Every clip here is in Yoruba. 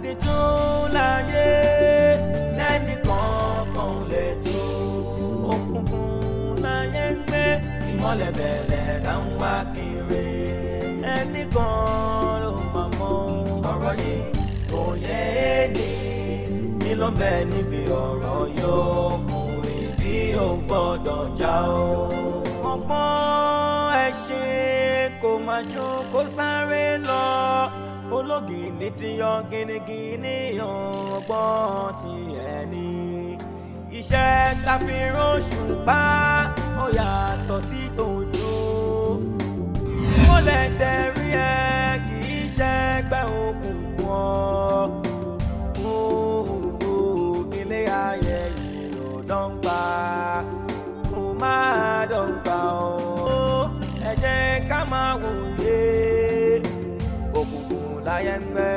òde tó láyé lẹ́ni kọ̀ọ̀kan lè tó òkùnkùn láyé ń gbé ìmọ̀lẹ̀ bẹ̀rẹ̀ là ń wá kiri ẹni kan ló máa mọ ọ̀rọ̀ yìí kò yẹ èdè kí ló ń bẹ níbi ọ̀rọ̀ yòókù ìbí ò gbọ́dọ̀ já o. ọ̀pọ̀ ẹ̀ṣin kò máa jó kó sáré lọ ológìní ti yan gínígíní ọgbọ́n ti ẹni iṣẹ́ tafiran ṣùpá ó yàtọ̀ sí tòjò ó lè tẹ̀rí ẹ kì í ṣe gbẹ òkun wọn dọ́gba kò má dọ́gba ó ẹ ká máa wòye láyẹ̀mẹ́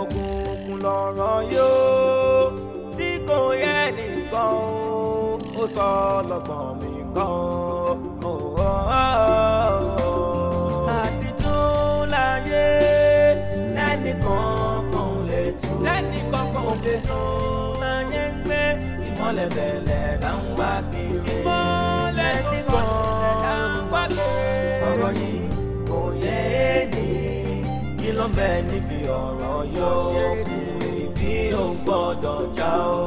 ogun ogun lọ́rọ̀ yóò tí kò yẹ nìkan ó sọ lọ́gbọ̀n mi kan. àdìtún láyé lẹ́nìkan kan lè tún lẹ́nìkan kan lè tún láyé ń gbé ìmọ̀lẹ̀ bẹ̀lẹ̀ là ń wá kiri ìmọ̀lẹ̀ nìkan. lọ́mẹ níbi ọ̀rọ̀ yóò kù ibi ò gbọ́dọ̀ já o.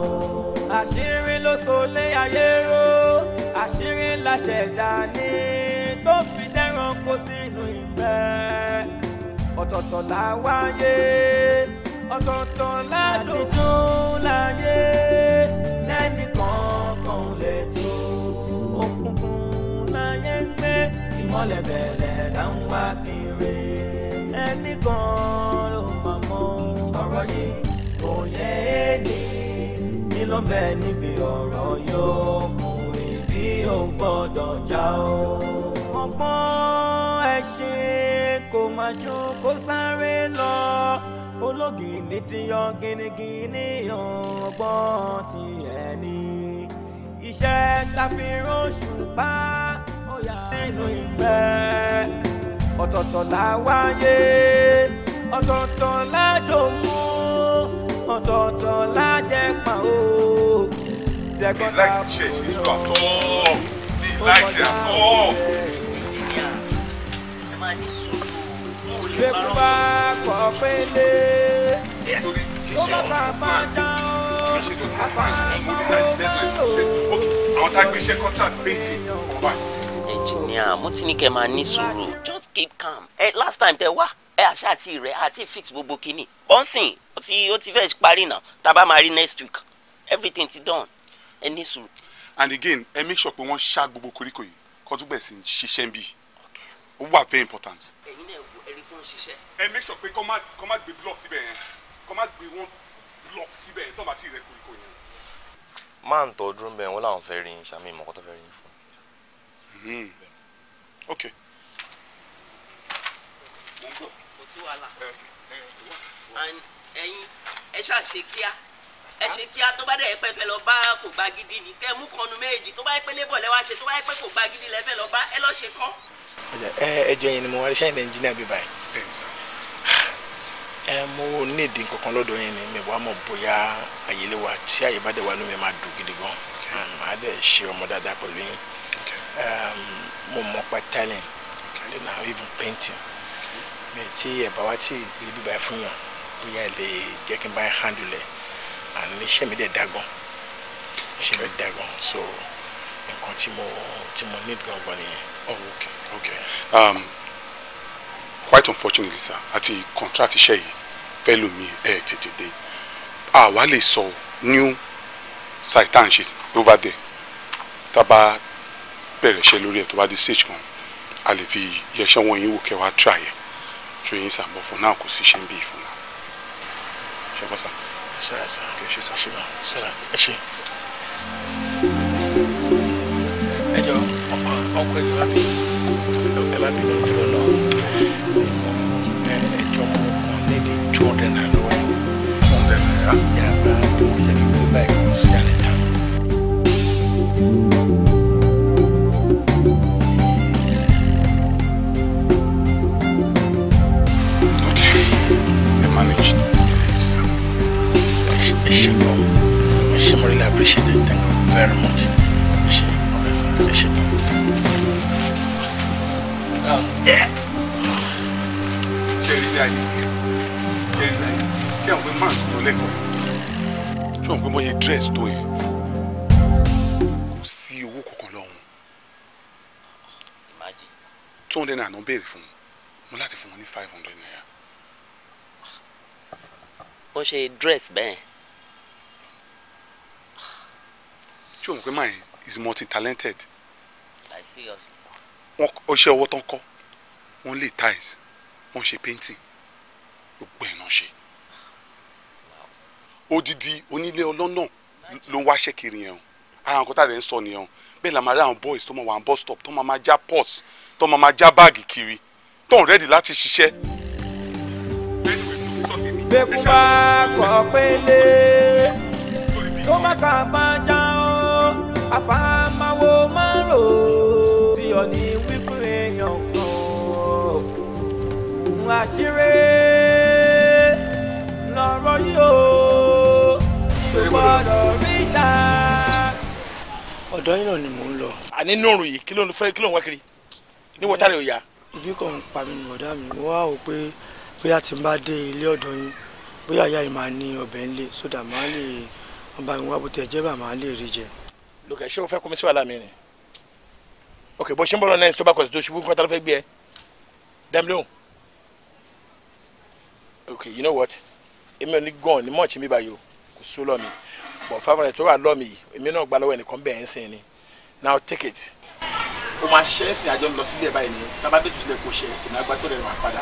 àṣírí ló so lé ayé ró àṣírí la ṣẹ̀dá ní tó fi dẹ́ran kó sínú ìgbẹ́ ọ̀tọ̀ọ̀tọ̀ la wáyé ọ̀tọ̀ọ̀tọ̀ la dùn tún láyé lẹ́nì kọ̀ọ̀kan lè tú òkùnkùn láyé ń gbé ìmọ́lẹ̀ bẹ̀rẹ̀ là wá kiri ẹnìkan ló máa mọ̀ ọ̀rọ̀ yìí kò yẹ èdè kí ló níbi ọ̀rọ̀ yóò kù ìbí ò gbọ́dọ̀ já o. ọgbọ́n ẹ ṣe kò máa jó kó sáré lọ ológìní ti yan gínígíní ọgbọ́n ti ẹni iṣẹ́ ta fi rán ṣùpá ó yà nínú ìgbẹ́ ọ̀tọ̀ọ̀tọ̀ la wáyé ọ̀tọ̀ọ̀tọ̀ la jọ mú ọ̀tọ̀ọ̀tọ̀ la jẹ pa o. We like change, it's not all. We like it at all. Gbẹ̀kú bá kọ̀ pélé. Tó bá bá bá dán àwọn tá a gbé iṣẹ́ contract painting ọba. ẹnjìníà mo ti ní kẹ́ máa ní sùúrù keep calm ẹ last time tẹ wá ẹ àṣà àti rẹ àti fix gbogbo kínní bọ́nsìn tí ó ti fẹ́ parí náà tàbá máa rí next week everything ti done ẹ ní sùúrù. and again ẹ make sure pé wọ́n ṣá gbogbo koríko yìí kó tún bẹ̀rẹ̀ sí ṣiṣẹ́ ń ó wà very important. ẹ̀yin náà wo ẹni tó ń ṣiṣẹ́. ẹ make sure pé kó má kó má gbé block síbẹ̀ yẹn kó má gbé wọn block síbẹ̀ yẹn tó bá ti rẹ koríko yẹn. máa ń tọ́ dúró ń bẹ̀ wọ́n láwọn fẹ́ rí yín ṣàmì ìmọ̀kọ́ tó fẹ́ rí fún. Hmm. okay gbọ́ kò sí wàhálà ẹ̀yin ẹ ṣáà ṣe kíá ẹ ṣe kíá tó bá dẹ̀ ẹ pẹ́ fẹ́ lọ bá kò gba gidi ni kẹ́ ẹ mú kọnu méjì tó bá yẹ pé lébọ̀ lẹ́wọ́ ṣe tó bá yẹ pé kò gba gidi lẹ́ fẹ́ lọ bá ẹ lọ ṣe kán. ẹ jọ yẹn ni mo wá ṣáà ní ẹnjìnìá bíbá yìí ẹ mo ní ìdí kankan lọ́dọ̀ yẹn ni mi wàá mọ̀ bóyá àyèlé wa tí àyè bá dẹ̀ wà nù mí máa dùn gidi gan máa dẹ̀ ṣe ọmọ dáadáa pẹ̀lú yín mo mọ̀ pa talent now even painting mɛ ti ɛba wa ti biribi ba fun yan bóyá ilé jẹ́ kí n bá handle ẹ̀ àní iṣẹ́ mi dẹ̀ dagbọ́n iṣẹ́ mi dagbọ́n so nǹkan tí mo tí mo need gangan nìyẹn. oh okay okay um, quite unfortunately sir àti contract iṣẹ́ yìí fẹ́ lomi ẹ̀ tètè dé àwa lè sọ new site and shit over there Taba a bá bẹ̀rẹ̀ iṣẹ́ lórí ẹ̀ tó bá di stage kan a lè fi yẹsẹ́ wọn yín wò kẹ́ wá try ẹ̀ ṣe yín sà bọ̀ fún náà kò sí ṣe ń bí ìfún náà ṣe bọ́ sà. sọ́ra sà kí ẹ ṣe sà sọ́ra sọ́ra ẹ ṣe. ẹ jọ ọkọ ìfúnra mi. ṣe dress bẹ́ẹ̀. ṣé o mọ̀ pé mine is multi talented. like seriously. wọ́n ọṣẹ́ ọwọ́ tán kọ́ wọ́n lè tiles wọ́n ṣe painting gbogbo ẹ̀ náà ṣe. odidi onílé ọlọ́nà ló ń wáṣẹ́ kiri yẹn o àwọn nǹkan tá a lè ń sọ nìyẹn o bẹ́ẹ̀ la máa rí àwọn boys tó máa wà ní bus stop tó máa máa já purse tó máa máa já báàgì kiri tó ń rẹ́dì láti ṣiṣẹ́ bẹ́kú bá kọ́ pélé tó má kà má já ọ́ àfàmáwo má rò tí ọ̀ ní wípé èèyàn kan ń àṣírí lọ́rọ̀ yìí o kò gbọ́dọ̀ rí ìta. ọ̀dọ́ yìí náà ni mò ń lọ. àní nùrù yìí kí ló ń fẹ́ kí ló ń wá kiri ní wọ́tá rẹ̀ ibi kan pa mi ní ọ̀dá mi wá ò pé bóyá tí n bá dé ilé ọ̀dọ̀ yín bóyá ìyá yìí máa ní ọbẹ̀ ńlẹ̀ sódà máa lè ọba ìwọ̀n abúté ẹ̀jẹ̀ bá máa lè rí jẹ. lókè ṣé o fẹ́ kó sí wàhálà mi ni ok bó ṣe ń bọ̀ náà tó bá tó ṣubú nǹkan tá ló fẹ́ gbé ẹ dẹ́mi lóhùn ok you know what èmi ò ní gan ní mọ̀ọ́tì mi báyìí o kò só lọ́ mi bọ̀ fáwọn ẹ̀ tó wà lọ́ mi yìí èmi náà gbà lọ́wọ́ ẹnìkan bẹ́ẹ̀ ń sìn ni now take it. o máa ṣe é àjọ ń lọ báyìí ni tábàdé tó tilẹ̀ kò ṣe ìnáwó agbátó rẹ̀ máa padà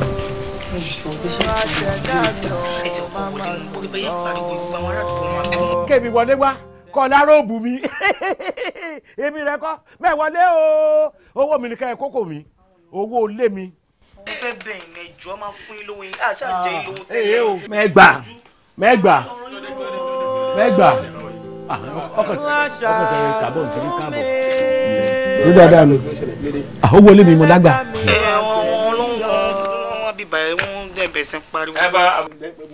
kẹ́mi wọlé wá kọ́ láròbù mi èmi rẹ kọ́ bẹ́ẹ̀ wọlé o owó mi nìkan ẹ̀ kókò mi owó lé mi. mo fẹ́ bẹ̀yìn mẹ́jọ máa fún yín lówó yín àṣà jẹ́ yín lówó tẹ́lẹ̀. Ah, eh, eh, mẹ́gbà mẹ́gbà mẹ́gbà ah, ọkọ̀ sẹ́yìn kábọ̀ nítorí kábọ̀. ló dáadáa ni ah, owó lé mi mo lágbà. ẹ ọlọ́run ọlọ́run àbíbáyé wọ́n dẹ̀ bẹ̀sẹ̀ pariwo. ẹ bá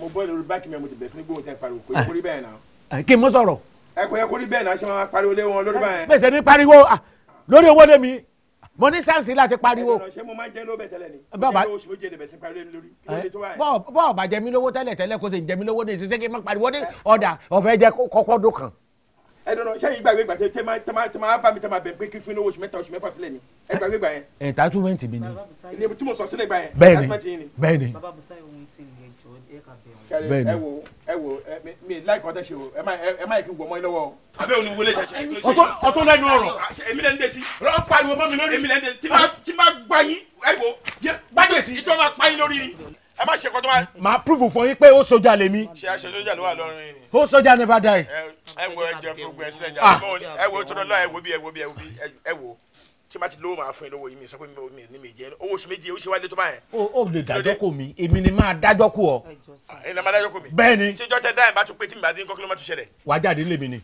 mo bọ́ ìlú báàkì mi mo ti bẹ̀sẹ̀ ní gbóhùn tẹ́ pariwo kò ní kórìí bẹ́ẹ̀ náà. Eh, kí n mọ sọ̀rọ̀. ẹ kò yẹ kó rí bẹ́ẹ̀ náà ṣe máa pariwo lé wọn lórí báyẹn. bẹ́sẹ̀ ní pariwo lórí owó lé mi mo ní sáǹsì láti pariwo. ṣé mo máa ń jẹ́ ló bẹ̀ tẹ́lẹ̀ ni. bàbá oṣù méje lè bẹ̀ sí pariwo lé lórí kí ló eh, dé tó báyẹn. bọ́ọ̀ bá jẹ mí lówó tẹ́lẹ̀ tẹ́lẹ̀ kó sì jẹ mí lówó ní ìṣiṣẹ́ kí n má pariwo ní ọ̀dà ọ̀fẹ́ jẹ kọ́kọ́ dún kan ẹ dọ̀nà ṣé ìgbàgbé gbà tẹ máa tẹ máa tẹ máa bá mi tẹ máa bẹ̀ pé kí fún owó oṣù mẹ́ta oṣù mẹ́fà sílẹ̀ ni ẹ gbàgbé gbà yẹn. ẹ tààtúmẹ̀ntì mi ni. ni tí mo sọ sílẹ̀ gbà yẹn. bẹ́ẹ̀ni bẹ́ẹ̀ni. bàbá Bùsáyọ̀ bẹ́ẹ̀ni. ẹ wo ẹ wo mi láì kọ́ tẹ̀sí o ẹ má ẹ má yẹ kí n gbọ́ mọ́ ẹ lọ́wọ́ o. abẹ́ òní wọlé jẹjẹ. ọtọ lẹnu ọ̀rọ̀. èmi lẹ ń desi. lọ́n pariwo mọ́ mi lórí. èmi lẹ ń desi. tí ma gba yín ẹ wo. gbàdé sí. ìjọba pa yín lórí ni. ẹ má ṣe kọ́tọ́ wa. màá púrúfù fún yín pé ó ṣojà lèmi. ṣe aṣọ sójà ló wà lọ́rùn yìí ni. ó ṣojà never die. ẹ wo ẹ jẹ fún gbẹ sílẹ̀ jà ah. ẹ wo ẹ wo bí tí ma ti lówó máa fún yín lówó yìí mi sọ pé mi ò ní mi jẹ owó oṣù méje oṣù wálé tó bá yẹn. o lè dájọ́ kò mí èmi ni máa dájọ́ kò ọ. ẹ ní a máa dájọ́ kò mí. bẹ́ẹ̀ni. ṣé jọ́tẹ̀ dáhìn bá tún pé tí mi bá dín kọ́kí ló má tún ṣẹlẹ̀. wà á jáde lèmi ni.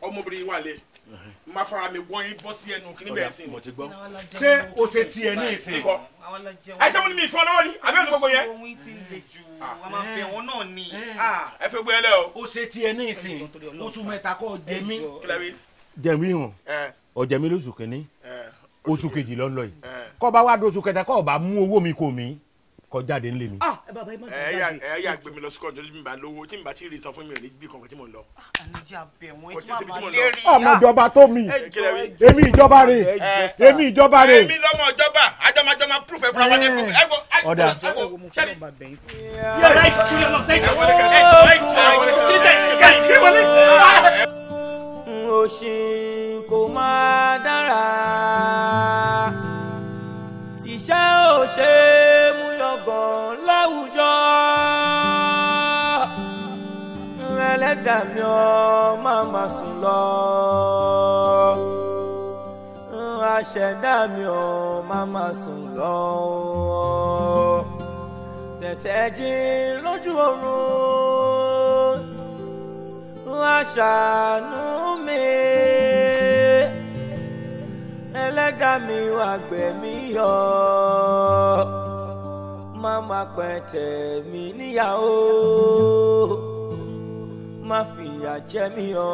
ọmọbìnrin wà lé ma fara mi wọ́n yín bọ́ sí ẹnu kí ni bẹ́ẹ̀ sìn ní. o ṣe ti ẹ ní ìsìn kọ. ẹ ṣé mo mi ìfọ lọ́wọ́ ni àbí ẹnu gbogbo yẹn. ohun fẹ wọn náà eh. ah. o. o ṣe ti ẹ ní ìsìn oṣù mẹ́ta kọ́ jẹmí. jẹmí hàn ọ̀jẹ̀mí eh. lóṣù kìíní eh. oṣù kejì lọ́nlọ́ yìí kọ́ bá wá dóṣù kẹta kọ́ bá mú owó mi kò mí kọjáde ńlẹ̀ mi. ah ẹ bàbá ẹ má ti gbàgbé. ẹ yà gbé mi lọ sukọ nítorí mi bá lówó tí mi bá ti rí san fún mi ò ní bí kankan tí mò ń lọ. ànújà bẹ̀ wọ́n ẹ tí wọ́n máa lé rí. àmọ́ ìjọba tó mi èmi ìjọba rẹ̀ èmi ìjọba rẹ̀. èmi lọ́mọ ìjọba àjọmọjọmọ proof ẹ̀ fúnra wọn ní kókò ẹ̀gbọ́n ọ̀dà. òṣì kò máa dára. kẹ́mi ọ́ má má sùn lọ. Aṣẹ̀dá mi ọ́ má má sùn lọ. Tẹ̀tẹ̀ jí lójú oorun. Aṣàánú mi. Ẹlẹ́dàá mi wá gbẹ̀mí yọ. Má má pẹ̀tẹ̀ mi níyàwó má fìyà jẹ mí o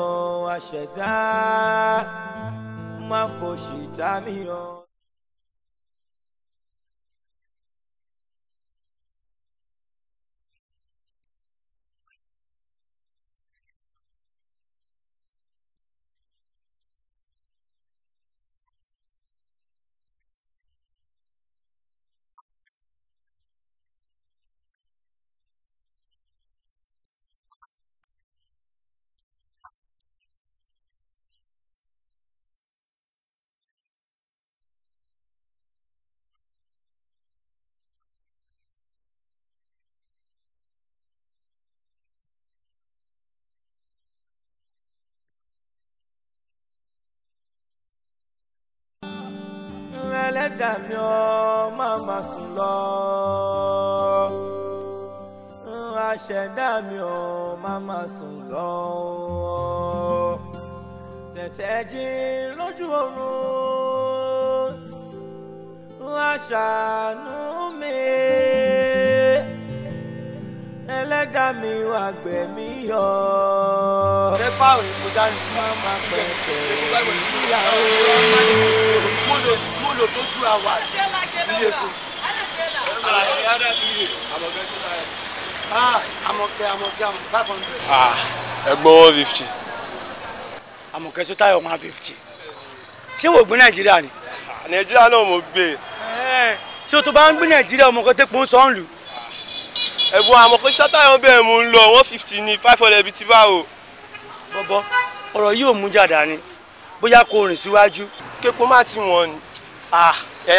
àṣẹdá má fòṣì dá mí o. ẹlẹ́dàá mi ọ́ máa máa sùn lọ. aṣẹ̀dá mi ọ́ máa máa sùn lọ. tẹ̀tẹ̀ jí lójú oorun aṣàánú mi. ẹlẹ́dàá mi wà gbẹ̀mí yọ. ṣé báwo ni mo dá ní. máa máa pẹ̀lú ìyàwó lò tó ju àwa ilé ah, epo. amọ̀kẹ́ amọ̀kẹ́ five hundred. Ah, ẹgbọ́n one fifty. amọ̀kẹ́ tó táyọ̀ one fifty. ṣé wò gbé nàìjíríà ni. nàìjíríà náà mo gbé. Eh, ṣé o tó bá ń gbé nàìjíríà ọmọ kan tó pọ̀ ń sọ ọ́n lù. ẹ̀bùn amọ̀kẹ́ sátayọ̀ bẹ́ẹ̀ mo ń lọ one fifty ní five hundred ibi tí báwo. bọ́bọ́ ọ̀rọ̀ yìí ò mú jàdá ni bóyá kò rìn síwájú. képo má ti wọ̀n ni. Ah,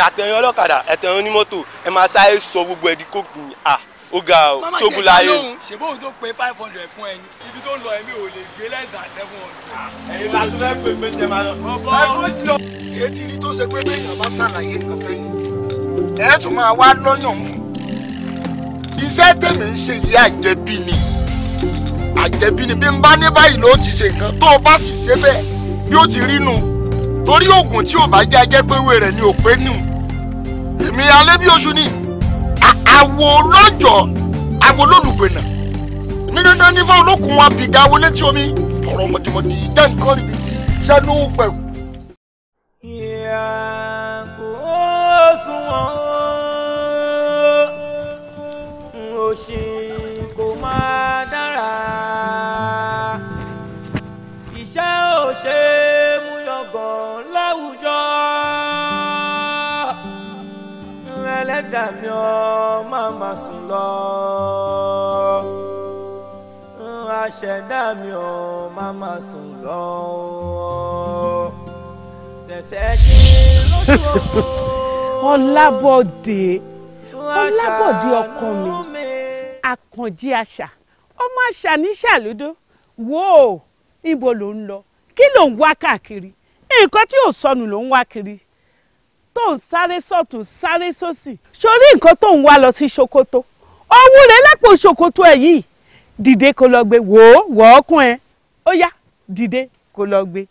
àtẹ̀yìn ọlọ́kadà àtẹ̀yìn onímọ́tò ẹ máa sáré sọ gbogbo ẹ̀ di kókù ni ah, ó ga ọ ṣógun láyé. ṣé bóun tó pe five hundred fún ẹni ibi tó ń lọ ẹ̀mí ò lè gbé lẹ́sà seven hundred. Ah, ẹ̀yin la tún fẹ́ pé jẹ máa lọ. bọ́bọ́ etí rí tó ṣe pé béèyàn bá ṣàlàyé kan fẹ́yìn ẹ̀ tún máa wá lọ́yàn fún. iṣẹ́ tèmi ń ṣe yìí àjẹbí ni àjẹbí ni bí n bá ní báyìí ló ti ṣe nǹkan tó o bá sì ṣe bẹ́ẹ̀ bí ó ti rí nù torí oògùn tí ò bá jẹ́ ajẹ́ pé ni ò pé nù èmi alẹ́ ni àwo lọ́jọ́ àwo ní dandan ní fáwọn olókùn wa bìgá wo létí omi ọ̀rọ̀ mọ̀tìmọ̀tì jẹ́ nǹkan tí sẹ́nu pẹ̀lú. ìyá kò sùn ṣe. mi ọ́ má má sùn lọ. aṣẹ̀dá mi ọ́ má má sùn lọ. tẹ̀tẹ̀ kí lójú o. ọlábọ̀dé ọlábọ̀dé ọkọ mi àkànjí àṣà ọmọ àṣà ní ṣàlódó wò ó ibo ló ń lọ kí ló ń wá káàkiri nǹkan tí ò sọnù ló ń wá kiri tó ń sáré sọ̀tún sáré sósì sórí nǹkan tó ń wá lọ sí ṣòkòtò owó rẹ lápò ṣòkòtò ẹ yìí dìde kó lọ gbé wò ó wọ̀ ọ́kùn ẹ ó yá dìde kó lọ gbé.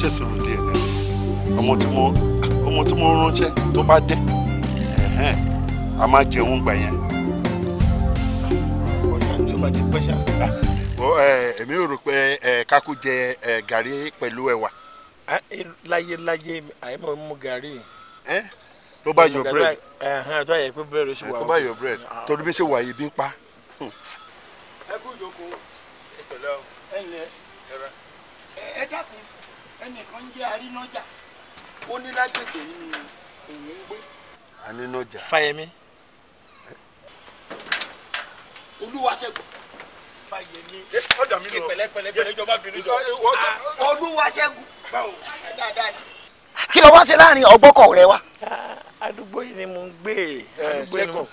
ṣe sùúrù díẹ̀ ọmọ tí mo ọmọ tí mo ránṣẹ́ tó bá dé a máa jẹ òun gbà yẹn. Ah, èmi ò rò pé kákú jẹ gàrí pẹ̀lú ẹ̀wà. Ah, láyé láyé àìmọ̀ mú gàrí tó bá yọ bread tó bá yẹ pé bread ló ṣe wà tó bá yọ bread ah. torí bí ṣe wà yìí bí ń pa. ẹ kú ìjókòó ẹ tẹ̀lé ọ ẹ ǹlẹ́ ẹnìkan ń arínájà ó ní lágbègbè yìí ni òun ń gbé. arínájà. fáyemí. olúwaṣẹ́gun. fáyemí. ọ̀dà mi lọ pẹ̀lẹ́pẹ̀lẹ́ pẹ̀lẹ́ ìjọba bìnrin jọ. Ah. olúwaṣẹ́gun. báwo dáadáa ni. kí ló wá ṣe láàrin ọgbọ́kọ̀ rẹ wa. Ah, àdúgbò yìí ni mò ń gbé. ẹ ṣẹ́kọ̀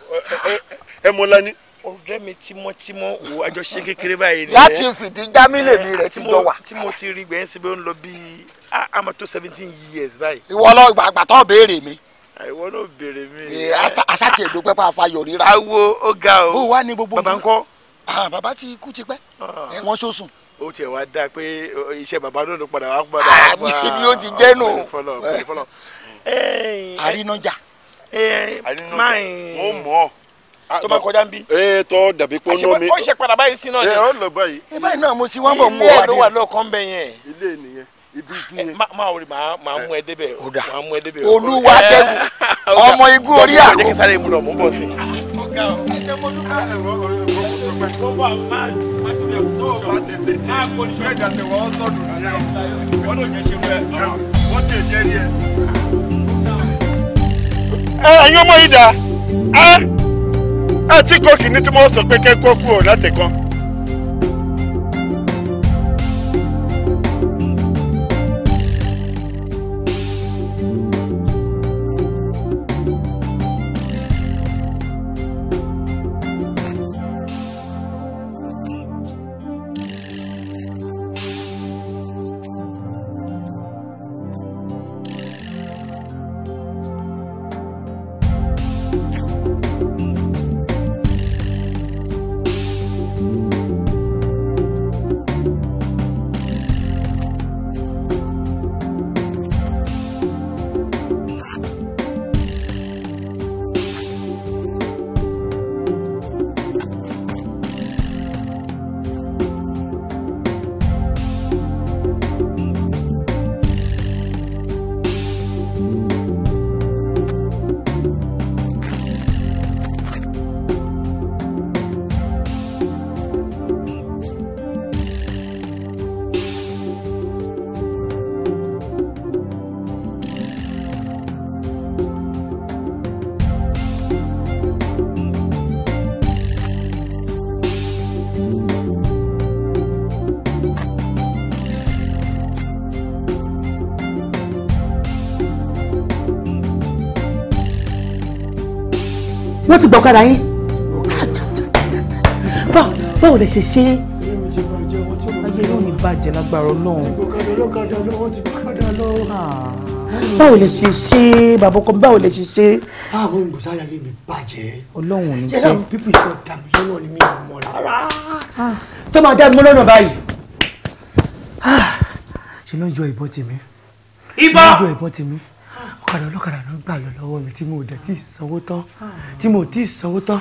ẹ mọ́lá ní ọ̀rẹ́ mi tímọ́tímọ́ wò àjọṣe kékeré báyìí nìyẹn. láti fìdí jámílè mi rẹ̀ eh, ti jọ wà. tí mo ti rí gbẹ̀yìn síbi ó ń lọ bíi àmọ́ tó seventeen years báyìí. ìwọ lọ àgbà tó béèrè mi. Ah, ìwọ náà béèrè mi. Eh, asátì èdò pẹ́pẹ́ àfàyọ̀ ríra. awo ah, ó ga o. bó wà ní gbogbo mi. bàbá ńkọ́. Ah, bàbá ti kú tipẹ́ wọ́n ṣó sùn. ó tiẹ̀ wá dáa pé iṣẹ́ bàbá náà ló padà wá padà wá. àmì ibi ó ti jẹ́ nù. àrínájà. máa ń Ah, tó máa kọjá ń bí. ee eh, tó dàbí pé ó nómi. ó ṣe padà báyìí sí náà ni. ẹ eh, ọ lọ báyìí. ẹ eh, báyìí náà mo ti wá bọ̀ mú wa ni. ilé ló wà lọ́kàn bẹ́ẹ̀ yẹn. ilé nìyẹn ibi nìyẹn. máa wòle máa máa mú ẹ débẹ̀ o máa mú ẹ débẹ̀ o. olúwa ṣẹ́gun ọmọ igun orí àgbo. ọjọ́ kẹsàn-án ìmúlò mú bọ̀ sí. ọ̀gá ọ̀ ẹ̀jẹ̀ mo dúpẹ́. mo bá máa máa tẹ̀lé ọ̀tọ̀ máa tètè dé. bẹ́ẹ̀ dàtẹ̀ wọ́n sọ̀dùn nílẹ̀ wọ́n ló jẹ́ ṣe bẹ́ẹ̀ wọ́n ti ẹ̀jẹ̀ rí ẹ. ẹ̀yin ọmọ yìí dà á àti kọ́ọ̀kì ní tí wọ́n sọ pé kẹ́kọ́ kú ọ̀ látẹ̀kọ́. ọ̀kadà yín báwo lè ṣe ṣe ayé yóò ní bàjẹ́ lágbára ọlọ́run báwo lè ṣe ṣe bàbá ọkọ báwo lè ṣe ṣe. báwo ni musa ayé mi bàjẹ́ ọlọ́run ní jẹ́ yẹ́nà pípì ìṣọ̀ dàmí lọ́nà ni mi ò mọ̀ rárá ah. tó máa dá mi mọ́ lọ́nà báyìí ah. ṣe ló ń yọ ìbọn tèmi ìbọn ìbọn tèmi ọ̀kadà ọlọ́kadà ló gbà lọ lọ́wọ́ mi tí mo dẹ̀ tí sanwó tán ah. tí mo tí sanwó tán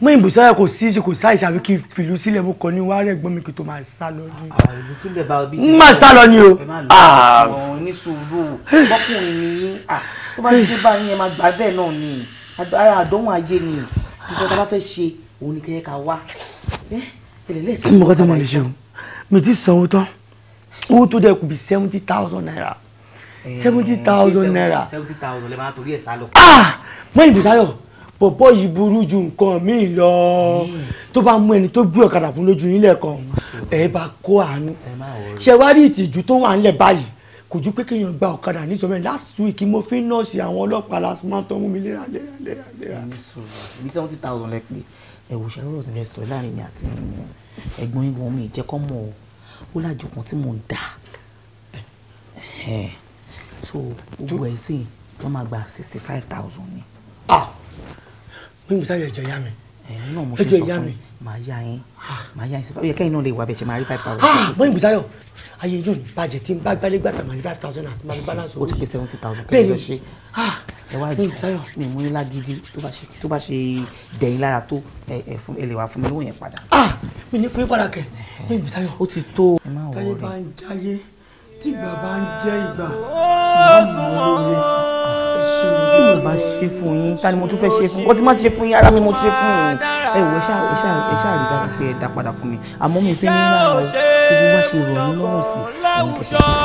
mọ ìbùsọ̀ yẹ kò sí kò sáì ṣàbí kí n fìlú sílẹ̀ mo kàn ní wá rẹ̀ gbọ́n mi kí n tó máa sá lọ ni. Ah, ìlú sílẹ̀ bá bí. n máa sá lọ ni o. Ah. ní sùúrù bọ́kùnrin ni tó bá dé bá yín máa gbà bẹ́ẹ̀ náà ni ara àdánwò ayé ni nǹkan tá bá fẹ́ ṣe òun ni kẹ́kẹ́ ká wá. mo tí mo lè ṣe o mi ti sanwó tán owó tó dẹ̀ kù bí seventy thousand naira. Eh, seventy thousand naira. Ah, thousand lè máa torí ẹ̀ sá lọ. Ah! mọ́yìn bùsáyọ̀ pọ̀pọ̀ yìí burú ju nǹkan míì lọ hmm. tó bá mú ẹni tó gbé ọ̀kadà fún lójú yín lẹ́ẹ̀kan ẹ bá kó àánú ṣe ìtìjú tó wà ńlẹ̀ báyìí kò ju pé kéèyàn gba ọ̀kadà nítorí last week mo fi nọ́ọ̀sì àwọn ọlọ́pàá last month tó mú mi léra léra léra léra. seventy thousand lẹ pé ẹ̀wò ṣe lọ́rọ̀ tó fẹ́ sọ láàrin mi àti ẹ̀gbọ́n yín mi ìjẹ́kọ́ mọ̀ ó lájọkùn tí mò ń dà so gbogbo ẹ̀ sìn wọ́n máa gba sixty five thousand ni. ah mo ń gbèsè ẹ̀jẹ̀ ìyá mi ẹ̀jẹ̀ ìyá mi màá yá yín ah! màá yá yín sípò yẹ kẹ́yìn náà lè wà bẹ̀ ṣe máa rí five thousand. ah mo ń gbèsè ayé yóò ní bàjẹ́ tí n bá gbálé gbàtà máa rí five thousand àti máa rí balance owó. o ti pè seventy thousand kẹ́yìn lọ ṣe ah ẹ wá jù mi mú ilá gidi tó bá ṣe dẹ̀yìn lára tó ẹ lè wá fún mi lówó yẹn padà. ah mi ní fún yín padà kẹ mo ń gbèsè ayọ̀. ti tó. táyé bá ń jáyé tí ìgbà bá ń jẹ́ ìgbà màmá lóore tí mo bá ṣe fún yín ta ni mo tún fẹ́ ṣe fún yín má ṣe fún yín ara mi mo ṣe fún yín ẹ wò ẹ ṣáà ẹ ṣáà rí dájú pé ẹ dá padà fún mi àmọ́ mi fi ní lára o gbogbo wá ṣe rọ̀ mí lọ́rùn sí àwọn kẹsì ṣe fún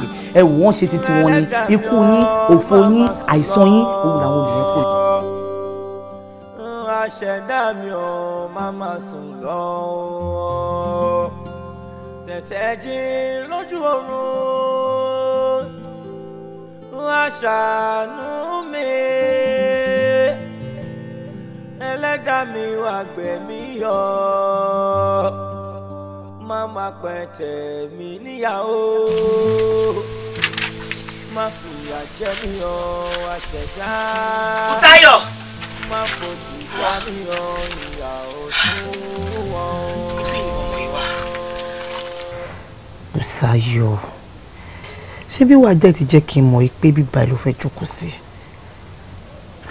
mi ẹ wò wọ́n ṣe titi wọn ni ikú yín òfò yín àìsàn yín òun làwọn olùyẹn kò ní tẹ̀tẹ̀ jí lójú oorun aṣàánú mi ẹlẹ́dà mi wà gbẹ̀mí yọ máma pẹ̀tẹ̀ mi níyàwó má fìyà jẹ mí o àṣẹ̀dá. má fòṣì já mí o ìyàwó tún. Ṣayọ̀ ṣé bí wàá jẹ́ ti jẹ́ kí n mọ̀ pé bíbá ló fẹ́ jókòó sí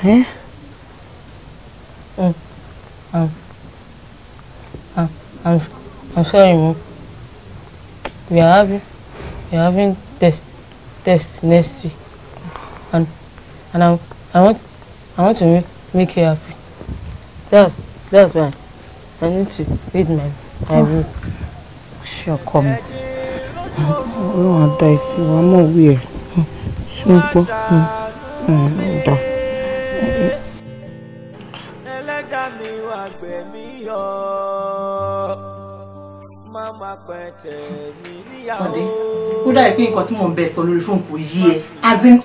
mm. Mm. Mm. I'm sorry mo we are having we are having test test next week and and I, I want I want to make, make you happy that's that's why I need to read my my ah. book. ṣe ọkọ mi ọlọ́run àdá ìsì wa mọ̀ wí ẹ̀ ṣó ń pọ́ ọ̀dà. ẹlẹ́dàá mi wà gbẹ̀mí yọ máma pẹ̀tẹ̀ mi níyàwó. ọ̀dẹ́ ó dàbí pé nǹkan tí mò ń bẹ̀ sọ lórí fóònù kò yé ẹ as in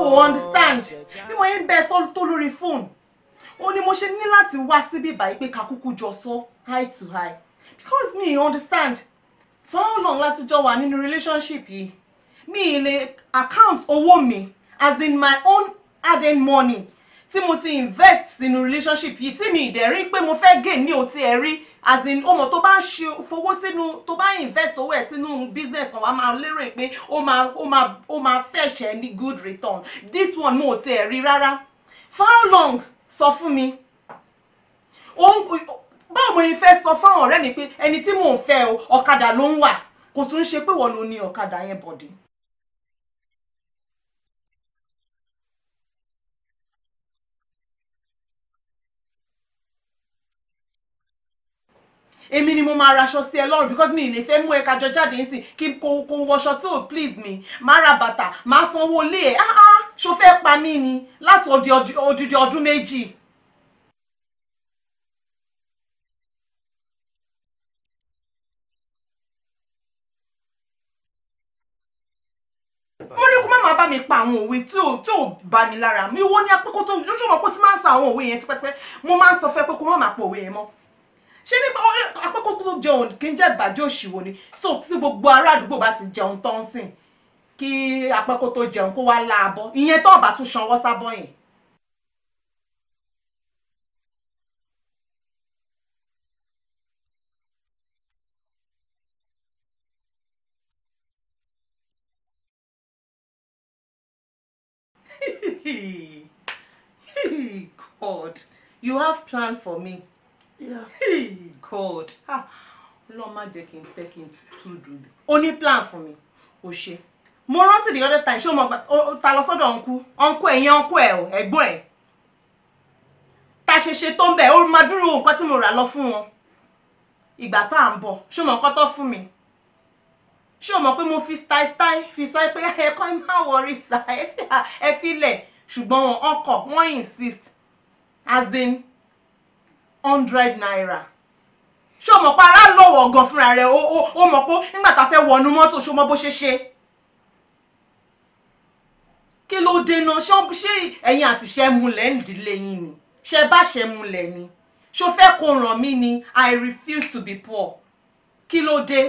o understand bí mo yẹn ń bẹ̀ sọ tó lórí fóònù ó ní mo ṣe ní láti wá síbí báyìí pé kakúkú jọ sọ eye to high. because me understand for how long láti jọ wà nínú relationship yìí mi ì lè account owó mi as in my own adding money tí mo ti invest sínú relationship yìí tí mi ì dẹ̀ rí pé mo fẹ́ gain ní òtí ẹ̀ rí as in ọmọ tó bá ṣe fowó sínú tó bá invest owó ẹ̀ sínú business kan wàá máa lérò pé ó máa ó máa ó máa fẹ̀ṣẹ̀ ní good return this one mo ò tiẹ̀ rí rárá for how long sọ fún mi báwo mo fẹ́ sọ fáwọn ọ̀rẹ́ mi pé ẹni tí mò ń fẹ́ o ọ̀kadà ló ń wà kò tún ṣe pé wọ́n ló ní ọ̀kadà yẹn bọ̀dé. èmi ni mo máa raṣọ sí ẹ lọ́rùn because mi ìlè fẹ́ mú ẹ kájọ jáde nísìn kí kò kò wọṣọ tó please me. máa ra bàtà máa sanwó lé ẹ ah ah ṣo fẹ́ pa mí ni láti odidi ọdún méjì. bá mi pa àwọn òwe tí ò tí ò bá mi lára mi wo ni apẹ́kọ́ tó lóṣù mọ́ pé tí máa ń sọ àwọn òwe yẹn tipẹ́tipẹ́ mo máa ń sọ fẹ́ pé kó má máa pọ̀ òwe yẹn mọ́ ṣé nípa apẹ́kọ́ tó jẹun kí n jẹ́ ìbàjẹ́ òṣìwò ni so tí gbogbo ará àdúgbò bá ti jẹun tán sìn kí apẹ́kọ́ tó jẹun kó wá láàbọ̀ ìyẹn tó ọ̀bà tún sanwó sábọ̀ yẹn you have plan for me. Yeah. Hey, God ah, lọ́ọ́ má jẹ́ kí n tẹ́ kí n plan for me. o More mo rántí the other time Show o mọ ta lọ sọ́dọ̀ ọ̀nkú ọ̀nkú ẹ̀yìn ọ̀nkú ẹ̀ o ẹ̀gbọ́n ẹ̀ ta ṣe ṣe tó ń bẹ̀ ó máa dúró nǹkan tí mo rà lọ fún wọn ìgbà tá à ń bọ̀ ṣé o mọ nǹkan tó fún mi ṣé o mọ pé mo fi style style fi sọ pé ẹ̀kọ́ ẹ má wọrí sa ẹ fi insist as in hundred naira ṣé o mọ̀ pé ara lọ́wọ́ gan fúnra rẹ̀ o mọ̀ pé nígbà tá a fẹ́ wọnú mọ́tò ṣé o mọ̀ bó ṣe ṣe kí ló dènà ṣé ẹ̀yin àti ṣẹ́ mulẹ̀ ń dílé yín ni ṣe bá ṣe mulẹ̀ ni ṣo fẹ́ kó ràn mí ni I refuse to be poor kí ló dé.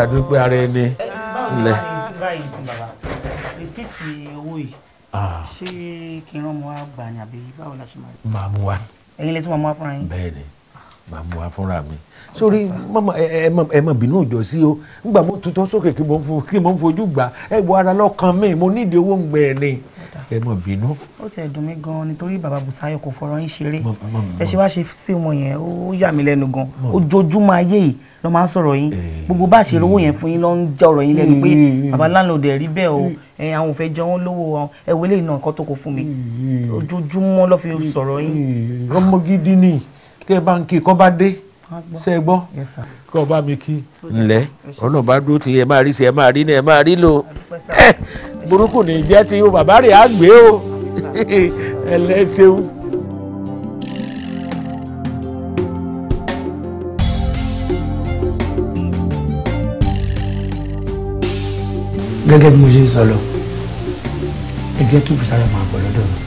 àdúgbò ara ẹni lẹ. rìsíìtì owó yìí ṣé kí n rán mo wá gbà ní àbí báwo la ṣe máa màá mú wa. ẹ̀yin lè tún màá mú wa fúnra yín. bẹ́ẹ̀ni màá mú wa fúnra mi sórí mama ẹ ẹ mọ bínú òjò sí o ngbà mo tutọ́ sókè kí mo ń fojú gbà ẹ wọ ara lọ́kàn mi mo nídìí owó ń gbẹ ni ẹ má bínú. ó ti ẹ̀dùn mi gan-an nítorí bàbá Bùsáyọ̀ kò fọ̀rọ̀ yín ṣeré ẹ ṣe wá ṣe sí wọn yẹn ó yà mí lẹ́nu gan ojoojúmọ́ ayé yìí ló máa ń sọ̀rọ̀ yín gbogbo bá ṣe lówó yẹn fún yín ló ń jẹ́ ọ̀rọ̀ yín lẹ́nu pé bàbá láńlọ́ọ̀dù ẹ̀ rí bẹ́ẹ̀ o àwọn ò fẹ́ jẹ wọ́n lówó ẹ̀wọ́ eléyìí náà nǹkan tó kó fún mi ojoojúmọ́ ló fi sọ̀rọ̀ yín. ọmọ gidi ni tẹ́ bá ń kí kọ́ bá dé ṣe é gbọ́ kọ́ bá mi kí. ǹlẹ́ ọlọ́ọ̀bá dúró ti ẹ máa rí sí ẹ máa rí ní ẹ máa rí lò burúkú ní jẹ́ ti yóò bàbá rẹ̀ á gbé o ẹlẹ́sẹ̀wọ̀n. gẹ́gẹ́ bí mo ṣe ń sọ lọ ẹ jẹ́ kí Bùsáyọ̀ máa bọ̀ lọ́dọ̀ mi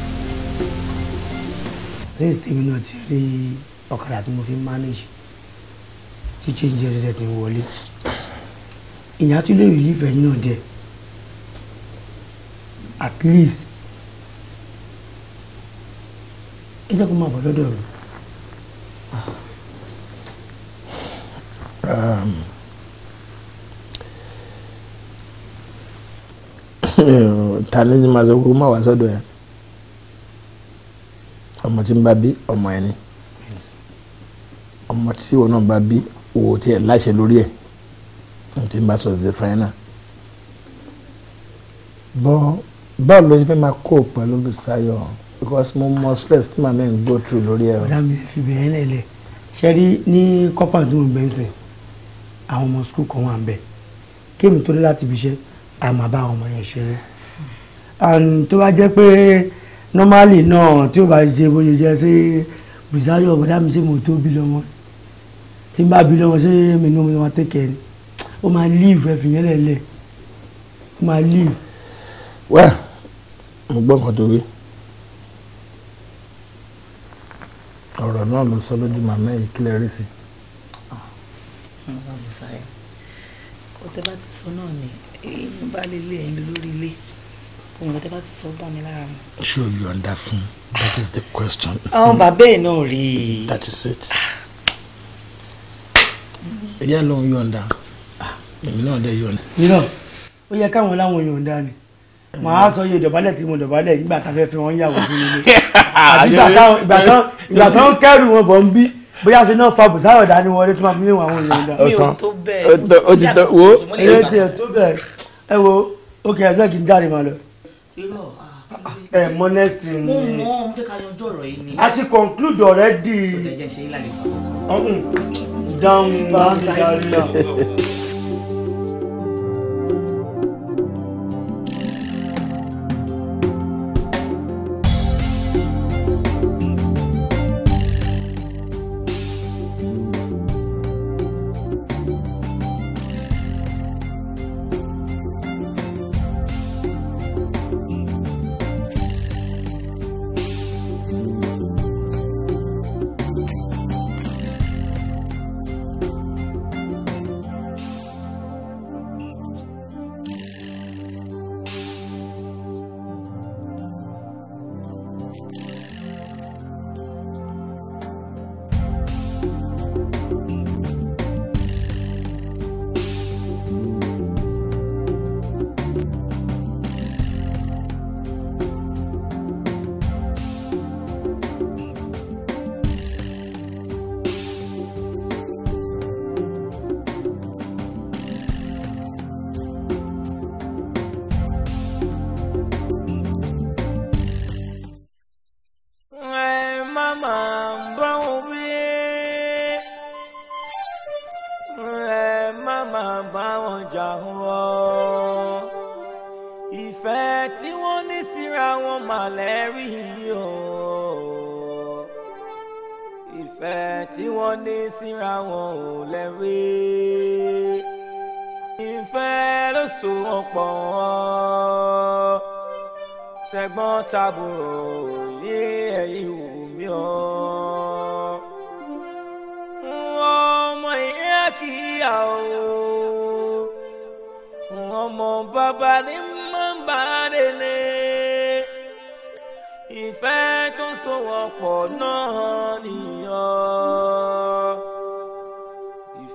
since tèmi náà ti rí ọ̀kadà tí mo fi ń manage tí change jẹ́ dẹ́dẹ́ ti ń wọlé ìyá tún lè rí ìfẹ́ yín náà díẹ̀ at least ẹ jẹ́ kó máa bọ̀ lọ́dọ̀ mi. Um, ta ni ma sọ kó má wá sọ́dọ̀ ẹ ọmọ tí ń bá bí ọmọ ẹ ni ọmọ tí wọn náà bá bí owó tí ẹ láṣẹ lórí ẹ tí ń bá sọ ṣe fún náà báwo ló fẹ́ máa kó pẹ̀lú Bùsáyọ̀ because mo mọ stress tí màmá ń go through lórí ẹ̀rọ. ọ̀dà mi fi bẹ̀rẹ̀ lẹ́lẹ̀ ṣe rí ní copper tí mo bẹ̀ àwọn ọmọ school kan wà ń bẹ̀ kéèmì tó dé láti ibi iṣẹ́ àmọ́ bá àwọn ọmọ yẹn ṣeré tó bá jẹ́ pé normally náà tí ó bá ṣe bóyá jẹ́ sí Bùsáyọ̀ ọ̀dà mi ṣe mo tó bí lọ́wọ́ tí n bá bí lọ́wọ́ ṣé mi ní omi wọn tẹ́kẹ̀ẹ́ ni ó máa leave ẹ̀fìn yẹn lẹ́lẹ̀ ó máa leave. well mo gbọ́ nǹkan tó ọ̀rọ̀ náà ló sọ lójú màmá yìí kílẹ̀ rí sí. ọlọ́run ah, bá ti sọ náà ni inú bá lè lé ẹ̀yin lórí ilé òun ló bá ti sọ bá mi lára mu. ṣé o yọ̀ǹda fún that is the question. àwọn bàbá ẹ̀ náà rí i. that is it. ìyá lòun yọ̀ǹda ah, èmi náà dẹ̀ yọ̀ǹda. mìíràn ó yẹ káwọn láwọn yọ̀ǹda ni màá sọ iye dọ̀bálẹ̀ tí mo dọ̀bálẹ̀ nígbà tá a fẹ́ fi wọn yàwó sí ilé ìgbà tó ń kẹ́rù wọn bọ̀ ń bí bóyá ṣe náà fa bùsáyọ̀ dání wọlé tó máa fi léwọn àwọn èèyàn dá. mi ò tó bẹ́ẹ̀ o ti tó wo. èyí ti ẹ̀ tó bẹ́ẹ̀ ẹ wo ó ẹ sẹ́ kí n jáde máa lọ. ẹ mọ nẹ́ẹ̀sì ni. mo mọ ohun fẹ́ ká yanjú ọ̀rọ̀ yìí ni. a ti conclude already. kò tẹ̀ jẹ́ ṣe é lálẹ́. dáhùn bá ń sáré lọ.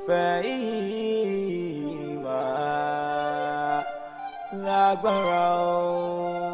fẹ́yìí wá lágbára o.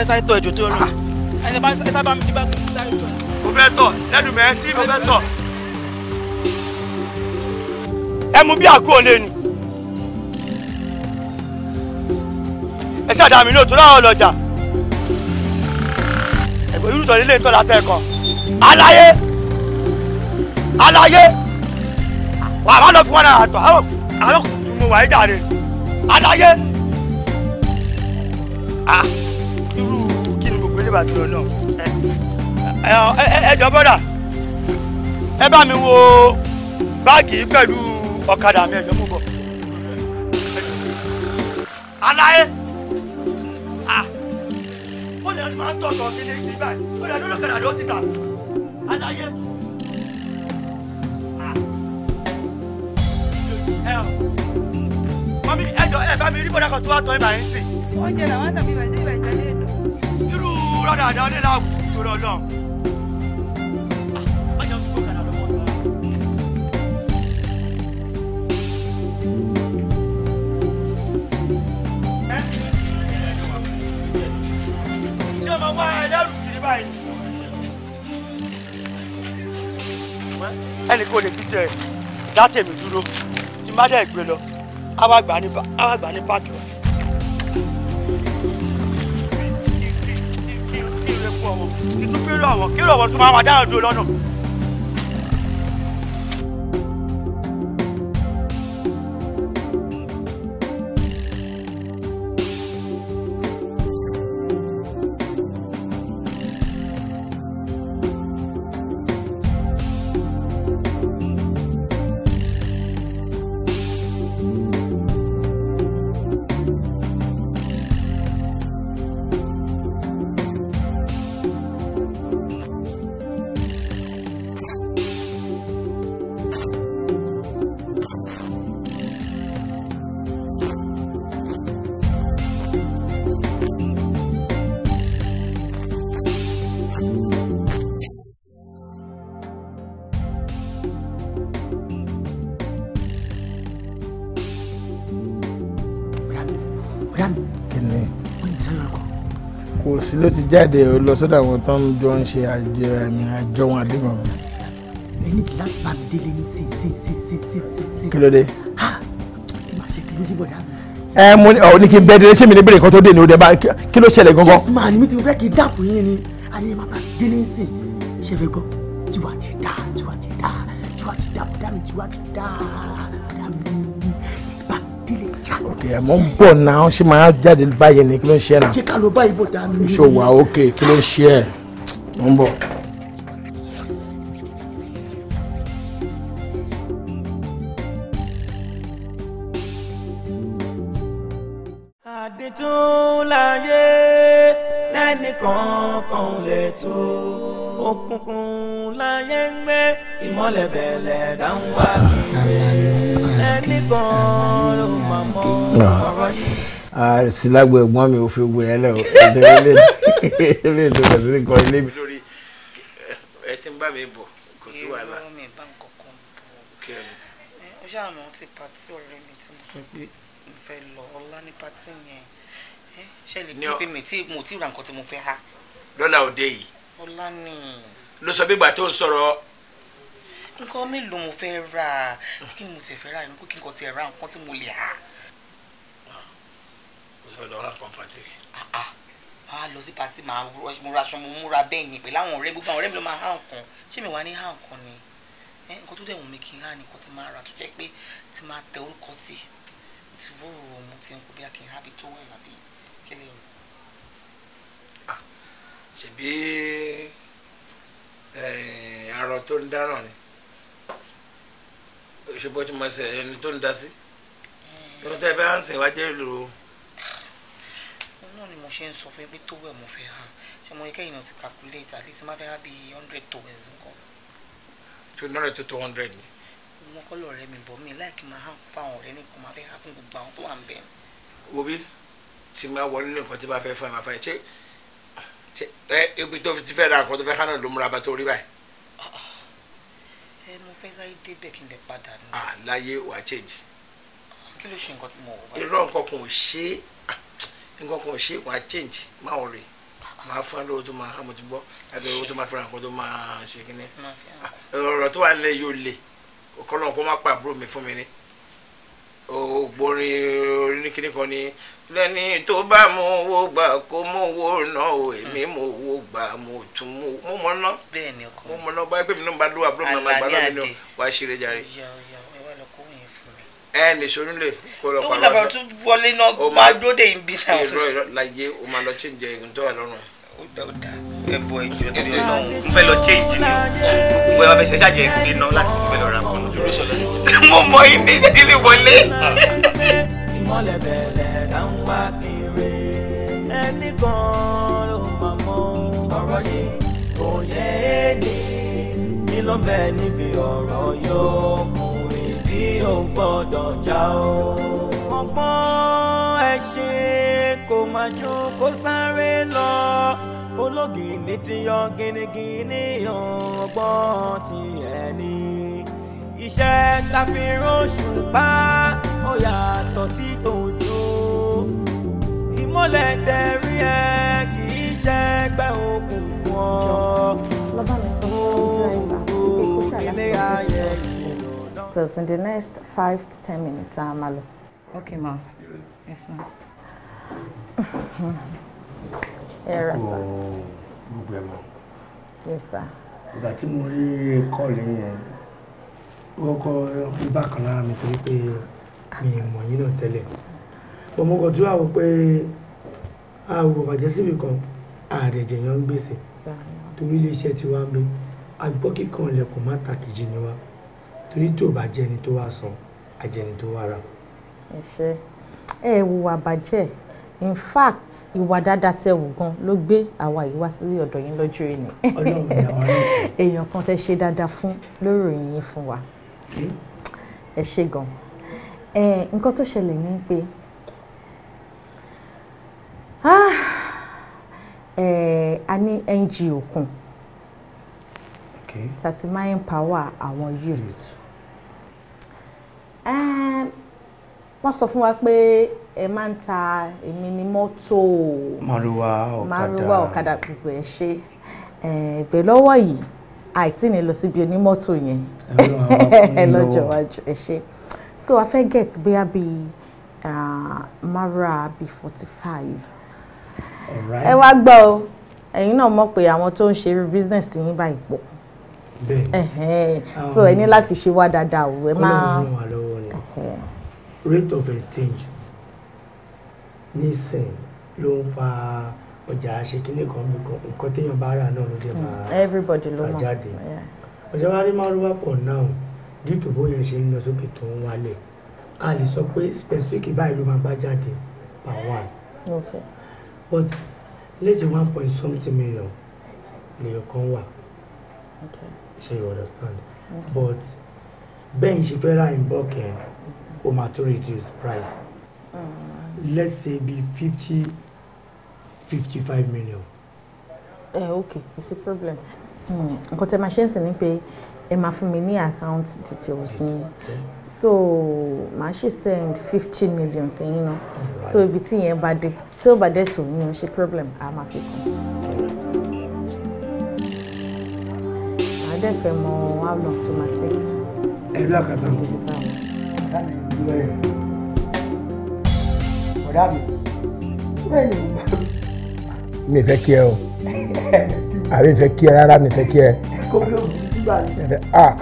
fẹ́ sáré tọ̀ ẹ̀jọ̀ tó rùn ah. ẹni bá sáré bá mi dí bá mi sáré tọ̀. mo fẹ́ tọ̀ lẹ́nu mẹ́ẹ́ sí mo fẹ́ tọ̀. ẹ mú bí àkó lé ni ẹ ṣe àdàmì náà láwọn ọlọ́jà ẹ̀gbọ́n irú tọ̀lé lè tọ́ la tẹ́ kan àlàyé àlàyé wà á bá lọ fún wọn náà àtọ̀ àwọn kùtùkùtù mo wà á jà rè àlàyé. Ah bá tó náà ẹ jọ bọ́dà ẹ bá mi wo báàgì pẹ̀lú ọ̀kadà mi ẹ jọ mú bọ̀. aláyé ó lè máa ń tọ̀tọ̀ mi ní ìgbà ó lè lórí ọ̀kadà ló sì tà aláyé. mọ́mí ẹ jọ ẹ bá mi rí bọ́dà kan tó wà tọ́ ìbà yín sí. oúnjẹ làwọn tàbí ìbà sí ìbà yín irọ́ dáadáa ní làwù tó lọ lọ. ṣé mo wá ẹlẹ́rù kiri báyìí. ẹnì kò lè fi tẹ dátẹ̀mí dúró tí má dẹ̀ gbé lọ á wá gbà ní pàtó. ìtúpẹ́rù ọ̀wọ̀ kí lọ́wọ́ tún máa wà dáhùn dúró lọ́nà. ló ti jáde ó lọ sọ́dọ̀ àwọn tó ń jọ ń ṣe àjọ ẹ̀mí àjọ wọn àdéhùn mi. ẹ̀yin kì láti bá mi délé ní sí sí sí sí sí sí sí. kí ló dé. ẹ máa ṣe kí ló dé bọ̀dá mi. ẹ mo ní ọ ní kí n bẹ délé ṣé mi ní bèrè nǹkan tó dé ní o dé bá kí ló ṣẹlẹ̀ gangan. yes ma ni mi ti fẹ́ kí n dàpọ̀ yín ni àní máa bá délé ní sí ṣe gbọ́ tiwa ti dá tiwa ti dá tiwa ti dá bọ̀dá mi tiwa ti dá òkè ẹ̀ mọ́ ń bọ̀ náà ṣé máa jáde báyìí ni kí ló ń ṣe náà. jẹ́ká ló báyìí bò dá mi. ṣé wà òkè kí ló ń ṣe ẹ̀ mọ́ ń bọ̀. àdìtúnláyé tẹ́nìkan lè tó òkùnkùn láyé ń gbé ìmọ́lẹ̀ dáhùn wá kiri. Ah, ah, ah, ẹnìkan ah. ló ah, máa mọ ọ̀rọ̀ yìí. àṣìlágbó ẹ̀gbọ́n mi ò fi wo ẹ lẹ́ o ẹ̀dẹ̀ ilé ètò ìgbà sí nǹkan ilé mi. lórí ẹ ti ń bá mi bọ̀ kò sí wàhálà. èrò mi bá nǹkan kan bọ̀ ó ṣàmù ti pàtí ọ̀rẹ́ mi tí mo sọ pé mo lọ ọ̀la ní pàtí yẹn ṣe lè pípé mi tí mo ti ra nǹkan tí mo fẹ́ ha. lọ́la òde yìí. ọ̀la ni. ló sọ bí ìgbà tó ń sọ̀rọ̀ nǹkan mélòó mo fẹ́ rà kí ni mo ti fẹ́ rà yín kó kí nǹkan ti ra nǹkan tí mo lè hà. lọ wá pọn pàtì. máa ah, ah. lọ sí pàtì máa múra aṣọ mo múra bẹ́ẹ̀ yẹn pẹ̀lú àwọn ọ̀rẹ́ gbogbo àwọn ọ̀rẹ́ mi ló máa há nǹkan ṣé mi wá ní há nǹkan ni nǹkan tó dẹ̀ wù mí kí n há nìkan ti máa rà tó jẹ́ pé ti máa tẹ orúkọ sí i ti wúrò ọmọ ti ń kó bí akin hábi tó wẹ̀ lábí kílẹ̀ rẹ̀. Ah, ṣèbí arọ tó ń dáná ni ṣe bó ti mọ ẹsẹ ẹni tó ń da sí ló tẹ bá ń sìn wá jẹ́ ìlú o. náà ni mo ṣe ń sọ fún ẹbí tó wẹ̀ mo fẹ́ hàn ṣe mo kẹ́yìn náà ti calculate at least má fẹ́ há bíi hundred towels nǹkan. tó ní ọ̀rẹ́ tó tó hundred ni. mo kọ́ lọ́ọ̀rẹ́ mi bọ̀ mí láì kí n máa hàn fáwọn ọ̀rẹ́ nìkan máa fẹ́ há fún gbogbo àwọn tó wà ń bẹ̀. wo bí tí n bá wọlé nǹkan tí n bá fẹ́ fún ẹ máa fẹ́ ṣe ẹ ibi tó ti fẹ́ débẹ̀ kí n lè padà nù. àláyé ah, wà á change. kí ló ṣe nǹkan tí mo wọ báyìí. irọ́ nǹkan kan ò ṣe ah, nǹkan kan ò ṣe wà á change má ò rè máa fún lówó tó máa hàmù tó gbọ́ àti owó tó máa fi ra nǹkan tó máa ṣe kínní. Ah, ọ̀rọ̀ tó wà nílẹ̀ yóò le kọ́ pa àbúrò mi fún mi ní ògbórin oníkíní kan ni lẹ́ni tó bá mú owó gbà kó mú owó ná o èmi mú owó gbà mo tún mú mo mọ ná mo mọ ná báyìí pé mi náà bá dúró àbúrò mi náà lọ́wọ́ mi náà ṣeré jàre ẹ nìṣó nílé kó lọ pa lọ. ó wọlé náà máa dúró dé ibi náà. ìrọ̀ ìrọ̀ láyé o máa lọ tí ń jẹ ìgùn wà lọ́rùn ẹbọ ẹjọ torí Ọlọ́run n fẹ́ mo mọ ibi tètè wọlé. ìmọ̀lẹ̀ bẹ̀rẹ̀ là ń wá kiri ẹnì kan ló máa mọ ọ̀rọ̀ yìí kò yẹ é ní kí níbi ọ̀rọ̀ yóò kù ò gbọ́dọ̀ já o. ọgbọ́n ẹ ṣe kò má ju kó sáré lọ ológìní ti yan gínígíní ọgbọ́n ti ẹ̀ ní. iṣẹ́ ta fi ránṣù bá ó yàtọ̀ sí tòjú ìmọ̀lẹ̀ tẹ̀rí ẹ kì í ṣe ẹgbẹ́ òkùnkùn ọ. lọ́ba mi sọ fún ọ̀gá ìgbà pé kó ṣàlàyé ọ̀gá ìgbà pills in the next five to ten minutes ah uh, máa lọ. okay ma yes ma. ẹ rà sá. gbogbo ẹ mọ. yes sir. ìgbà tí mo rí kọ́ọ̀lì yẹn ó kọ́ bákan lára mi torí pé mi mọ̀ yín náà tẹ́lẹ̀ ọmọkọ̀ tí wàá wọ pé àwòrán bàjẹ́ síbi kan àrẹ̀jẹ̀yàn ń gbèsè torí iléeṣẹ́ tiwa ń bẹ agbọ́kíkan ilẹ̀kùn má ta kìjì ni wa torí tó bá jẹni tó wá san ajẹni tó wá ra. ẹ ṣe ẹ wo àbàjẹ́ in fact ìwà dáadáa tẹ́ wù gan ló gbé àwa yìí wá sí ọ̀dọ̀ yín lọ́jọ́ yìí ni èèyàn kan tẹ́ ṣe dáadáa fún lórí yín fún wa ẹ ṣe gan nǹkan tó ṣẹlẹ̀ ni pé ah, a ní NGO kan thirty nine power àwọn youths wọ́n sọ fún wa pé ẹ máa ń ta èmi ní mọ́tò márúwá ọ̀kadà márúwá ọ̀kadà gbogbo ẹ̀ ṣe ẹ̀ẹ́dẹ̀ lọ́wọ́ yìí àìtí ni lọ síbi onímọ́tò yẹn lọ́jọ́ iwájú ẹ ṣe so a fẹ́ get bóyá bíi mara bíi forty five ẹ wá gbọ́ o ẹ̀yin náà mọ̀ pé àwọn tó ń ṣe irú business yín báyìí pọ̀ so ẹ ní láti ṣe wá dáadáa o ẹ máa. Yeah. rate of exchange nísìn ló ń fa ọjà àṣekínlẹ̀ kan nǹkan téèyàn bá rà náà ló dé máa hmm, ta jáde ọjà wa rí márùwá for now due to bó yẹn ṣe ń lọ sókè tó ń wálẹ̀ a lè sọ pé specific báyìí ló máa bá jáde per one but lẹ́sìn one point something million lèèyàn kan wà ṣe you understand but bẹ́ẹ̀ ń ṣe fẹ́ ra in bulk yẹn ó maturity price mm. let's say be fifty fifty five million. eh, okay. kò sí problem hmm, nǹkan tẹ́ máa ṣe ń sìn ni pé ẹ account details yín so màá ṣì send fifty million sí yín náà so if it's in bá dé tí ó bá dé tó mi ò ṣe problem a máa fi kún. màá dẹ̀ fẹ́ mọ how to ma take. ẹ bí àkàtà ń bọ̀ bẹ̀rẹ̀ ọ̀dà mi bẹ́ẹ̀ ni mo bá mi fẹ́ kí ẹ o àbí mi fẹ́ kí ẹ rárá mi fẹ́ ah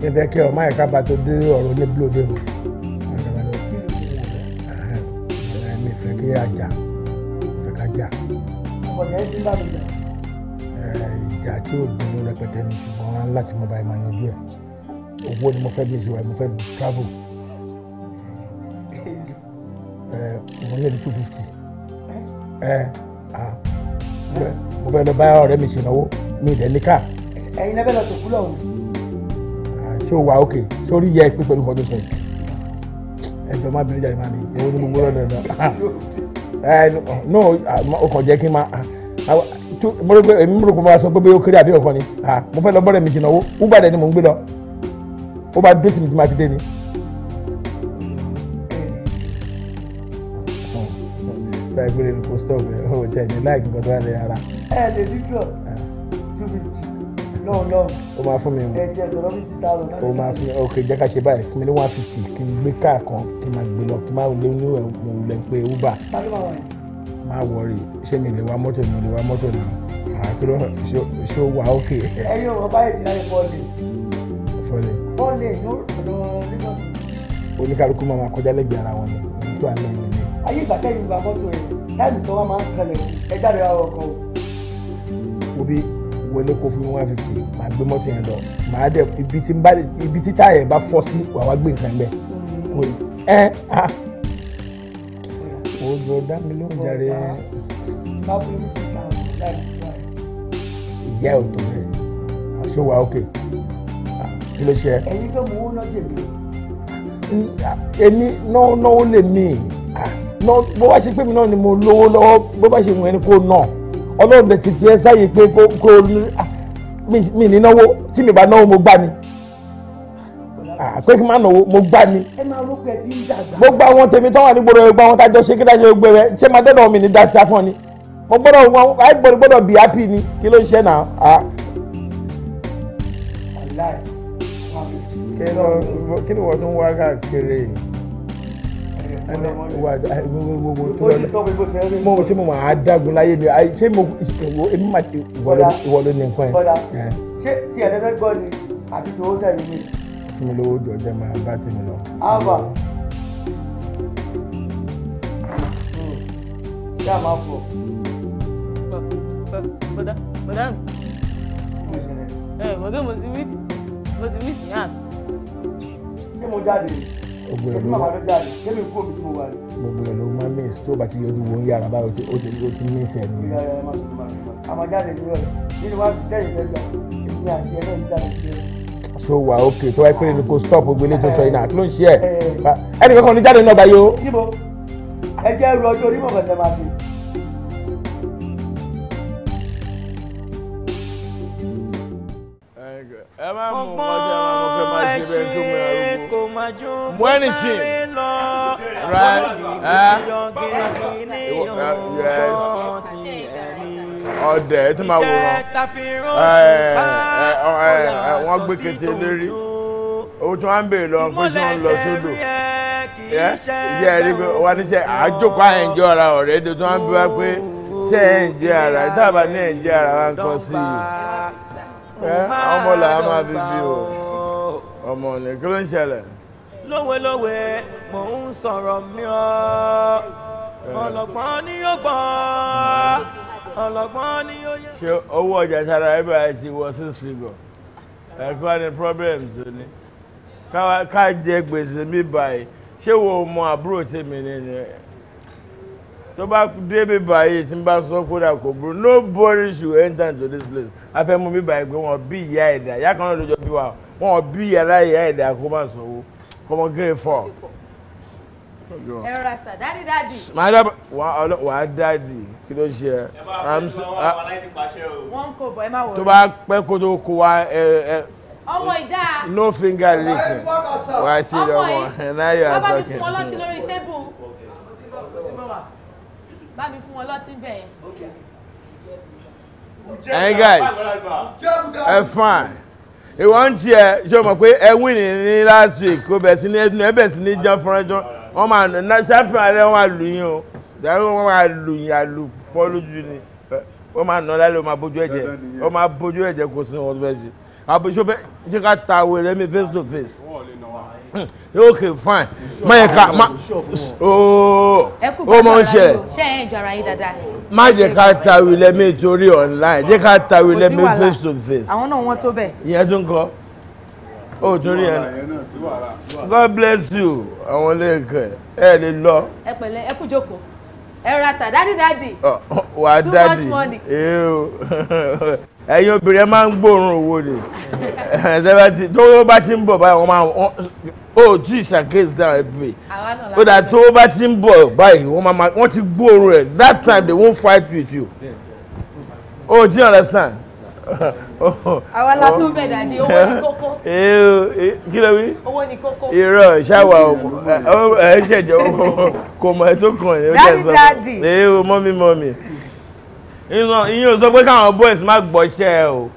me fẹ́ que eu o má tudo ká bá tó dé ọ̀rọ̀ ní bílódé o mi fẹ́ a já. jà fẹ́ ká jà. ọ̀dà ẹ ti bá mi jà ìjà tí ó dúró rẹpẹtẹ ní ṣùgbọ́n láti mọ̀ báyìí máa yanjú ẹ̀ owó ni mo fẹ́ bí ìṣòwò ẹ̀ mo fẹ́ Eh, mo ní ẹni two fifty eh, ah, mo fẹ́ lọ bá ọ̀rẹ́ mi ṣènáwó mi ìdẹ́ ní ká. ẹ̀yin lẹ́bẹ̀ẹ́ lọ sòkú lọ́hùn. Ah, ṣé o wà ókè sórí yẹ pé pẹ̀lú nǹkan tó sọ yìí ẹjọ́ má bínú jáde má ní ewu ní gbogbo lọ́dọ̀ náà ah, eh, no o kàn jẹ́ kí n máa mo rò pé èmi mo rò pé mo sọ pé bóyá ó kéré àbí ọ̀kan ni mo fẹ́ lọ bọ́ọ̀rẹ́ mi ṣènáwó ó bàdẹ́ ni mò ń gbé lọ ó bá dé tìmítìmá ti dé ni. ta gbére ní postop ẹ ò jẹ ní láì nǹkan tó wà lẹ́yìn ara. ẹ lè dídùn ọ ah. two fifty lọ́wọ́ lọ́wọ́. ó máa fún mi. ẹ jẹ sọ̀rọ̀ fifty thousand. ó máa fún mi ok jẹ́ ká ṣe báyìí fún mi ní one fifty kí n gbé káà kan kí n máa gbé lọ kí n máa lé ní mo lẹ pé uber. ta ló máa wà yìí. má wọrí ṣé mi lè wa mọ́tò mi lè wa mọ́tò mi àkúrò ṣé ó wà ókè. ẹ yóò wọ báyìí ti láyé bọ́ọ̀lì. bọ́ọ̀lì. bọ́ọ̀lì yóò lọ nígbà. oníkàlùkù máa máa kọjá lẹ́gbẹ̀ẹ́ ara wọn ni mọ́tò àná yẹn ni. ayé ìgbàgbẹ́ yìí gba mọ́tò ẹ̀ táìmù tó wá máa ń tẹ̀lé ẹ jáde ọ̀rọ̀ kan o. obi wọlé kó fún one fifty màá gbé mọ́tò yẹn lọ màá dẹ ibi tí táyà ẹ bá fọ́ sí wàá wá gbé nǹkan bẹ́ẹ̀ ẹ ha ojú ọdá mi ló ń jàre. ìyá ẹ̀ ò tó bẹ́ẹ̀ ṣé wàá ókè kí ló ṣe. ẹ̀yin tó mú owó náà jèbi èmi náwó náwó lè mí bó bá ṣe pé mi náà ni mo lówó lọ́wọ́ bó bá ṣe wù ẹni kó nà ọlọ́run lè tètè ẹ sáyè pé kó ah, mi ní náwó tí mi bá náwó mo gbá ni ah, pé kí n má náwó mo gbá ni mo gbá wọn tèmi tó wà ní gbòòrò ẹgbẹ́ wọn tájọ ṣe kí tájọ ẹgbẹ́ rẹ ṣé máa dẹ́dọ̀ mi ní dáadáa fún ọ ni mo gbọ́dọ̀ wọn àìgbọ́dọ̀ gbọ́dọ̀ bí happy ni kí ló ń ṣe náà. Ah kí ni wọ́n tún wá káàkiri ẹni wà gbogbo tó lọ mọ ṣé mo máa dágun láyé mi ṣé mo ìwọ èmi máa ti ìwọ ló ní nǹkan ẹ. ṣé tí ẹ̀ lẹ́fẹ̀ẹ́ gbọ́ ni àti tòun tẹ̀lé mi. fún mi lówó jọjọ máa bá tèmi lọ. àbà yá hmm. máa fọ. bọ̀dá bọ̀dá mi. ẹ mọ̀gẹ́ mo ti mí mo ti mí sí yàn ṣé mo jáde gbogbo ẹ ló gbogbo ẹ ló máa miss tó bá ti yọjú wo yàrá báyìí o ti o ti o ti miss ẹ nìyẹn. àmọ́ jáde ní ọ̀rẹ́ nínú wa tẹ̀yìn tẹ̀yìn èmi àti ẹ náà ń jáde so wà ókè tó wáyé pé ẹni kò stop gbogbo ilé tó sọ yìí náà kí ló ń ṣe ẹ eh, eh. ah, ẹnì kankan ní jáde náà báyìí o. ibo ẹ jẹ́ ru ọjọ́ onímọ̀ kẹsẹ̀ máa ṣe. ẹ má ṣe Morning, Jim. Right? Ah. Uh, ọdẹ ẹ ti máa wòran eh, eh, eh, wọn gbé kété lérí owó tí wọn ń béèrè lọ pé ṣé wọn lọ sódò iṣẹ rí pé wọn ní ṣe àjòkó àyànjọ ara ọ̀rẹ́ èdè tí wọn bí wá pé ṣé ẹ ń jẹ ara ìtàbà ní ẹ ń jẹ ara wa ń kọ sí i ọmọ làwọn máa fi bí o ọmọ ní kí ló ń ṣẹlẹ̀ lówelówe mò ń sọ̀rọ̀ mi ọ́ ọlọ́gbọ́n ni yóò gbọ́ ọlọ́gbọ́n ni yóò yẹ. ṣé owó ọjà tara ẹ bá ti wọ six figure ẹ fún ni problems ni ká jẹ gbèsè mi báyìí ṣé wo mọ àbúrò tèmi ni tó bá dé mi báyìí tí n bá sọ kódà kò burú nobody should enter into this place afẹ́ mú mi báyìí pé wọ́n bí ìyá ẹ̀dá ìyá kan náà lójó bí wa wọ́n bí ìyá ẹ̀dá kó má sanwó ọmọ grade four. ẹ rọra sà dáàdì dáàdì. màá dá wà á dáàdì kí ló ṣe ẹ. ẹ bá fẹ́ sọ wọn wà láì ní pàṣẹ o. wọ́n ń kó bọ̀ ẹ má wọlé. tó bá pẹ́ kó tó kó wa ọmọ ìdá no finger licking wá sí i ọmọ náà yóò àtọkẹ bá mi fún wọn lọtí lórí tébù bá mi fún wọn lọtí bẹ́ẹ̀. hey guys ẹ fine ìwọ ń tiẹ̀ ṣe mọ̀ pé ẹ win ní last week kò bẹ̀ sí ní ẹdun ẹ bẹ̀ sí ní jẹ́ fúnrẹ́jọ́ wọ́n máa ná ṣáàpì rẹ̀ wọ́n máa lù yín o ìdájọ́ wọ́n máa lù yín àlù fọ́ lójú ni wọ́n máa nà lálẹ́ wọ́n máa bójú ẹ̀jẹ̀ wọ́n máa bójú ẹ̀jẹ̀ kò sí wọn fẹ́ ṣe àbúṣe fẹ́ ṣe ká ta wẹ̀rẹ́ mi face to face. Hmm, okay fine maye ka ma ooo o mo n ṣe má jẹ́ ká tàwí lẹ́mí torí online jẹ́ ká tàwí lẹ́mí face to face àwọn náà wọ́n tó bẹ̀. ìyẹn tún kọ́ ó torí ẹ God bless you àwọn lẹ́ẹ̀kẹ́ ẹ lè lọ. ẹ pẹ̀lẹ́ ẹ kú jókòó ẹ rà sà dádì too much money. ẹ̀yin obìnrin máa ń gbóòórùn owó ni tó bá ti ń bọ̀ báyìí wọ́n máa ó tí ìṣàkéyèsí àwọn ẹbí ó dà tó bá ti ń bọ̀ báyìí wọ́n máa wọ́n ti gbóòórùn rẹ̀ that time they won't fight with you oh do you understand. àwa la tún oh. bẹ̀ dàdí owó ní kókó. E, kí ló wí. owó ní kókó. irọ́ ṣáwa ẹ ṣẹ̀jẹ̀ kò mọ̀ ẹ́ tó kàn ẹ́. dáàdì dáàdì. mọ́mí mọ́mí ìyẹn ò sọ pé káwọn boys má gbọ́ṣẹ́ o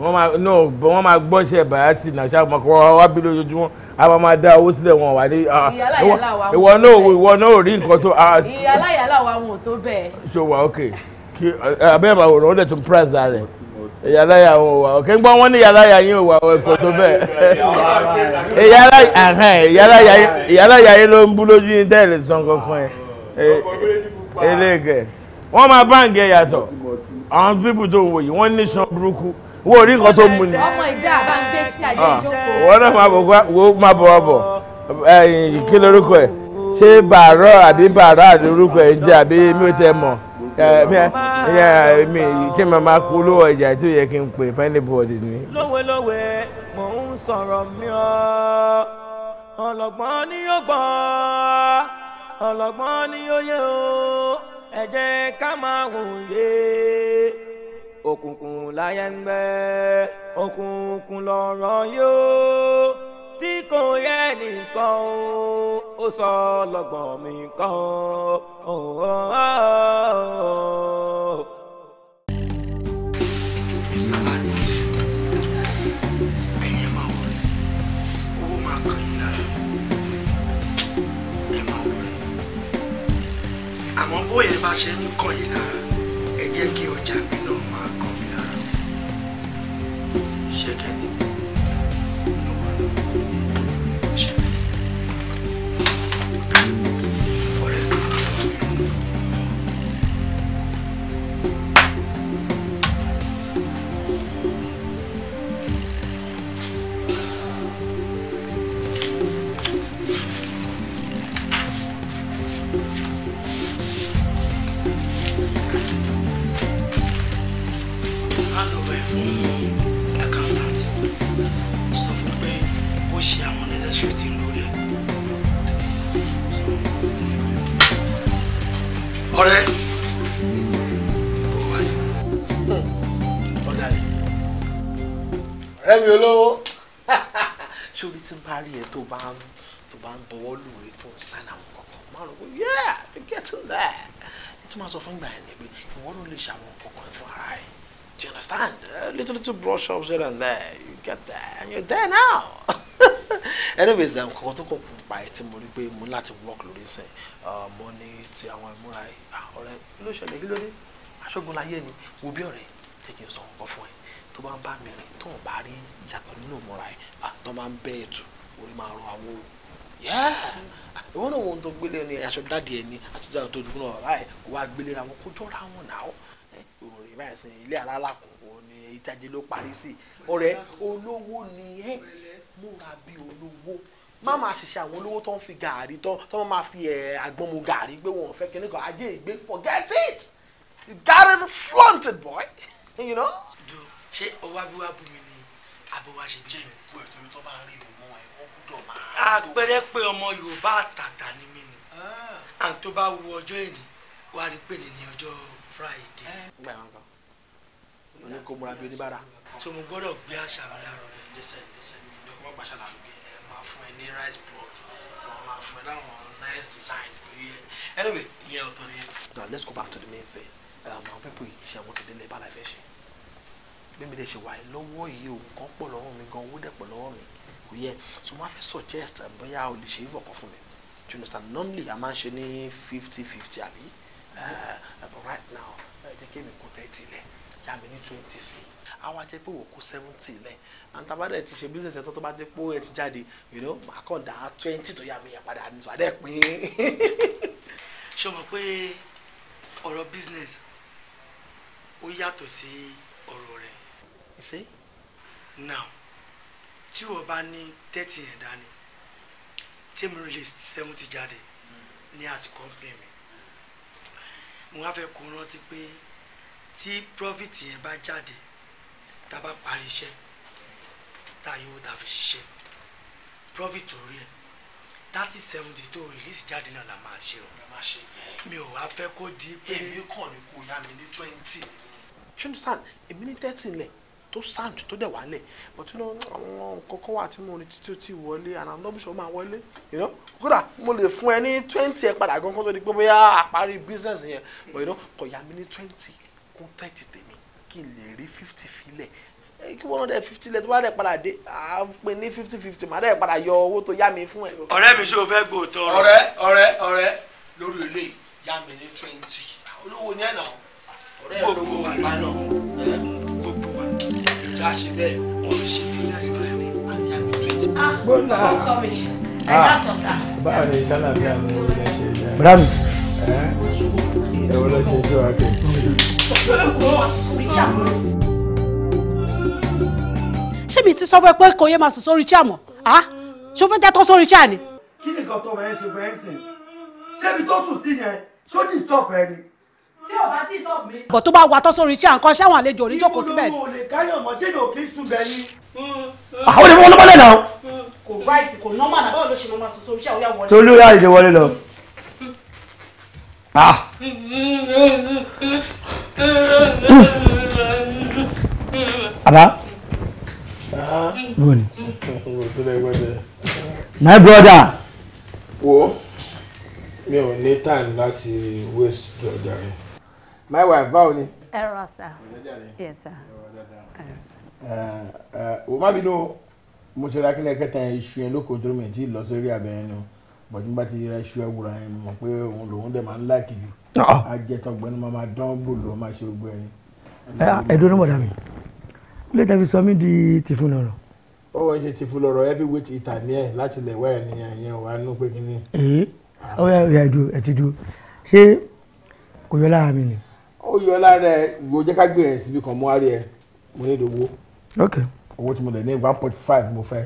wọ́n máa no wọ́n máa gbọ́ṣẹ́ bàyàtì náà ṣàmọ́ kó wọ́n wá bí lójoojúmọ́ a máa máa dá owó sílẹ̀ wọn wà ní. ìwọ náà ìwọ náà ò rí nǹkan tó. ìyálà ìyálà wa wọn ò tó bẹ́ẹ̀. ṣé wà ok kí abẹ́rẹ́ màá wòrán ó dẹ̀ tún price rẹ̀ ìyálàyà wọn wà òkè ń gbọ́ wọ́n ní ìyálàyà yín ò wà ẹ̀kọ́ tó bẹ́ẹ̀ ìyálàyà yín ló ń bú lójú yín tẹ́lẹ̀ sàn kankan yẹn eléèkẹ́ wọ́n máa báǹgì ẹ̀ yàtọ̀ àwọn pípù tó wòye wọ́n ní sàn burúkú wọ́n rí nǹkan tó mú ni. ọmọ ìdá àbá ń gbé ìjókòó. Ah, wọ́n máa bọ̀ wọ́n bọ̀ eh, kí lorúkọ ẹ̀ ṣé bàárọ̀ àbí bàárọ̀ àbí orúkọ ẹ̀ ń jẹ́ àbí mi ò tẹ́ mọ̀ eh, eh, ṣé màá kú lówó ìjà tó yẹ kí n pè fẹ́ni bọ̀dì ni. lówelówe mò ń sọ̀rọ̀ mi ọ́ ọlọ́gbọ́n ni yóò gbọ́ ọlọ́gbọ́n ni yóò yẹ o ẹ jẹ́ ká máa wòye òkùnkùn láyé ń gbẹ òkùnkùn lọ̀rọ̀ yóò tí kò yẹ nìkan ó sọ lọ́gbọ̀n mi kan. bó yẹn bá ṣe ń kàn yín lára ẹ jẹ́ kí ọjà mi náà máa kàn mí lára ṣé mi olówó sórí tí n bá rí ẹ tó bá ń tó bá ń bọwọ́ lùwẹ̀ tó ń sáìn àwọn kankan máa rò pé yeah you get in there ẹ tún máa sọ fún ìgbà yẹn ni pé ìwọ ló lè ṣàwọn kankan fún ara ẹ do you understand uh, little little brush ups here and there you get there and you're there now anyways nǹkan tó kọ kù pa ẹ tí mo rí pé mo láti work lórí sìn uh, mo ní ti àwọn ìmúra ah, ọ̀rẹ́ kí ló ṣẹlẹ̀ kí ló dé aṣọ́gun láyé mi wo bí ọ̀rẹ́ jẹ́ kí n sọ nǹkan fún ẹ tó bá ń bá mi rìn tó ń bá rí yàtọ̀ nínú ìmúra ẹ̀ tó máa ń bẹ́ ẹ̀tù orí máa rọ àwọn òru ìwọ náà wọn tó gbélé ni aṣọ dáàdi ẹ ní àtúntò àti ojú náà báyìí kó wá gbélé àwọn kó jọra wọn náà ìròyìn báyìí sin ilé alálàkùn òun ni ìtajà ló parí sí ọ̀rẹ́ olówó ni ẹ múra bí olówó má máa ṣiṣẹ́ àwọn olówó tó ń fi gàárì tó tó máa fi ẹ̀ àgbọn mu gàárì gbé wọn fẹ́ kíní ajé ìgbé forget it you got it flaunted boy you know ṣé ọwá bí wá bù mí ni àbẹ̀wá ṣe bí. jẹ́ ìfú ẹ̀ torí tó rí mi mọ́ wọ́n gbúdọ̀ máa. àpẹẹrẹ pé ọmọ Yorùbá àtàtà ni mí ni à ah. ń tó bá wu ọjọ́ èní wàá rí pé ní ọjọ́ Friday. nígbà yẹn kan ní kó múra bí oníbàárà. so mo gbọ́dọ̀ gbé àṣà mi lárọ̀ rẹ̀ lẹ́sẹ̀ lẹ́sẹ̀ mi ní ọgbọ́n gbàṣà làlùkẹ́ ẹ̀ máa fún ẹ ní rice block tó máa fún ẹ láwọn nice design anyway ìyẹn ọ̀tọ̀ nìyẹn. now let's go back to the main thing um, àwọn pẹ́pù yìí ṣe àwọn tòde lẹ́bàá láì fẹ́ ṣe bí mi lè ṣe wà lọ́wọ́ yìí o nǹkan pọ̀ lọ́wọ́ mi gan owó dẹ̀ lọ́wọ́ mi kò yẹ so wọ́n á suggest bóyá o lè ṣe ìfọ̀kàn fún mi do you understand normally a máa ń ṣe ní fifty fifty àbí eh, but right now jẹ́ kí èmi kó thirty lẹ̀ yá mi ní twenty sí àwa jẹ́ pé wò kó seventy lẹ̀ and tá ti ṣe business ẹ̀ tó tó bá dé pé ẹ ti jáde you know màá kàn dá twenty tó yá mi yẹn padà ní sàdẹ́ pín. ṣé o mọ̀ pé ọ̀rọ̀ business ó yàtọ̀ sí ọ̀rọ̀ rẹ̀ see now tí o bá ní thirty yẹn dání tí release seventy jáde hmm. ní àti company mi mo wá fẹ́ kó rántí pé tí profit yẹn bá jáde tá a bá parí iṣẹ́ tá a yóò tá a fi ṣiṣẹ́ profit orí ẹ̀ thirty seventy tó release jáde náà la máa ṣe o mi ò wá fẹ́ kó di pé èmi kàn ní kó yá mi ní twenty. ṣé o ní sàn èmi ní thirty lẹ̀ tó sound tó dẹ̀ wálẹ̀ but you know àwọn kọ̀ọ̀kan wà tí mo ní títí ó wọlé and i'm not sure máa wọlé you know kódà mo lè fún ẹ ní twenty ẹ padà gan kó tó di pé bóyá àparí business yẹn but you know kò yá mi ní twenty kún thirty tèmi kí n lè rí fifty filẹ̀ kí wọ́n dẹ̀ fifty lẹ̀ tó bá dẹ̀ padà dé à ń ní fifty fifty màá dẹ̀ padà yọ owó tó yá mi fún ẹ. ọ̀rẹ́ mi ṣe o fẹ́ gbọ́ tọ́. ọ̀rẹ́ ọ̀rẹ́ ọ̀rẹ́ lórí ilé yá mi ní twenty olówó ni ẹ̀ náà ọ̀rẹ́ ẹ̀ lówó àgbà náà ká ṣe bẹ́ẹ̀ wọ́n lè ṣe business business ní àníyá mi tó jẹ́. Ah, ah, bọ́lá ọkọ mi ah. ẹ̀dá sọ̀tà. báwo ni sálà bí àwọn ọmọdé ṣe jẹ. bravo ẹ wọlé ṣe ṣe wá pé. ṣé mi ti sọ fún ẹ pé kò yẹ máa sùn sórí chairman ṣó fẹ́ tẹ́tọ́ sórí chair ni. kí ni nǹkan tó rẹ̀ ń ṣe fẹ́ ń sìn ṣébi tó sùn sí yẹn ṣó ní stop ẹni tí ò bá tí sọ mi. bọ̀ tó bá wa tọ́ sórí iṣẹ́ àǹkan ṣáwọn àlejò orí jókòó síbẹ̀. ìwúlò olè káyọ̀ mọ́ ṣé yóò kí ń sun bẹ́ẹ̀ ni. Mm, mm. àwọn olè wọlé wọlé náà. kò right kò normal náà báwo ló ṣe máa sọ sórí iṣẹ́ àwọn yà wọlé. tolú yà lè wọlé lọ. Mm. Ah. àbá. bóni. my brother. wo mi ò ní time láti waste ọjà rẹ my wife báwo ni. ẹ rọ sá yes sá. wò má bínú mo ti ra kílẹ̀ kẹta iṣu yẹn lóko tó mi ti lọ sórí abẹ́yẹn nu bọ̀dé bá ti ra iṣu ẹwùrà yẹn mọ̀ pé òun lòun dẹ̀ máa ń láàkì jù ajẹtọ̀gbẹ́ni ah. máa máa dán bò ló máa ṣe gbogbo ẹni. ẹ̀dùn ní mọ̀dà mi lè tẹ̀fi sọ mí di tìfun lọ́rọ̀. ó wọ́n ṣe tìfun lọ́rọ̀ heavyweight ìta ní ẹ̀ láti lè wá ènìyàn yẹn wà nínú pé kínní. ẹ ẹ ẹ dúró ẹ ti dúró ṣé kò yọ lára mi nìyí ó yọ lára ẹ gbòó jẹ́ ká gbé ẹ̀ síbi kan mọ́ àárẹ̀ ẹ mo ní ìdòwò owó tí mo lè ní one point five mo fẹ́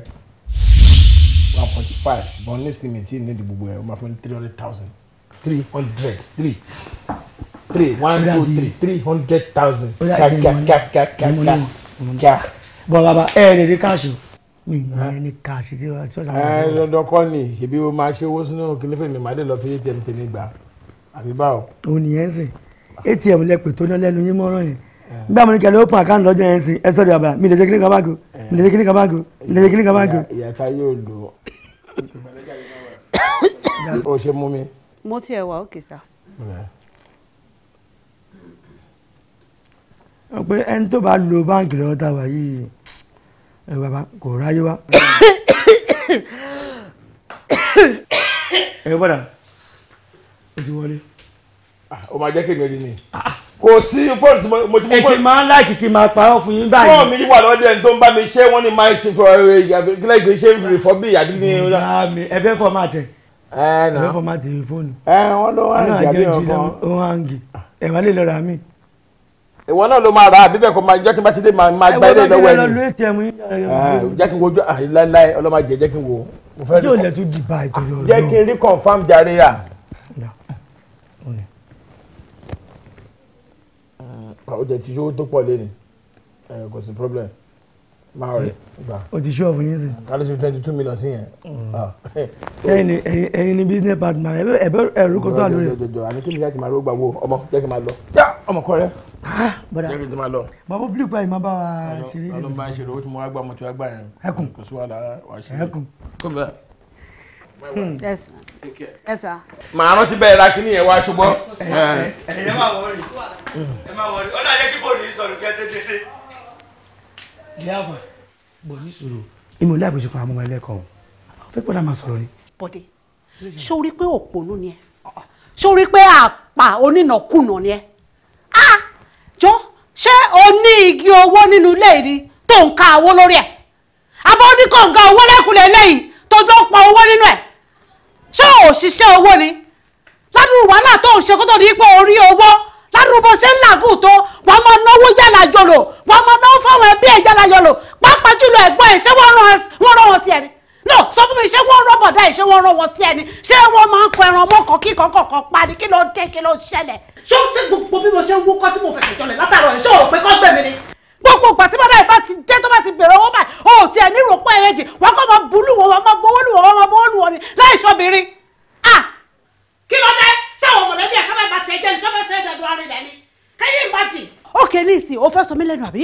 one point five ṣùgbọ́n nísìnyí tí ní ìdìbò ẹ̀ o máa fún mi three hundred thousand three hundred three three one two three three hundred thousand kíákíákíákíákíá. bọ́ bàbá ẹ ẹ lè rí káàṣù mi ìyẹn ní káàṣì tí wọ́n ti ọ̀sán. ẹ lọ́dọ̀ kọ́ ni o máa ṣe owó sínú kí ní fèmí màá dé lọ fi atm tèmi gbà àbí atm lẹ́pẹ̀ tó náà lẹ́nu yín mọ́rán yẹn nígbà mo ní kẹlẹ́ open account lọ́jọ́ yẹn sí ẹ sọ́dọ̀ àbá mi lè ṣe kíní kan báàgò mi lè ṣe kíní kan báàgò mi lè ṣe kíní kan báàgò. ìyàtá yóò lò ó ṣe mú mi. mo tiẹ̀ wà òkè sá. pé ẹni tó bá lo báǹkì lọ́wọ́ tá a wà yìí ẹ bàbá kò ráyé wá. ẹ o ti wọlé o ah, máa jẹ́ kí èmi rí ni. kò sí fóònù tí mo ti mú fóònù. èsì máa ń láìkì kí n máa parọ́ fún yín báyìí. fóònù mi wà lọ́dọ̀ ẹni tó ń bá mi ṣe wọ́n ní máa ṣe fún ọ̀rẹ́ ìgbàgbé kí ṣe ń fi fọ́ bí ìyàbí ni. ẹ fẹ́ fọ́ máa tẹ̀ ẹ fẹ́ fọ́ máa tẹ̀ fóònù. ẹ wọ́n ló wá ń gì àbí ọkàn. ẹ wọ́n lè lọ ra mí. ìwọ náà ló máa ra àbí bẹ́ẹ̀ kọ́ máa jẹ́ kí n bá ti máa gba ilé ìlọ́wọ́ ẹni. jẹ́ kí Ah, ó jẹ ti ṣó tó pọ̀ lé ni kò sí problem máa rẹ̀ gbà. o ti ṣọ́ọ̀fù yín sí. ká ṣe twenty two million sí yẹn. sẹ́yìn mm. ah. ni ẹ̀yin ni business partner ẹ̀bẹ̀ ẹ̀rú kò tó àlọ́ rẹ̀. jọjọ àní kí mi jáde máa ló gbà wo ọmọ jẹ́ kí n máa lọ. ọmọ kọ rẹ. Ah, bọ́dà jẹ́ kí n máa lọ. bàbá blue pa ìmọ̀ bá wa ṣeré. ọlọ́mọba ṣeré owó tí mo wá gbà mo ti wá gbà yẹn. ẹkùn kò sí wàhálà wa ṣeré. ẹkùn. kó bẹ́ẹ̀. Hmm. Yes, rántí bẹ́ẹ̀ ra kíní yẹn wá ṣùgbọ́n. ẹ̀yin ẹ máa wọrí ẹ máa wọrí ọ̀nà ayé kí fóònù yìí sọ̀rọ̀ kẹ́tẹ́tẹ́tẹ́. gíláfà bọ̀ ní sòrò ìmọ̀ ilé àgbèsè kan àmọ́ ẹlẹ́kọ̀ọ́ àwọn fẹ́ pẹ́lá máa sọ̀rọ̀ ni. bọ́dé ṣé o rí pé òpònú ni ẹ ṣé o rí pé àpà onínàkùnà ni ẹ jọ ṣé o ní igi owó nínú ilé yìí tó ń ka owó lórí ẹ àbọ̀ ó ní kọ̀ǹga owó lẹ́kùnlé lẹ́yìn tó jọ pọ̀ owó nínú ẹ̀ ṣé òṣìṣẹ́ owó ni ládùúgbò wàhálà tó ń ṣe kó tó di pé orí owó ládùúgbò ṣe ń làágùn tó wọ́n máa náwó yàrá jòlò wọ́n máa náwó fáwọn ẹbí ẹ̀ yàrá jòlò pápá jùlọ ẹ̀gbọ́n ẹ̀ ṣé wọ́n rán wọn sí ẹni no sọ fún mi ṣé wọ́n rán bọ̀dá ẹ̀ ṣé wọ́n rán wọn sí ẹni ṣé wọ́n máa ń kọ ẹran mọ́kọ kí kọ̀ọ̀kan pa ni kí ló dé kí ló ṣẹlẹ̀. ṣó tí gbogbo bí mo ṣe ń wúkọ́ tí mo fẹ̀sẹ̀ jọlẹ̀ látàrọ̀ ẹ̀ ṣó o pé kọ́ gbẹ̀mí ni gbogbo ìgbà tí bàbá ìbá ti dé tó bá ti bèrè owó báyìí o ò tiẹ̀ ní ìròpọ̀ ẹ̀rẹ́jì wọn kọ́ máa bulú wọn wọn máa gbowó lù wọn wọn máa gbowó lù wọn ni láì sọ́bìnrin. kí ló dé sáwọn mọ̀lẹ́bí ẹ̀ sábà bá tiẹ̀ jẹ́ ní sọ́fẹ́ sẹ́yìn dandan arin rẹ̀ ni káyé ń bá jì. ó kè ní ìsìn o fẹ́ sọ mí lẹ́nu àbí?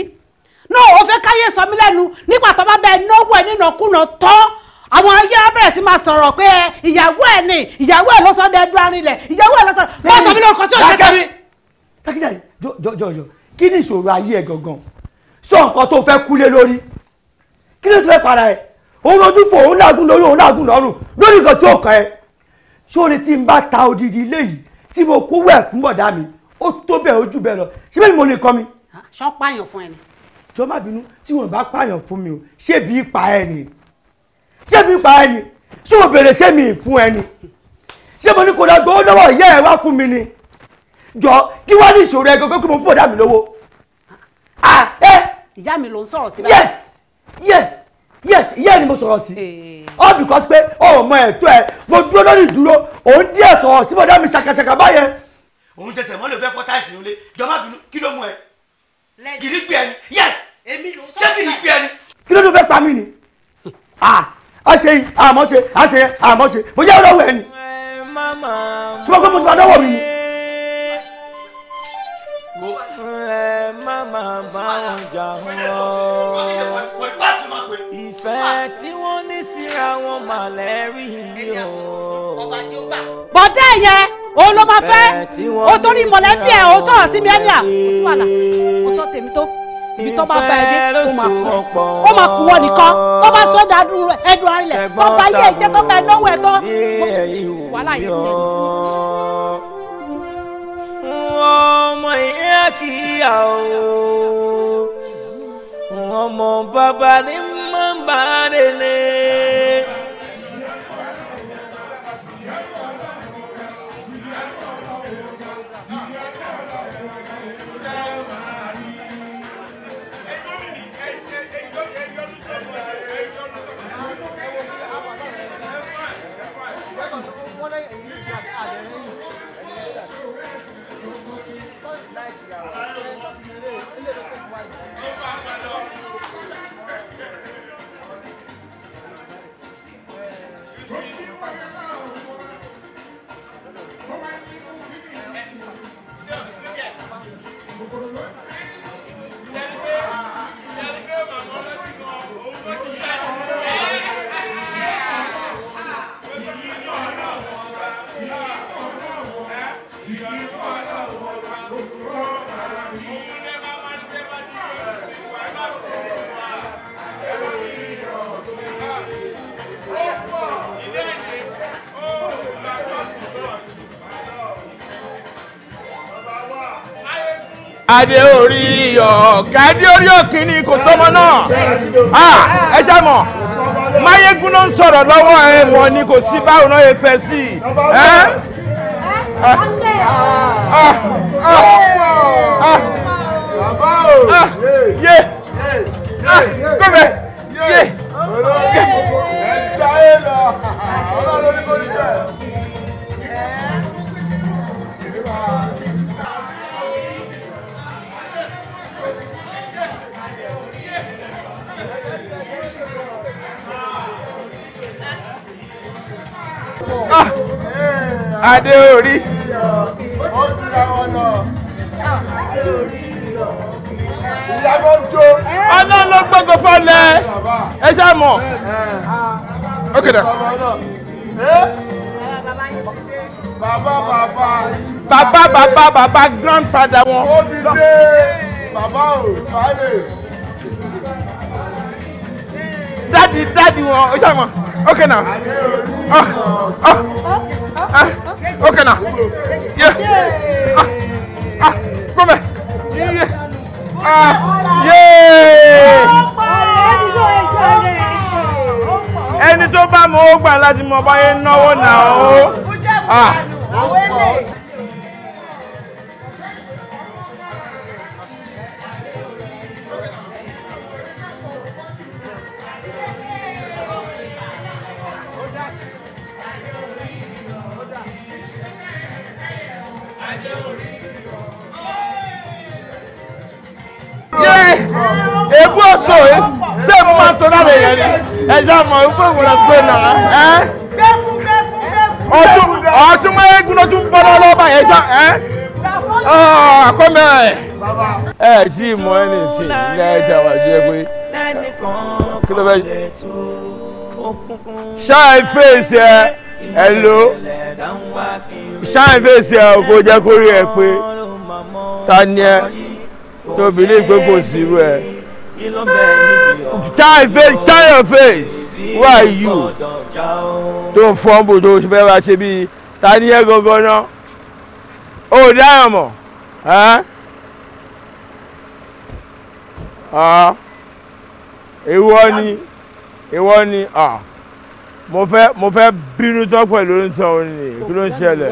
no o fẹ́ káyé sọ mí lẹ́nu nígbà tó bá bẹ́ẹ̀ náwó ẹ̀ nínú ọkùnà tán àwọn ayé abẹ́rẹ́ sí máa sọ̀rọ̀ pé ìyàwó ẹ̀ ni ìyàwó ẹ̀ ló sọ dẹ́ dún arinlẹ̀ ìyàwó ẹ̀ ló sọ. wọ́n sọ mí lórúkọ tí ò ṣe tẹ̀mí. kákíjà yìí kí ni ìṣòro ayé ẹ gangan sọ nǹkan tó fẹ́ kúlé lórí kí ló tó fẹ́ para ẹ̀ òun ojú fò òun làágùn lórí òun làágùn lọ́rùn lórí nǹkan tí ò kàn ẹ́ sórí tí n bá ta odidi ilé yìí tí mo kó wẹ̀ fún bọ̀dá mi ó tó bẹ́ẹ̀ ojú bẹ́ẹ̀ lọ ṣé bẹ́ẹ̀ ni mo lè kọ́ mi. ṣọ́ pààyàn fún ẹ ni. jọ má bínú tí wọn bá pààyàn fún mi o ṣé bí ipa ẹ ni ṣé bí ipa ẹ ni ṣé mo bèrè ṣé mi fún ẹ ni ṣé mo ní kó lọ gbowó lọ́wọ́ ìyá ẹ wá fún mi ni jọ kí wàá ní ìṣòro ẹ gọgọ kí mo fún bọ̀dá mi lówó Ah, eh. ìyá mi ló ń sọ̀rọ̀ sí. yes yes yes ìyá ni mo sọ̀rọ̀ sí. Eh. all because pé ọmọ ẹ̀tọ́ ẹ mo dúró lórí ìdúró òun díẹ̀ sọ̀rọ̀ sí bọ́dá mi ṣàkàṣàkà báyẹn. òun tẹsẹ̀ mọ́lẹ̀ fẹ́ fọ́ táìsì nílé jọba bínú kí ló mú ẹ. kìrì gbé ẹni yes ṣé kìrì gbé ẹni. kí ló ló fẹ́ pa mí ni. Ah, a ṣe yìí àmọ́ ṣe àṣeyẹ àmọ́ ṣe mo jẹ́ ọlọ́wọ́ ẹni. ṣùgbọ́n pé mo ti máa dánwò mi ni ẹ má máa bá wọn jà wọn. ìfẹ́ tí wọ́n ní síra wọn mà lẹ́rìí ni o. bọ́dá ẹ̀yẹ òun ló máa fẹ́ o torí mọ̀lẹ́bí ẹ̀ o sọ̀rọ̀ sí mi ẹ̀ ní à sọ tèmi tó ibi tó bá bá ẹ dé ó máa kú ó máa kú wọ nìkan tó bá sọ dàdú ẹdùn arinlẹ̀ tó bá yẹ ìjẹ́ tó bá ẹ náwó ẹ tán wàhálà yìí ni ẹ̀ ní ọmọ ìyá kíyà o ọmọ bàbá ni mọ̀ bá délé. kádé orí iyọ̀ kádé orí òkìní kò sọmọ náà ẹ ṣàmọ̀ máyégún ló ń sọ̀rọ̀ lọ́wọ́ ẹ wọ́n ni kò sí báwo náà ẹ fẹ́ sí i. kọ́mẹ̀. adé orí. ọlọ́run ló gbọ́ngàn fọlẹ̀ ẹ ṣá mọ̀. ok dà. Eh? bàbá bàbá. bàbá bàbá bàbá grandfather wọn. ó ti dé bàbá ò fàálè. dádì dádì wọn ẹ ṣá mọ̀ ok now. Oh, oh. Come now. Yeah. Ah. Ah. Come here. Yeah. Ah. Yeah. Ẹni tó bá mọ̀ ó gbà láti mọ̀ báyé náwó náà ó. Ah. ẹ ṣàmọ̀ ìfọ̀ ìwòrán ṣe nà ẹ́. ọtún ọtún mọ eégún ló tún bọ́ lọ́wọ́ báyìí ẹ ṣá ẹ́. àkọ́mẹ́ ẹ̀ ṣì mọ ẹni tì lẹ́jà wà jẹ́ pé kí ló fẹ́ ṣáà fèsì ẹ ẹ ló ṣáà fèsì ẹ kò jẹ́ kórè ẹ pé ta ni ẹ tó bìlí pé sí irú ẹ shine face shine your face who you tó fumble fọ́nbù tó fẹ́ wá ṣe bíi ta ni ẹ gọgọ náà ó dáhùn mọ̀ ìwọ ni ìwọ ni mo fẹ́ mo fẹ́ bínú tán pẹ̀lú oúnjẹ òun kí ló ń ṣẹlẹ̀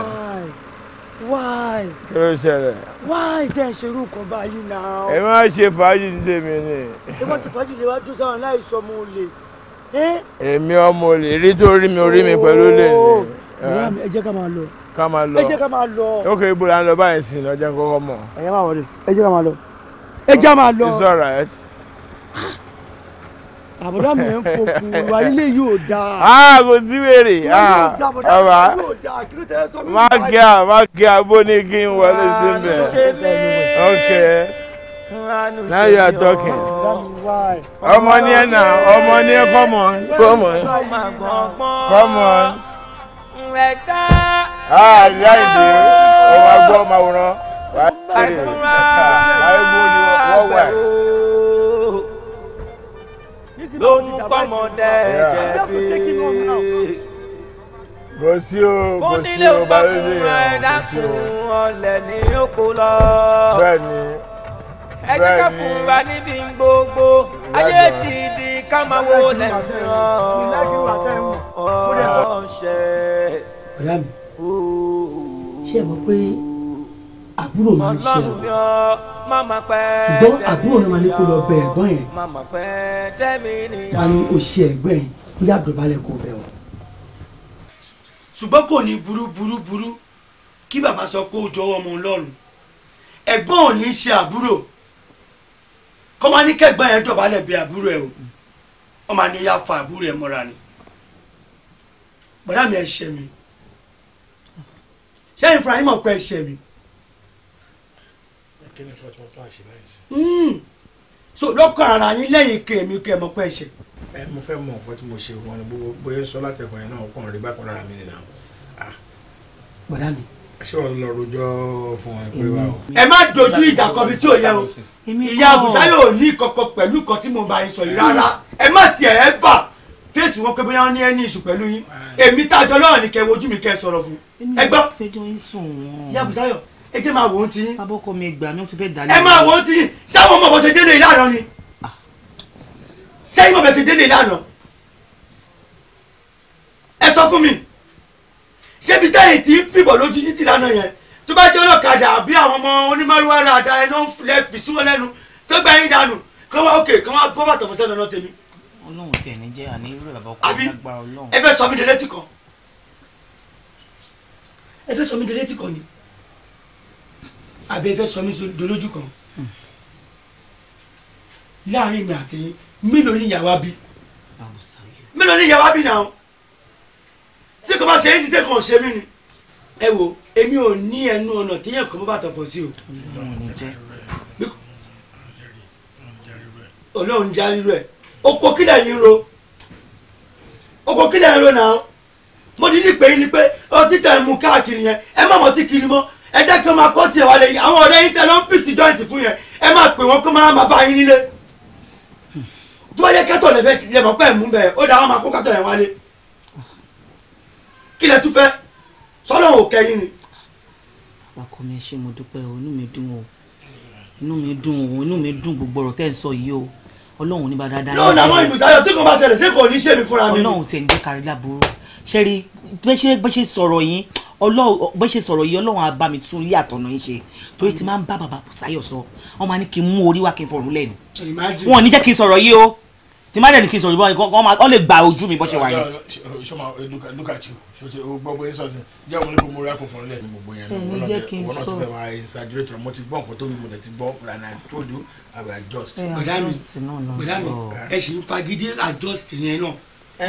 kí ló ń ṣẹlẹ̀. Why wáá ìdá ìṣerú nǹkan báyìí náà. ẹ má ṣe fàájì nílé mi ni. ẹ má ṣe fàájì lè wá dún sáwọn aláìsọ ọmọ olè. èmi ọmọ olè rí tó rí mi orí mi pẹ̀lú olè ni. Oh, ẹ jẹ́ ká máa lọ. ká máa lọ ẹ jẹ́ ká máa lọ. ókè ibo la ń lọ báyìí sí lọ́jọ́ kọ́kọ́ mọ̀. ẹ yẹ máa wọlé ẹ jẹ́ ká máa lọ. ẹ jẹ́ ká máa lọ. it's alright. Ah àbúrò mi ń fokùn wa ilé yóò dáa. a kò sí wèrè ọba má gẹ à má gẹ à bó ni kí n wọlé sí bẹ ok now you are talking ọmọ ní ẹ nà ọmọ ní ẹ come on come on come on. ah láì dé ọmọ agbọ́ ọmọ àwòrán wọ́n wà ló mú kọ́mọdé jẹ̀bi. kò sí o kò sí o bàbá mi yẹn kò sí o. ni ó kó ẹ jẹ́ fún wa níbi gbogbo ayé ti di ká máa wo lẹ́yìn ọ̀ọ́ ṣe. ọ̀rẹ́ mi ṣé ẹ mọ̀ pé àbúrò máa ń ṣe ẹ̀wọ̀n ṣùgbọ́n àbúrò náà máa ní kó lọ bẹ ẹ̀gbọ́n yẹn wá ní òṣìṣẹ́ ẹ̀gbọ́n yẹn kó yá dọ̀bálẹ̀ kó bẹ̀ wọ́n. ṣùgbọ́n kò ní burú burú burú kí bàbá sọ pé ó jọ̀wọ́ ọmọ ọlọ́run ẹ̀gbọ́n ò ní ṣe àbúrò kọ́ máa ní kẹ́gbọ́n yẹn dọ̀bálẹ̀ bí àbúrò ẹ̀ o wọ́n máa ní ó yá fa àbúrò ẹ̀ mọ́ra ni bọ̀dá mi ẹ̀ ṣẹ̀ mi ṣé ìfúnra yín mọ̀ pé ẹ̀ ṣẹ̀ mi kí ni fọ́tún tó àṣẹ báyìí sí. Hmm. so lọ́kọ̀ ara yín lẹ́yìn kí èmi kí ẹ mọ̀ pé ẹ ṣe. ẹ mo fẹ́ mọ nǹkan tí mo ṣe wọn ni bóyá sọ látẹ̀kọ̀ yẹn náà kàn rí bákan lára mi nìyà. bọ̀dá mi. ṣé wọn lọ rojọ́ fún ẹ pé wà o. ẹ má dojú ìjà kan bí tí ò yẹ o ìyá àbùsá yóò ní kọkọ pẹ̀lú kan tí mo bá yín sọ yìí rárá ẹ má tiẹ̀ ẹ bà fèsì wọn pé bóyá wọn ní ẹni ìṣù pẹ̀lú yín èmi tájọ lọ́rùn ni kẹ́ wojú mi kẹ́ sọ̀rọ̀ fún ẹ gbọ́. ìyá àbùsá yóò ẹ jẹ́ máa wò ó ti yín. abọ́kọ mi gbà mí ó ti fẹ́ dalẹ̀. ẹ máa wò ó ti yín sáwọn ọmọ bọ̀sẹ̀ délé ìlànà ni sẹ́yìn ah. bọ̀sẹ̀ délé ìlànà ẹ sọ fún mi ṣébi táyì tí ń fìbọ̀ lójú títí lánà yẹn tó bá jẹ́ ọlọ́kadà àbí àwọn ọmọ onímọ̀lúwà rà dá ẹ ló ń fi síwọ́n lẹ́nu tó gbà yín dànù kán wá òkè kán wá bọ́ bàtà fún sẹ́nu tèmi. ọlọ́run tiẹ̀ ní jẹ́ àní irú ẹ̀ bá lágbára ọlọ́run. ẹ fẹ́ sọ mi délé tì kan ẹ fẹ́ sọ mi délé tì kan ni àbẹ fẹ́ sọ mí dolójú kan hmm. láàrin mi àti mélòó ni ìyàwó bí mélòó ni ìyàwó bí náà tí kò bá ṣe é ṣiṣẹ́ kan ṣe mí ni ẹ wo èmi ò ní ẹnu ọ̀nà téèyàn kan bó bá tọ̀fọ̀ sí o ọlọ́run já rírọ̀ ẹ̀ oko kílẹ̀ yìí ro oko kílẹ̀ yìí ro náà mo ní ní pé ní pé ọtí tẹ̀ mú káàkiri yẹn ẹ má mọ̀ tí kiri mọ́ ẹ jẹ́ kí wọ́n máa kọ́ tiẹ̀ wá lẹ́yìn àwọn ọ̀rẹ́ yín tẹ́ ló fìsì jọ́ìntì fún yẹn ẹ máa pè wọ́n kó máa máa bá yín nílé tó bá yẹ kẹ́tọ̀ lẹ́fẹ́ kì í lẹ́mọ̀ pẹ́ mú bẹ́ẹ̀ ó dáa máa kó kẹ́tọ̀ yẹn wálé kí tún fẹ́ sọ́lọ́ ò kẹ́yìn ni. wàkọ mi ẹ mo dúpẹ́ o inú mi dùn o inú mi dùn o inú mi dùn gbogbo ọ̀rọ̀ tẹ́ ń sọ yìí o ọlọ́run ní bá dáadáa. lọ́ọ̀nà àwọn ìbùsàyọ̀ tí kò bá ṣẹlẹ̀ sí kò ní ṣèmi fúnra mi. ọlọ́run tẹ̀ ní kárí láburú ṣẹ́rí bẹ́ẹ̀ ṣe sọ̀rọ̀ yín bẹ́ẹ̀ ṣe sọ̀rọ̀ yìí ọlọ́run á bá mi tún ilé àtọ̀nà yín ṣe torí ti máa ń bá bàbá Bùsáyọ̀ sọ wọ́n máa ní kí n mú orí wá kí n fọ̀rùn lẹ́nu wọn ò ní jẹ́ kí n sọ̀rọ̀ yìí o tí má dẹ̀ kí n sọ̀rọ̀ yìí wọ́n lè gba ojú mi bọ́ ṣe wà yẹn. sọma o gbọ́ bóyá sọ̀sẹ̀ jẹ́ ẹ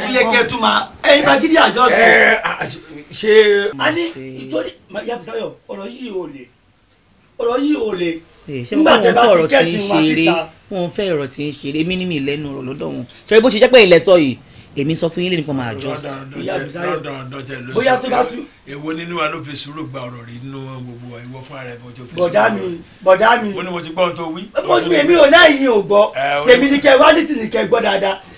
tó yẹ kẹ́ tún máa ẹyin bá gidi àjọ sí. ṣé. a ní ìtòlí yabusayo ọ̀rọ̀ yìí ò lè ọ̀rọ̀ yìí ò lè nígbà tẹ bá ti kẹ́sìn wá síta. wọn fẹ́ ọ̀rọ̀ tí ń ṣeré mí ní mi lẹ́nu ọ̀rọ̀ lọ́dọ̀ wọn ṣe bó ṣe jẹ́ pé ilẹ̀ sọ yìí èmi sọ fún yín lẹ́nu kan máa jọ. bóyá tó bá tú. èwo nínú wa ló fi sùúrù gba ọ̀rọ̀ rí nínú gbogbo ìwọ fún ara ẹ̀ mo jọ fi sùúrù. bọ̀dá mi bọ̀dá mi. mo ní mo ti gbọ́ ohun tó wí. mo ní èmi ò láyìn ò gbọ́ tèmi ni kẹ wá nísinsìnyí kẹ gbọ́ dáadáa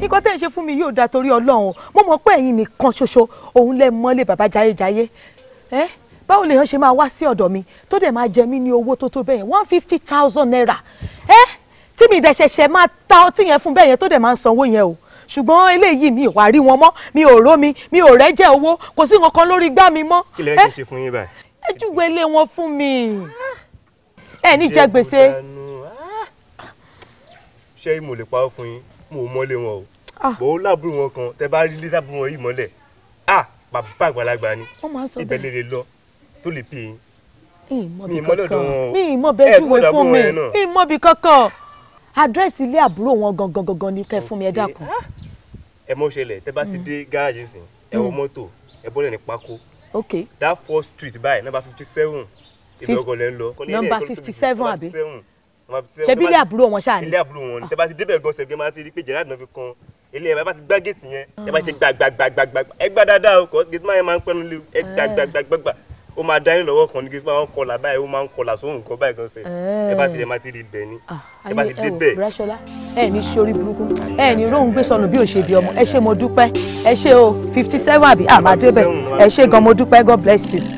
nǹkan tẹ́ ẹ ṣe fún mi yóò da torí ọlọ́run mo mọ̀ pé ẹ̀yin nìkan ṣoṣo òun lẹ mọ́lé bàbá jayéjayé ẹ báwo lèèyàn ṣe máa wá sí ọ̀dọ̀ mi tó dẹ̀ máa jẹ mí ní owó tó tó bẹ́yẹn one fifty thousand naira ẹ tí mi dẹ̀ ṣẹ̀ṣẹ̀ máa ta ọtí yẹn fún bẹ́yẹn tó dẹ̀ máa ń sanwó yẹn o ṣùgbọ́n eléyìí mi ò rí wọn mọ́ mi ò ró mi mi ò rẹ́jẹ̀ owó kò sí nǹkan kan lórí gbá mi mọ́. kí lè ṣe fún yín báyìí. ẹ júwe lé wọn fún mi ẹ ní jẹ gbèsè. Ah! ṣé mo lè pa ó fún yín mo mọ́lé wọn o bò ah. ó lábúrò wọn kan tẹ bá rí ilé lábúrò wọn yìí mọ́lẹ̀ ah bàbá àgbàlagbà ni ibẹ̀ lè lè lọ tó lè pè é mi ìmọ̀ lọ́dọ̀ wọn o mi ìmọ̀ bẹ́ẹ̀ júwe fún mi mi ìmọ̀ bí kankan àdírẹ́sì ilé àbúrò wọn gangan gangan ni kẹ́ fún mi ẹ dákun. Ah. ẹ mọ ṣẹlẹ̀ tẹ bá ti mm. dé gáràjì sìn ẹ wọ mm. mọ́tò ẹ bọ́lẹ̀ ní pákó that fourth street báyìí number fifty seven ìlọgọlẹ ń lọ number fifty seven àbí ṣebí ilé àbúrò wọn ṣáà ni. ilé àbúrò wọn tẹ bá ti débẹ̀ gan ṣẹ̀gbẹ́ máa ti rí pé Gerard náà fi kan ilé ẹ̀ bá ti gbá géètì yẹn ẹ bá ṣe gbàgbàgbàgbà ẹ dáadáa o kò géètì máa yẹn máa ń pẹ́nu lé ẹ gbàgbàgbàgbà ó máa dá yín lọ́wọ́ kan ní géètì máa ń kọlà báyìí ó máa ń kọlà sóhun nǹkan báyìí gan ṣe ẹ bá ti rí ẹ máa ti rí ibẹ̀ ni ah, ẹ bá ti débẹ̀. ẹ ní sori burúkú ẹ ní róhùn gbé sọnù bí òṣèbí ọmọ ẹ ṣé mo dúpẹ́ ẹ ṣé o fifty seven àbí àmàdébẹ̀ ah, ẹ ṣé gan mo dúpẹ́ God bless you.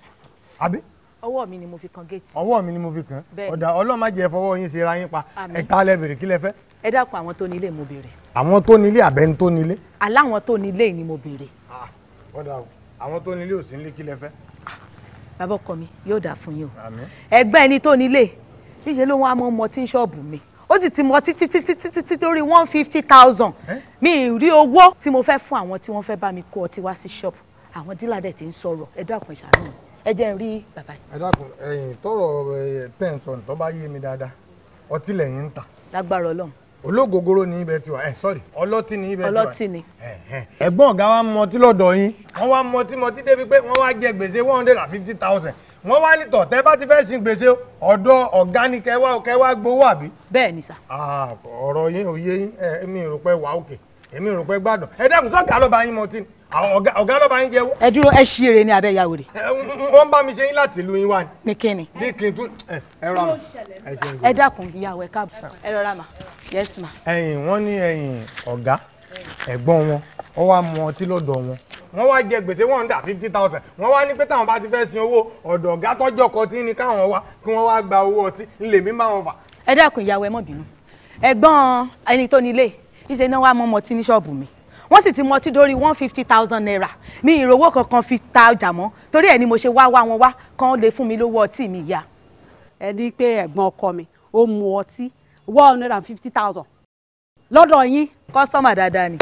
àbí. ọwọ́ mi ni mo fi kan géètì. ọwọ́ mi ni mo fi kan ọ̀dà ọlọ́mọ jẹ́ fọwọ́ yín ṣe ra yín pa ẹ̀ta lẹ bèrè kí lẹ fẹ́. ẹ dákun àwọn tó nílé mo bèrè. àwọn tó nílé àbẹ́ ń tó nílé. aláwọn tó nílé ni mo bèrè. ọ̀dà àwọn tó nílé ò sí nílé kí lẹ fẹ́. Ah, bàbá ọkọ mi yóò dà fún yín o ẹgbẹ́ ẹni tó nílé níṣẹ́ ló wọ́n á mọ ọmọ tí ń ṣọ́ọ̀bù mi ó sì ti mọ títí títí títí títí lórí one fifty thousand mi rí owó tí mo fẹ́ fún àwọn tí wọ́n fẹ́ bá mi kó ọtí wá sí ṣọ́ọ̀bù àwọn dílà dẹ̀ ti ń sọ̀rọ̀ ẹ dákun ìṣàánú mi ẹ jẹ́ n rí bàbá yìí. ẹ dákun ẹ̀yin tọrọ tẹ̀sán tó bá yé mi dáadáa ọtí lẹ́yìn ń tà. lágbára Ọlọ́run. olóògógóró ní ibẹ̀ tiwa ẹ sọrí ọlọ́tí ní ibẹ̀ tiwa. ọlọ́tí ni. ẹ̀gbọ́n ọ̀gá wa mọtí lọ́dọ̀ yín. wọ́n wá mọtí mọtí débi pé wọ́n wá jẹ gbèsè one hundred and fifty thousand wọ́n wá ní tọ̀tẹ́ bá ti fẹ́ sin gbèsè ọ̀dọ̀ ọ̀gá ni kẹwà kẹwà gbowó àbí. bẹ́ẹ̀ ni sà. ọ̀rọ̀ yín òye yín èmi rò pé wà òkè èmi rò pé gbádùn ẹ dákun sọ́kà lọ́ba yín mọtí ni àwọn ọ̀gá lọ́ba ń jẹ́wọ́. ẹ dúró ẹ ṣí eré ní abẹ́ ìyàwó rẹ̀. wọ́n bá mi ṣe yín láti lu yín wá ní kíni. ní kí tún ẹ rọra ma ẹ dákun ìyàwó ẹ káàbọ̀ ẹ rọra ma yes ma. ẹ̀yin wọ́n ní ẹ̀yin ọ̀gá ẹ̀gbọ́n wọn ó wá mu ọtí lọ́dọ̀ wọn wọ́n wá jẹ gbèsè one hundred fifty thousand wọ́n wá ní pé táwọn bá ti fẹ́ sin owó ọ̀dọ̀ ọ̀gá tọ́jọ́ kan tí ní káwọn wá kí wọ́n wá gba owó ọtí ńlẹ̀ mi máa ń fà. ẹ dákun ìyàwó ẹ mọ̀ bínú ẹ̀gbọ́n ẹni tó nílé ìṣe náà wàá mọ́ ọmọ ní ṣọ́ọ̀bù mi wọ́n sì ti mọtí dórí one fifty thousand naira mi ìrówó kankan fi ta ọjà mọ́ torí ẹ̀ ni mo ṣe wá wá wọn wá kán lè fún mi lówó ọtí mi yá. ẹ ní pé ẹ̀gbọ́n ọkọ mi ó mu ọtí one hundred and fifty thousand lọ́dọ̀ yín. kọ́sítọ́mà dáadáa ni.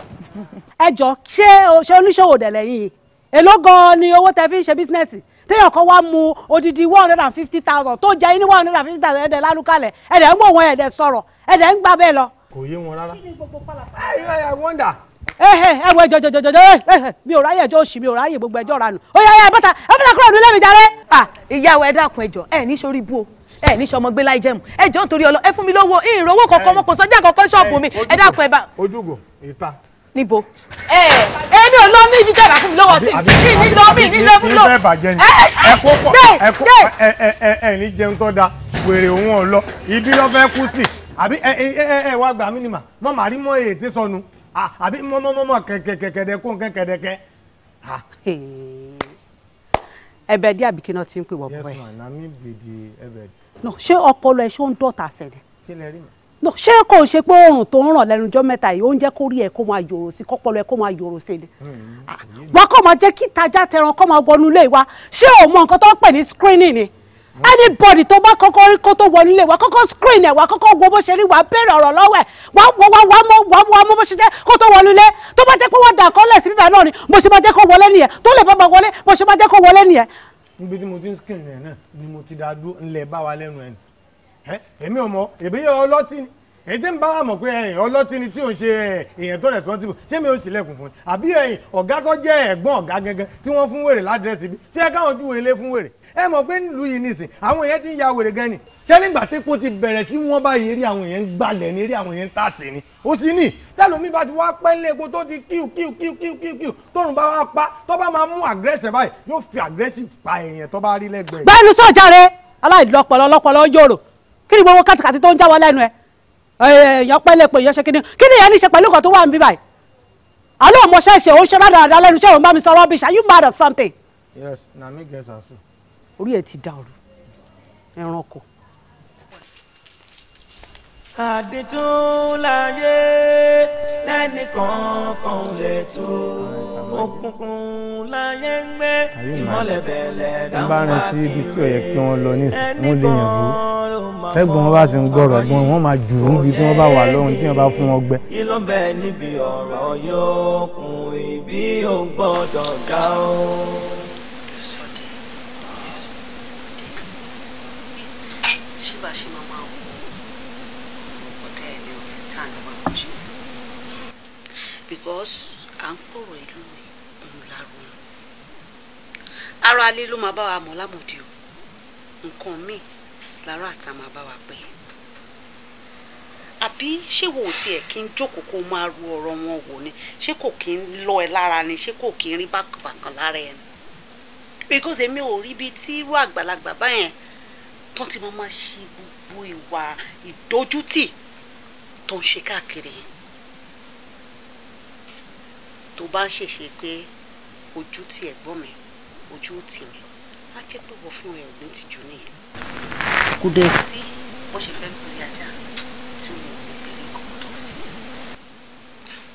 ẹ jọ ṣé ṣé oníṣòwò dẹ̀lẹ̀ yìí èló gan-an ni owó tẹ fi ń ṣe bísínẹ́sì téèyàn kan wá mu odidi one hundred and fifty thousand tó jẹ́ yín ní one hundred and fifty thousand ẹ̀dẹ̀ lálùkalẹ̀ ẹ̀dẹ̀ ń mọ̀ wọn ẹ̀dẹ̀ sọ̀rọ̀ ẹ̀dẹ̀ ń gbà bẹ́ẹ̀ lọ. kò yé wọn rárá. kí ni gbogbo pálapàla. I wonder ẹ wọ ẹjọ jọjọ jọjọ eh, eh, mi ò ráyè ẹjọ òsì mi ò ráyè gbogbo ẹjọ ranù ó yà ẹ bọ́tà ẹ bọ́tà kúrò nílẹ̀ mi jàre. ìyàwó ẹ dákun ẹjọ ẹ ní sórí bú o ẹ ní sọmọ gbé láì jẹmu ẹjọ nítorí ọlọ ẹ fún mi lówó ìrànwọ́ kọ̀ọ̀kan mọ́ kò sọ́jà kọ̀ọ̀kan ṣọ́ọ̀bù mi ẹ dákun ẹ bá. ojúgo ìta. níbo ẹ èmi ò lọ ní ibi tẹ́lá fún mi lọ́wọ́ sí mi ní lọ mi ní lọ fún mi wèrè òun ọ̀ lọ ìdí kú sí àbí ẹ ẹ ẹ wá gbà mí ni mà màrí mọ́ èyí tí sọnù Ah, àbí mọ́mọ́mọ́mọ́ kẹ̀kẹ̀kẹ̀kẹ̀ kún kẹ̀kẹ̀kẹ̀. ẹbẹ dí àbíkí náà ti ń pè wọ bọ yes ma na mi gbèdé ẹbẹ. no ṣé ọpọlọ ẹ ṣó ń dọ̀tà sẹ̀dẹ̀. kí rí mi. no ṣé kò ṣe pé oòrùn tó ń ràn lẹ́nu ọjọ́ mẹ́ta yìí ó ń jẹ́ kó rí ẹ kó máa yòrò sí kọ́pọlọ ẹ kó máa yòrò sí ni. Hmm, ah, wọ́n kọ́ máa jẹ́ kí tajà tẹran kọ́ máa wọnú ilé wa ṣé òun mọ nǹkan tó ń pè ní screening ni anybody tó bá kọ́kọ́ rí kó tó wọlé lè wá kọ́kọ́ screen ẹ̀ wá kọ́kọ́ wo bó ṣe rí wá bẹ̀rẹ̀ ọ̀rọ̀ lọ́wọ́ ẹ̀ wá wá wá wá mọ́ wá wá bó ṣe jẹ́ kó tó wọlé lé tó bá jẹ́ pé wọ́n dà kọ́lẹ̀ sí bíbá náà ni bó ṣe máa jẹ́ kó wọlé nìyẹn tó lè bá ma wọlé bó ṣe máa jẹ́ kó wọlé nìyẹn. níbi tí mo ti ń screen rẹ̀ náà ni mo ti dáa dúró ńlẹ̀ bá wa lẹ́nu ẹ̀ èmi ò mọ̀ èmi yẹ ọlọ́tí èyí tí ń bá wa mọ̀ pé ẹ̀yìn ọlọ́tí ni tí ò ń ṣe èèyàn tó responsible ṣé mi ò ṣílẹ̀kùn fún un àbí ẹ̀yìn ọ̀gá tó jẹ́ ẹ̀gbọ́n ọ̀gá gangan tí wọ́n fún wèrè ládírẹ́sì bí ṣé káwọn ojú lé fún wèrè ẹ mọ̀ pé nílùú yìí nìsín àwọn èèyàn ti ń ya wèrè gan ni tẹ́lẹ̀gbà tí kò ti bẹ̀rẹ̀ sí wọn bá yẹrí àwọn èèyàn ń gbalẹ̀ ní eré àwọn èèyàn ń tàṣe ni ó sì ní tẹ́lómi bá ti wá pẹ́ lé epo tó ti kíw kíw kíw kíw kíw kíw tóun bá wá pa tó bá máa mú àgẹ́sẹ̀ báyìí yóò fi àgẹ́sì pa èèyàn tó bá rí lẹ́gbẹ̀ẹ́. bẹ́ẹ̀ni sọ̀járe aláìlọpọlọ lọpọlọ yòrò kí ni gbogbo kàtìkàtì tó ń jáwọ́ lẹ́nu ẹ èèyàn pẹ́ lé epo èèyàn ṣe kíni kí ni ìyẹn ní ṣe pẹ̀lú nǹkan tó wà ń bí báyìí àlọ́ ọmọ ṣẹ́ṣẹ́ òun ṣe rádàrádà lẹ́nu ṣé òun bá mi sọ rọ́bìṣà you mad at something. yes na me get am so orí ẹ ti dàrú ẹranko. àdìtún láyé lẹ́nì kankan lè tó òkùnkùn láyé ń gbé ìmọ̀lẹ̀ bẹ̀lẹ̀ dáhùn wá kiri ẹnì kan ló máa bọ̀ tẹ́gbọ̀n wọn bá sì ń gbọ́rọ̀ gan wọn máa jù ú bí tí wọ́n bá wà lọ́hùn tí wọ́n bá fún wọn gbẹ. kí bẹ níbi ọ̀rọ̀ yóò kún ìbí ò gbọ́dọ̀ dá o. because à ń kọ̀rọ̀ ìlú mi òun lárò wọn. ara alé ló máa bá wa mọ̀ lámòdì o nǹkan míì lára àtà máa bá wa pẹ́. àbí ṣé wo ò tiẹ̀ kí n jókòó kó máa ru ọ̀rọ̀ wọn wò ni ṣé kò kí n lọ ẹ lára ni ṣé kò kí n rí bákàbàkàn lára ẹ ni. because èmi ò rí ibi tí irú àgbàlagbà báyẹn tó ti máa máa ṣe gbogbo ìwà ìdójútì tó ń ṣe káàkiri yẹn tó bá ń ṣèṣe pé ojú ti ẹ̀gbọ́n mi ojú tì mí á jẹ́ pé wọ́n fún ẹ ò ní tìjú nìyẹn. kò dẹ̀ sí wọ́n ṣe fẹ́ ń pèrè e ajá tí wọn ò lè béèrè nǹkan tó fẹ́ sí.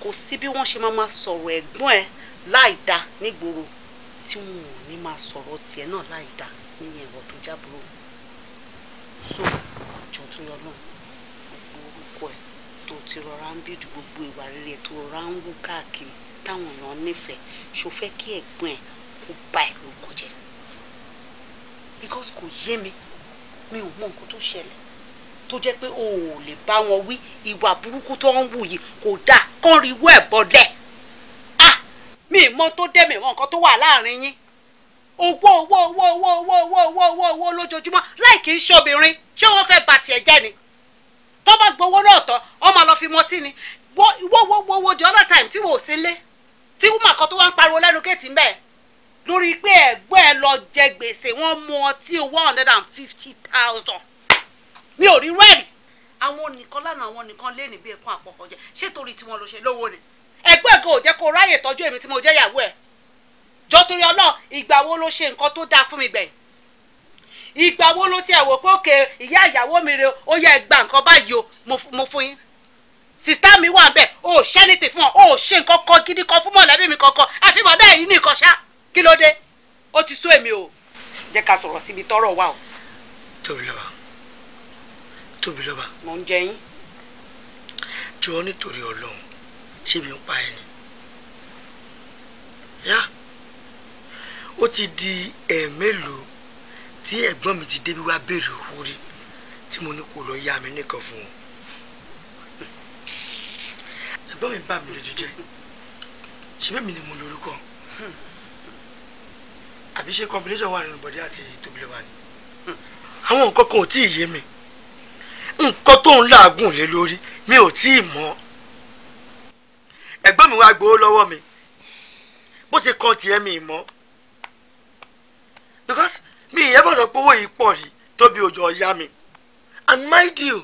kò sí bí wọ́n ṣe máa máa sọ̀rọ̀ ẹ̀gbọ́n ẹ láì dá nígboro tí wọn ò ní máa sọ̀rọ̀ tiẹ̀ náà láì dá nínú ẹ̀rọ tó jábúrò. so ìjọ tó yọ náà gbogbo orúkọ ẹ tó ti rọra ń bídùú gbogbo ìwà rere tó rọra ń wú káàkiri táwọn èèyàn nífẹ̀ẹ́ ṣó fẹ́ kí ẹ̀gbọ́n ẹ̀ kó ba ẹ̀ lóko jẹ because kò yé mi mi ò mọ nǹkan tó ṣẹlẹ̀ tó jẹ́ pé o ò lè bá wọn wí ìwà burúkú tó ń wù yìí kò dáa kán rí iwọ ẹ̀ bọ́lẹ̀ ah mi mọ tó dẹ́ mi mọ nǹkan tó wà láàrin yín owó owó owó owó owó owó owó owó owó lójoojúmọ́ láì kì í ṣobìnrin ṣé wọ́n fẹ́ bàtì ẹ̀ jẹ́ ni tó bá gbowó náà tán ọmọ lọ fi mọtí ni wọ́wọ́wọ́wọ́ jọ ọ́nà time tí wò ó sí lé tí wúmà kan tó wá ń pariwo lẹ́nu géètì ń bẹ̀ lórí pé ẹ̀gbọ́n ẹ lọ jẹ gbèsè wọ́n mú ọtí one hundred and fifty thousand mi ò rí rẹ́ẹ̀rì àwọn nìkan lánàá àwọn nìkan lé níbi ẹ̀kọ́ àpọ̀kọ̀ jẹ ṣé torí tiwọn ló ṣe lówó ni ẹ̀gbọ́n ẹ̀gbọ́n ò jẹ́ kó ráyè tọ́jú èmi tí mo jẹ́ ìyàwó ẹ̀ jọ torí ọlọ́ọ̀ ìgbà wo ló ṣe nǹkan tó dáa fún mi gbẹ̀yìn ìgbà wo ló ti ẹ̀ wò pé òkè ìyá ìyàwó mi rè ó yẹ ẹ gba nǹkan báyìí o mo fún yín sista mi wà bẹ́ẹ̀ o ò ṣe ní ti fún ọ o ò ṣe nǹkan kan gidi kan fún mọ̀lẹ́bí mi kankan àfi bọ̀dá èyí nìkan ṣá kí ló dé ó ti sú èmi o jẹ́ ká sọ̀rọ̀ síbi tọ́rọ̀ wà o. Tóbilọ́ba Tóbilọ́ba. mo ń jẹ yín. jọ nítorí Ọlọ́run ṣébi ń pa ẹni yá ó ti di ẹ̀ẹ̀mélòó tí ẹ̀gbọ́n mi ti débi wá béèrè owó rí tí mo ní kó lọ yá mi nìkan fún un ẹ̀gbọ́n mi bá mi lójú jẹ́ ṣe bẹ́ẹ̀ mi ni mo lórúkọ àbí ṣe combination wà nínú bọ̀dé àti tóbilẹ̀ wà ní. àwọn nǹkan kan ò tí ì yé mi nǹkan tó ń làágùn lé lórí mi ò tí ì mọ̀ ẹ̀gbọ́n mi wá gbowó lọ́wọ́ mi bó ṣe kan tiẹ̀ mi mọ́ because mi ìyẹ́bọ̀ sọ pé owó yìí pọ̀ rí tóbi òjò ọ̀yá mi and mind you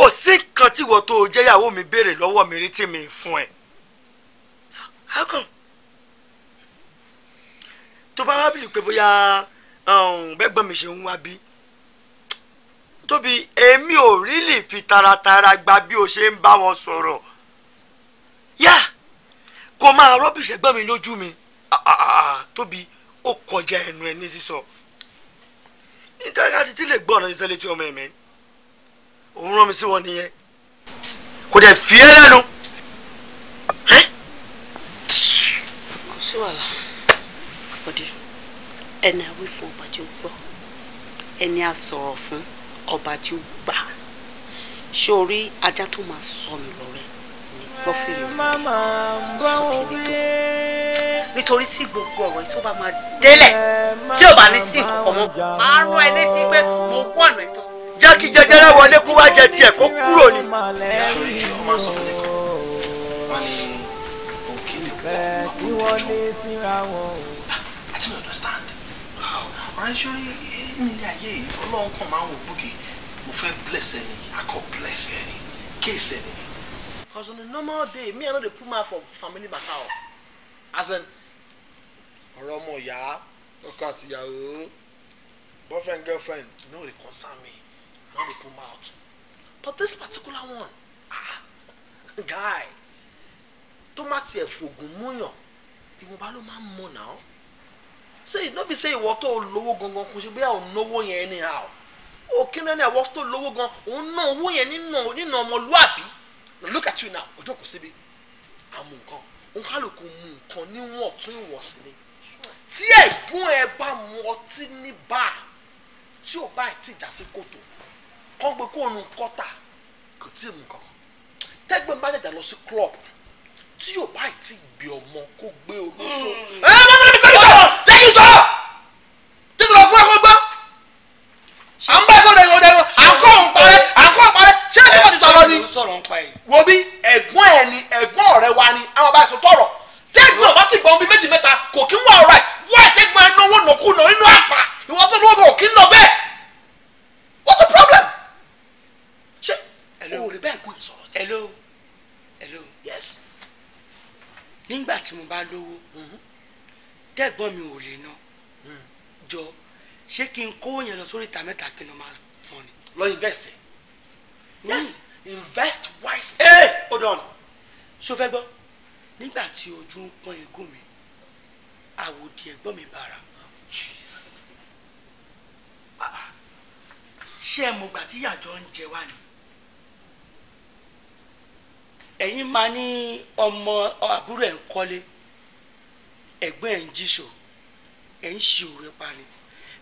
kò sí nǹkan tí ìwọ tó jẹ́yàwó mi béèrè lọ́wọ́ mi rí tí mi fún ẹ. how come? tó bá wá bìlì pé bóyá um, bẹ́gbọ́n mi ṣe ń wá bí tóbi èmi ò rí lè fi taratara gba bí o ṣe ń bá wọn sọ̀rọ̀ yá kó máa rọ́bìṣẹ́ gbọ́n mi lójú mi ah, ah, ah, tóbi ó kọjá ẹnu ẹ sísọ nítorí àti tí lè gbọ́ ọ̀nà ìṣẹ́lẹ̀ tí ọmọ ẹ̀mẹ́ òun rán mi sí wọn nìyẹn kò dẹ̀ fi ẹ́ lẹ́nu. sí wàhálà ọ̀dẹ ẹni àwí fún ọba tí ó gbọ́ ẹni a fún ọba tí ó gbà ṣé ajá tó máa sọnù lọ́rẹ́ ní pọ́fìlì nítorí sí gbogbo ọ̀rọ̀ tó máa délẹ̀ tí ò bá ní sí nǹkan máa rán ẹ létí pé mo kú ọ̀nà ẹ̀tọ́ jẹ́ kí jẹjẹrẹ wọlé kó wá jẹ tiẹ̀ kó kúrò ni. ọ̀rẹ́ sọ́rí nílé ayé ọlọ́run kan máa on a normal day me i no dey put for family matter as in ọ̀rọ̀ ọmọ ìyá ọkọ àtìyàwó boyfriend girlfriend no they concern me now they come out. But this particular one, ah, guy, tó má tiẹ̀ fògùn múyàn, ìwọ̀nba ló máa ń mọ̀ náà. Ṣé be say ìwọ tó lówó gangan kò ṣe bóyá òun náwó yẹn anyhow. Òkè náà ni àwọn tó lówó gan, òun náà owó yẹn nínú nínú ọmọlúàbí. Look at you now, òjò kò síbi. Àmú nǹkan, òun kálukú mú nǹkan níwọ̀n tún ìwọ̀sí ni. Tí ẹ̀gbọ́n ẹ bá mu ọtí ní báà tí ò bá ẹ̀ tí ìjà sí kòtò kọ́ gbé kó nu kọ́tà kò tí ì mú kankan bá dẹ̀dà lọ sí club tí yóò bá ti gbé ọmọ kó gbé olóṣó. Hmm. ẹ ẹ mi tẹ́lẹ̀ sọ̀rọ̀ tẹ́lẹ̀ sọ̀rọ̀ tẹ́lẹ̀ lọ fún ẹ̀kọ́ gbọ́. à ń bá ẹ sọ̀rọ̀ ẹ̀yọ̀ ẹ̀yọ̀ à ń kọ́ òun parẹ́ à ń kọ́ òun parẹ́ ṣé ẹ̀kọ́ ti sọ̀rọ̀ ni. wo bí ẹ̀gbọ́n ẹ̀ ni ẹ̀gbọ́n ọ̀rẹ́ wa ni àwọn bá ti tọ̀rọ̀ tẹ́gbọ́n bá ti gbọ́n bí méjì mẹ́ta kò kí wọ́n ọ̀rẹ́ wọ́n ẹ̀ ẹ̀ o ò lè bẹ́ẹ̀ kàn sọ̀rọ̀ ni. hello hello yes nígbà tí mo bá lówó mm-hmm. tẹ́gbọ́n mi ò lè ná mm. jọ ṣé kí n kó yẹn lọ sórí ìta mẹ́ta kí n máa fún ni. lọ invest ẹ mm. yes invest wise. ẹ hold on ṣó fẹ́ gbọ́ nígbà tí ojú ń pọ́n igún mi àwòdì ẹ̀gbọ́n mi bára ah, ah. ṣé ẹ mọ̀gbà tí yàjọ ń jẹ wá ni ẹ̀yin máa ní ọmọ àbúrò ẹ̀ ń kọ́lé ẹ̀gbọ́n ẹ̀ ń jíṣò ẹ̀ ń ṣe òwe pa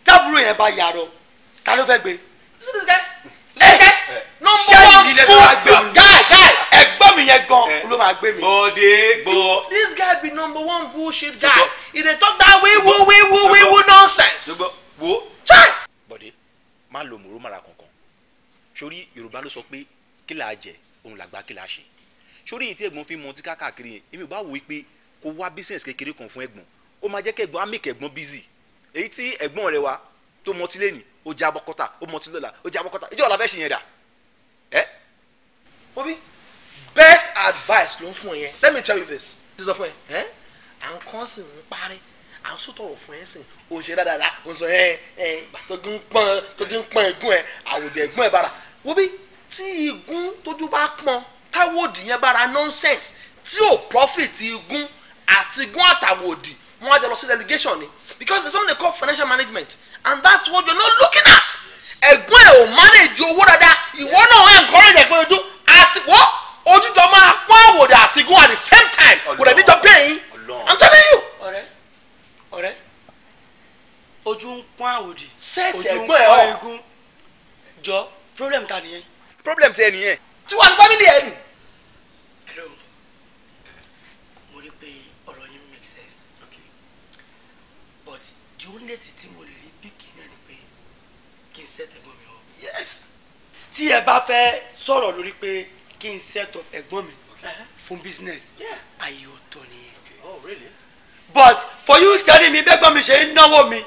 tábúrò yẹn bá yàrá ta ló fẹ́ gbé. ṣẹ́yìn nílẹ̀ tó máa gbé mi ẹ̀gbọ́n mi yẹn gan eh, ló máa gbé mi. bọ́dé gbọ́. this guy be number one bullshit guy he dey talk that wíwú wíwú wíwú nonsense. wo bọ́dé má lo mòró mara kankan sórí yorùbá ló sọ pé kí la jẹ òun làgbà kí la ṣe sórí èyí tí ẹ̀gbọ́n fi mọ ti káàkiri yẹn èmi ò bá wò ó pé kó wá business kékeré kan fún ẹ̀gbọ́n ó máa jẹ́ kí ẹ̀gbọ́n á mèkì ẹ̀gbọ́n busy èyí tí ẹ̀gbọ́n rẹ wa tó mọtí lẹ́nì ó já bọ́kọ́tà ó mọtí lọ́la ó já bọ́kọ́tà ìjọ́ ọ̀la bẹ́ẹ̀ yẹn dà ẹ́. obi best advice ló ń fún ẹ yẹn let me tell you this ṣe sọ fún ẹ ẹ à ń kọ́ sí ń parí à ń sọ̀tọ̀ fún ẹ sìn ò ń ṣe dáadáa ò ń sọ ẹ ẹ tójú ń pọ́n tójú ń pọ́n ẹ̀gún ẹ àwòdì ẹ̀gún táwòdì yẹn bára nonsense tí ò profit igun àti igun àtàwòdì wọn á jọ lọ sí delegation ni because there's something they call financial management and that's what you're not looking at ẹ̀gbọ́n ẹ̀ ò manage owó dáadáa ìwọ náà encourage ẹ̀gbọ́n ojú àti wọ́n ojújọ máa pọ́n àwòdì àti igun at the same time kò dẹ̀ níjọ bẹ́ẹ̀ yín i'm telling you. ọ̀rẹ́ ọ̀rẹ́ ojú ń pọ́n àwòdì ojú ń pọ́n igun jọ problem ta nìyẹn. problem ti ẹ nìyẹn tí wọ́n fámìlì ẹ̀ nì. hello eh, mo rí pé ọ̀rọ̀ make sense okay. but the only thing tí mo lè rí píkì náà ni pé yes tí ẹ bá fẹ́ sọ̀rọ̀ lórí pé kí n set up ẹ̀gbọ́n mi fún business ayé ọ̀tọ̀ nìyẹn. oh really? but for you telling me bẹ́gbọ́n mi ṣe ń náwó mi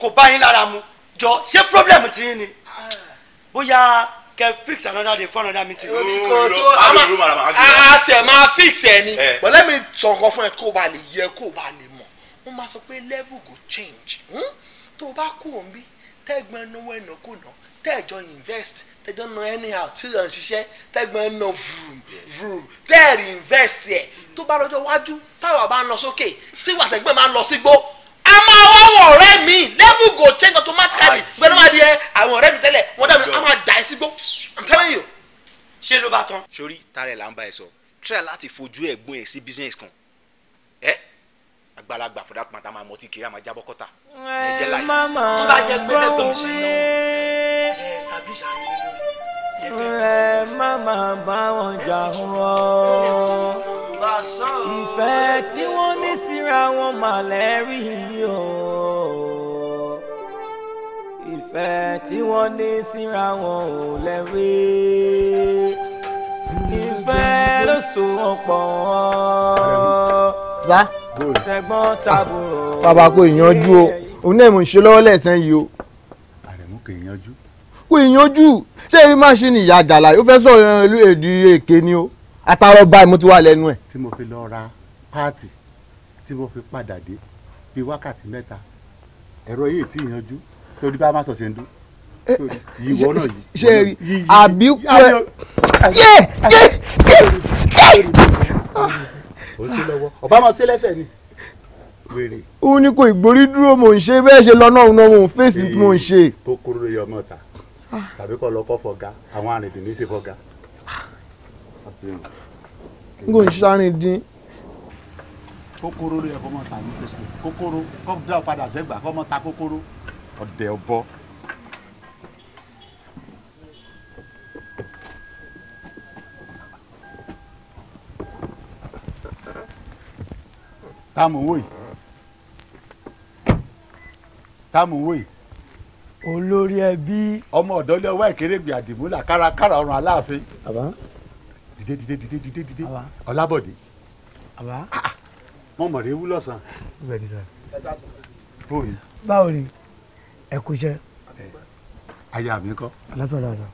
kò bá yín lára mu jọ ṣé problem ti yín ni ah. bóyá kẹ fix another day four another meeting. omi tó a tiẹ̀ máa fix ẹ ni. but let me sọ̀kọ fún ẹ kó o bá lè yẹ kó o lè mọ̀ mo máa sọ pé level go change hmm? tó o bá kú òun bí tẹ́gbọ́n náwó ẹ̀nà kò ná tẹ́ẹ̀jọ invest tẹ́jọ ná anyhow tí ìyàn ṣiṣẹ́ tẹ́gbọ́n ná vroom vroom tẹ́ẹ̀rì invest yẹ tó bá lọ́jọ́ wájú táwa bá ń lọ sókè tí wàtẹ́gbọ́n máa ń lọ sígbó a máa wá àwọn ọ̀rẹ́ mi level go change automatically pẹ̀lú máa di ẹ àwọn ọ̀rẹ́ mi tẹ́lẹ̀ wọ́n dàbí oh a máa dà ẹ́ sígbó i'm telling you. ṣé ló bá tán. sori tara ẹ̀ là ń bá ẹ sọ try láti fojú ẹ̀gbọ́n ẹ̀ sí business kan ẹ àgbàlagbà fọdà pàtà máa mọtí kiri àmà jábọ́ kọ́tà nàìjẹ́ láì tó bá jẹ́ pé lẹ́gbọ̀n mi ṣe ń ẹ má bá wọn jà ń ìfẹ́ tí wọ́n ní ríra wọn mà lẹ́rí mi o ìfẹ́ tí wọ́n ní síra wọn ò lẹ́rí ìfẹ́ ló so wọn pọ̀ ọ́ tẹ̀gbọ́n tàbúrò. bàbá kò yanjú o òun náà mò ń ṣe lọ́wọ́ lẹ́sẹ̀ yìí o. àrẹ̀mú kò yanjú. kò yanjú ṣé eré máa ni ìyá àjàlá ó fẹ́ sọ̀rọ̀ èdè èké ni o àtàrọ̀ báyìí mo ti wà lẹ́nu ẹ̀. tí mo fi lọ ra páàtì tí wọ́n fi padà dé bí wákàtí mẹ́ta ẹ̀rọ yìí ti yanjú sórí bá a máa sọ̀sẹ̀ ń dún eh, yìíwọ́ náà yìí. ṣe rí àbí pẹ́ yé yé yé. ó sí lọ́wọ́ ọba máa ṣe lẹ́sẹ̀ ni wèrè. ó ní kò ìgbórí dúró mò ń ṣe bẹ́ẹ̀ ṣe lọ́nà òun náà mò ń fèsì mò ń ṣe. kókóró ló yọ ọmọ ta tàbí kọ́ lọ́kọ́ fọ̀gá àwọn arìndìn fọ̀gá. n kò ń ṣàrìndín kókóró ló yẹ kó máa ta ní kristu kókóró kó dá padà sẹ́gbà kó máa ta kókóró ọ̀dẹ̀ ọ̀bọ. táàmù owó yìí táàmù owó yìí. olórí ẹbí. ọmọ ọ̀dọ́ lé ọwọ́ ìkérégbè àdìmúlà kárakára ọrùn aláàfin. dìde dìde dìde dìde dìde ọlábọ̀dé. àbá. Ah mo mọ̀ rewú lọ́sàn. bóyì. báwo ni ẹ kú iṣẹ́. aya mi kọ́. aláfẹ́ lọ sàn.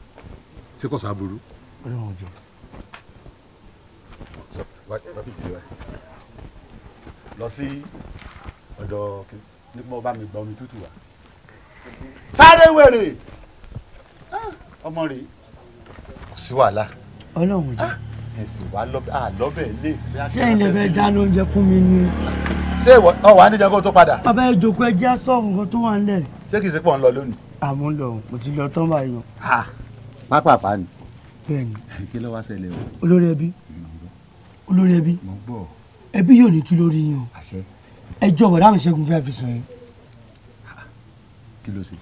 ṣé kò sá burú. olóhùn jù. lọ sí ọ̀dọ̀ ní mo bá mi gba omi tútù wá. sáré wèrè ah, ọmọ rẹ̀. kò sí wàhálà. ọlọ́run jù ẹsìn wa lọ́bẹ̀ lé. ṣé ilé fẹ́ dáná oúnjẹ fún mi ni. ṣé ìwọ ọ wà á níjẹ kó tó padà. bàbá ẹ jókòó ẹ jẹ́ sọ́ọ̀fù kan tó wà ń lẹ̀. ṣé kìí ṣe pọ̀ ń lọ lónìí. àmọ́ ń lọ kò ti lọ tán báyìí o. ha pápápá ni. bẹ́ẹ̀ni. kí ló wá ṣẹlẹ̀ o. olórí ẹbí olórí ẹbí ẹbí yóò ní tú lórí yín o. ẹjọ́ bọ̀dá mi ṣẹ́gun fẹ́ fi sùn yín. kí ló ṣe.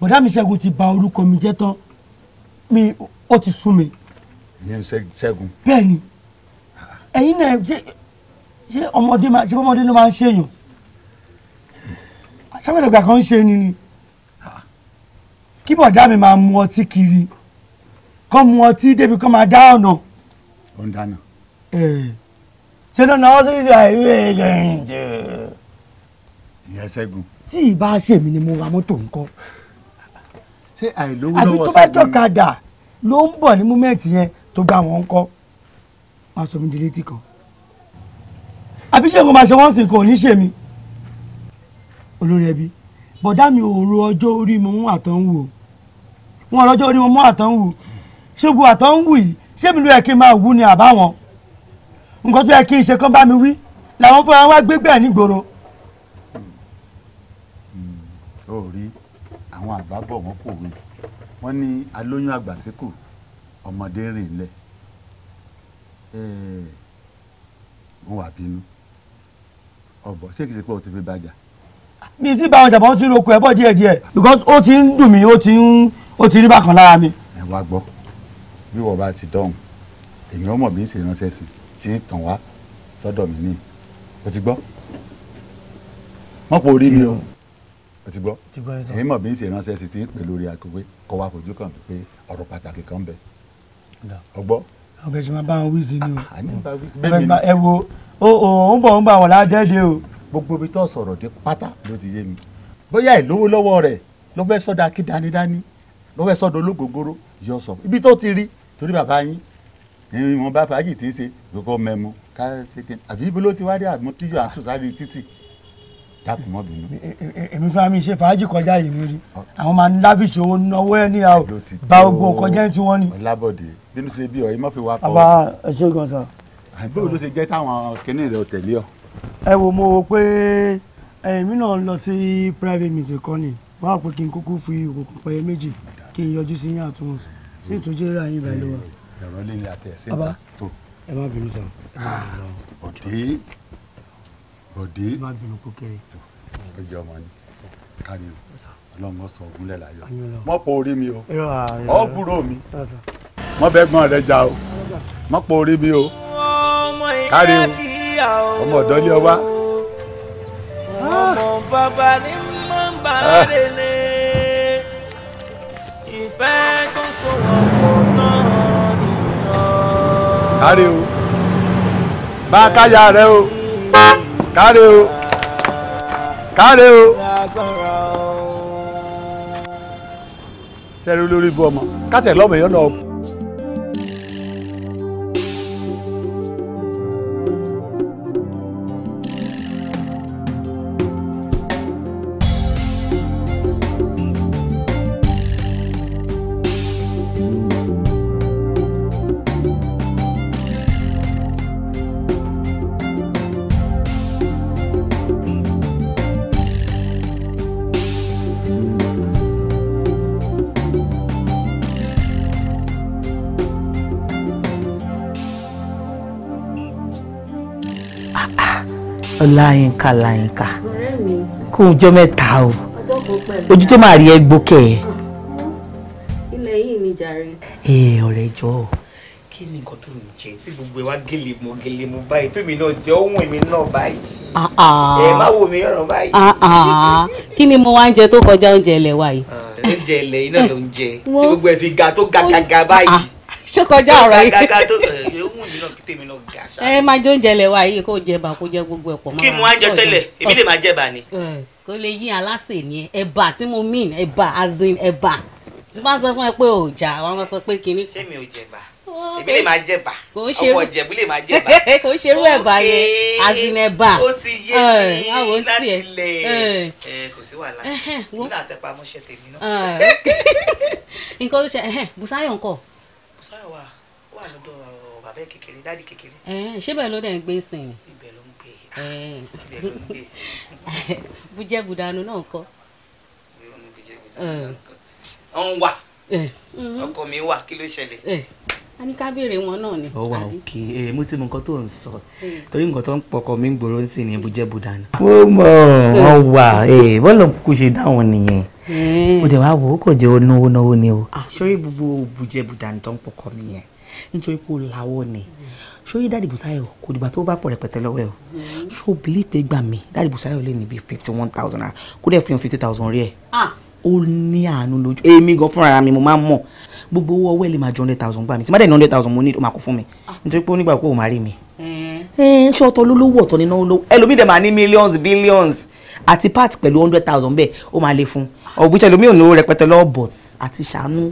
bọ̀dá mi ṣẹ́gun ti bà orúkọ mi jẹ́ tán mi ó ti sún mi ìyẹn ṣẹ́gun. bẹ́ẹ̀ni ẹ̀yin náà ṣe ṣe ọmọdé máa ṣe ọmọdé ló máa ń ṣèyàn sábàdàgbà kan ń ṣe ni ni kí bọ̀dá mi máa mu ọtí kiri kọ́ mu ọtí débi kọ́ máa dá ọ̀nà. ó ń dáná. ṣé lọ́nà ọ́sẹ̀ ìṣe àìwé ẹ̀yìn jẹ́. ìyẹn ṣẹ́gun. tí ì bá ṣèmi ni mo ra mọ́tò ńkọ́. ṣé àìlówó lọ́wọ́ ṣẹ́gun àbí tó bá jọ̀kadà ló ń bọ̀ ní múmẹ́ǹtì yẹn tó gbá wọn ń kọ́ máa sọ mi di létí kan àbí ṣé nǹkan máa ṣe wọ́n sì kò ní ṣe mi olórí ẹbí bọ̀dá mi ò ro ọjọ́ orí mi mú àtọ̀ ń wò wọn rọjọ́ orí mi mú àtọ̀ ń wò ṣé gbogbo àtọ̀ ń wù yìí ṣé mi ló yẹ kí n máa wú ni àbáwọn nǹkan tó yẹ kí n ṣe kán bá mi wí làwọn fúnra wa gbégbẹ́ nígboro. Hmm. ó rí àwọn àgbà bọ̀ wọ́n kò wí wọ́n ní alóyún àgbàsíkù ọmọdé rìn lẹ mo wà bínú ọbọ ṣé kìí ṣe pé o ti fi bàjá. mi ti bá àwọn jàmbá ó ti roko ẹ bọ díẹ̀ díẹ̀ because ó ti ń dùn mí ó ti ń ó ti rí bákan lára mi. ẹ wá gbọ́ bí wọ́n bá ti dọ̀hùn èmi ọmọ mi ń ṣe ìránṣẹ́ sí ti ń tàn wá sọ́dọ̀ mi ní o ti gbọ́ mọ́pọ̀ orí mi o o ti gbọ́ èmi mọ̀ bí ń ṣe ìránṣẹ́ sí ti ń pè lórí agogo kọ́ wa fojú kàn pé ọ̀rọ̀ pàtàkì kan bẹ́ẹ̀ ọgbọ́. àwọn bẹ̀rẹ̀ ṣe máa bá wọn wí sí ni o. Ah, bẹ́ẹ̀ ni ẹ wo o o ń bọ̀ ń bọ̀ àwọn ládẹ́dẹ́ o. gbogbo ibi tó sọ̀rọ̀ dé pátá ló ti yé mi bóyá ìlówó lọ́wọ́ rẹ̀ ló fẹ́ sọ́dọ̀ akí dánidání ló fẹ́ sọ́dọ̀ ológógóró yọ sọ ibi tó ti rí torí bàbá yín ni wọn bá fàájì tí ń ṣe gbogbo mẹ́mu ká ṣe kí àbí ibi ló ti wá dé àmọ́ tíjọ́ àṣùsáré títì dákun mọ́ bínú. èmi fúnra mi ṣe fàájì kọjá yìí mi rí àwọn máa ń láfíìsì owó náwó ẹ ní àwọn bá ogun kọjá tí wọ́n ní. ọlábọ̀dé bínú ṣe bí ọ yìí má fi wá kọ. àbá ẹ ṣe gan sa. àbúrò ló ṣe jẹ́ táwọn kinní rẹ̀ ò tẹ̀lé ọ. ẹ wo mo wo pé èmi náà lọ sí private meeting kan ni wàá pé kí n kúkú fi òkùnkùn pẹ̀yẹ méjì kí n yọjú sí yín àtúnwọ̀n sí ìtújú rẹ̀ àyìn ìbàlẹ̀ wa. ẹ̀rọ líle àti ẹ̀sìn ìta tó. ẹ má bínú sàn. ọ̀dẹ́ Bọ̀dé ọjọ́ ọmọ ni kárí o ọlọ́mọ sọ ògúnlẹ̀ láyọ̀ mọ́ pọ̀ orí mi o ọ́ gbúrò mi mọ́ bẹ́ẹ̀ gbọ́n rẹ já o mọ́ pọ̀ orí mi o kárí o ọmọ ọ̀dọ́ ni ọ wá. ọmọ bàbá ni mo ń bá ah. rẹ̀ lé ìfẹ́ tó so wọ́n pọ̀ náà nìyàn. kárí o bá a káyà rẹ o káre o káre o sẹ́rí olórí ibú ọmọ kátẹ̀ lọ́mọ èèyàn náà. láyínká láyínká kó o jọ mẹ́ta o ojú tó máa rí ẹ gbókè ẹ. ilé yìí ni jàre. ee ọ̀rẹ́ jọ. kí ni nǹkan tó ń jẹ tí gbogbo ẹ wá gèlèmọ gèlèmọ báyìí fẹ́mi náà jẹ́ ohun èmi náà báyìí. Ah, ah. ẹ má wo mi rọrùn báyìí. Ah, kí ni mo wá ń jẹ tó kọjá oúnjẹ ilé wa yìí. oúnjẹ ilé yìí náà ló ń jẹ tí gbogbo ẹ fi ga tó gàgàgà báyìí. ṣé kọjá ọ̀rọ̀ yìí. Eh, náà kí tèmi náà ga ṣáà. ẹ máa jó oúnjẹ lẹ wa yìí kó jẹ bá kó jẹ gbogbo ẹ pọ̀ mọ́ra. kí mo wá jẹ tẹ́lẹ̀ èmi lè máa jẹ bá ni. kó lè yí aláṣẹ ni ẹ ẹ̀bà tí mo mean ẹ̀bà as in ẹ̀bà tí bá sọ fún ẹ pé ò jà wọn máa sọ pé kinní. ṣé mi ò jẹ bá èmi lè máa jẹ bá ọwọ jẹbú lè máa jẹ bá kò ṣerú ẹ̀bà yẹn azinẹ̀bà ó ti yé mi láti lẹ̀ kò sí wàhálà nígbà àtẹpamọ́ṣẹ́ tèmi náà. nǹkan ló ṣe Bùsáyọ̀ ńkọ́. Bùsáyọ̀ wà wà lọ́dọ̀ wa o bàbá kékeré dáàdi kékeré. ṣé bẹ́ẹ̀ ló dẹ̀ ń gbé sìn ni. ibẹ̀ ló ń gbé ibẹ̀ ló ń gbé. bùjẹ́bùdanu náà kọ́. ó ń wà ọkọ mm-hmm. mi wà kí ló ṣẹlẹ̀. a ní ká béèrè wọn náà ni. ó wà òkè ẹ mo ti mọ nǹkan tó ń sọ torí nǹkan tó ń pọkọ mi ń gbòòrò ń sìn ní bùjẹ́bùdanu. ó mọ wọn wà bọ́ọ̀lù kò ṣe dáhùn nìyẹn ó dẹ̀ wá wò ó kò jẹ́ ó náwó ni o. sórí ah, gbogbo bùjẹ́bùdanu tó ń pọkọ mi nítorí pé ó lawọ́ ni ṣóyí dáàdì Bùsáyọ̀ kò dìgbà tó bá pọ̀ rẹpẹtẹ lọ́wọ́ ẹ̀ o ṣó bílí pé gbà mí dáàdì Bùsáyọ̀ lè ní bíi fifty one thousand naira kó dẹ̀ fi hàn fifty thousand rí ẹ̀ ah. ó ní àánú lójú èmi gan fúnra mi mo máa ń mọ̀ gbogbo owó ọwọ́ ẹ̀ lè máa ju hundred thousand gbà mí tí má dẹ̀ ní hundred thousand mo ní o máa kó fún mi ah. nítorí pé o máa rí mi eh. Eh, ṣé ọ̀tọ̀ lólówó ọ̀tọ̀ nínú olówó ẹlòmíì dẹ̀ máa ní millions billions àti part pẹ̀lú hundred thousand bẹ́ẹ̀ ó máa le fún ọ̀gbìn ṣẹlòmíì ò ní owó rẹpẹtẹ lọ́wọ́ but àti ṣàánú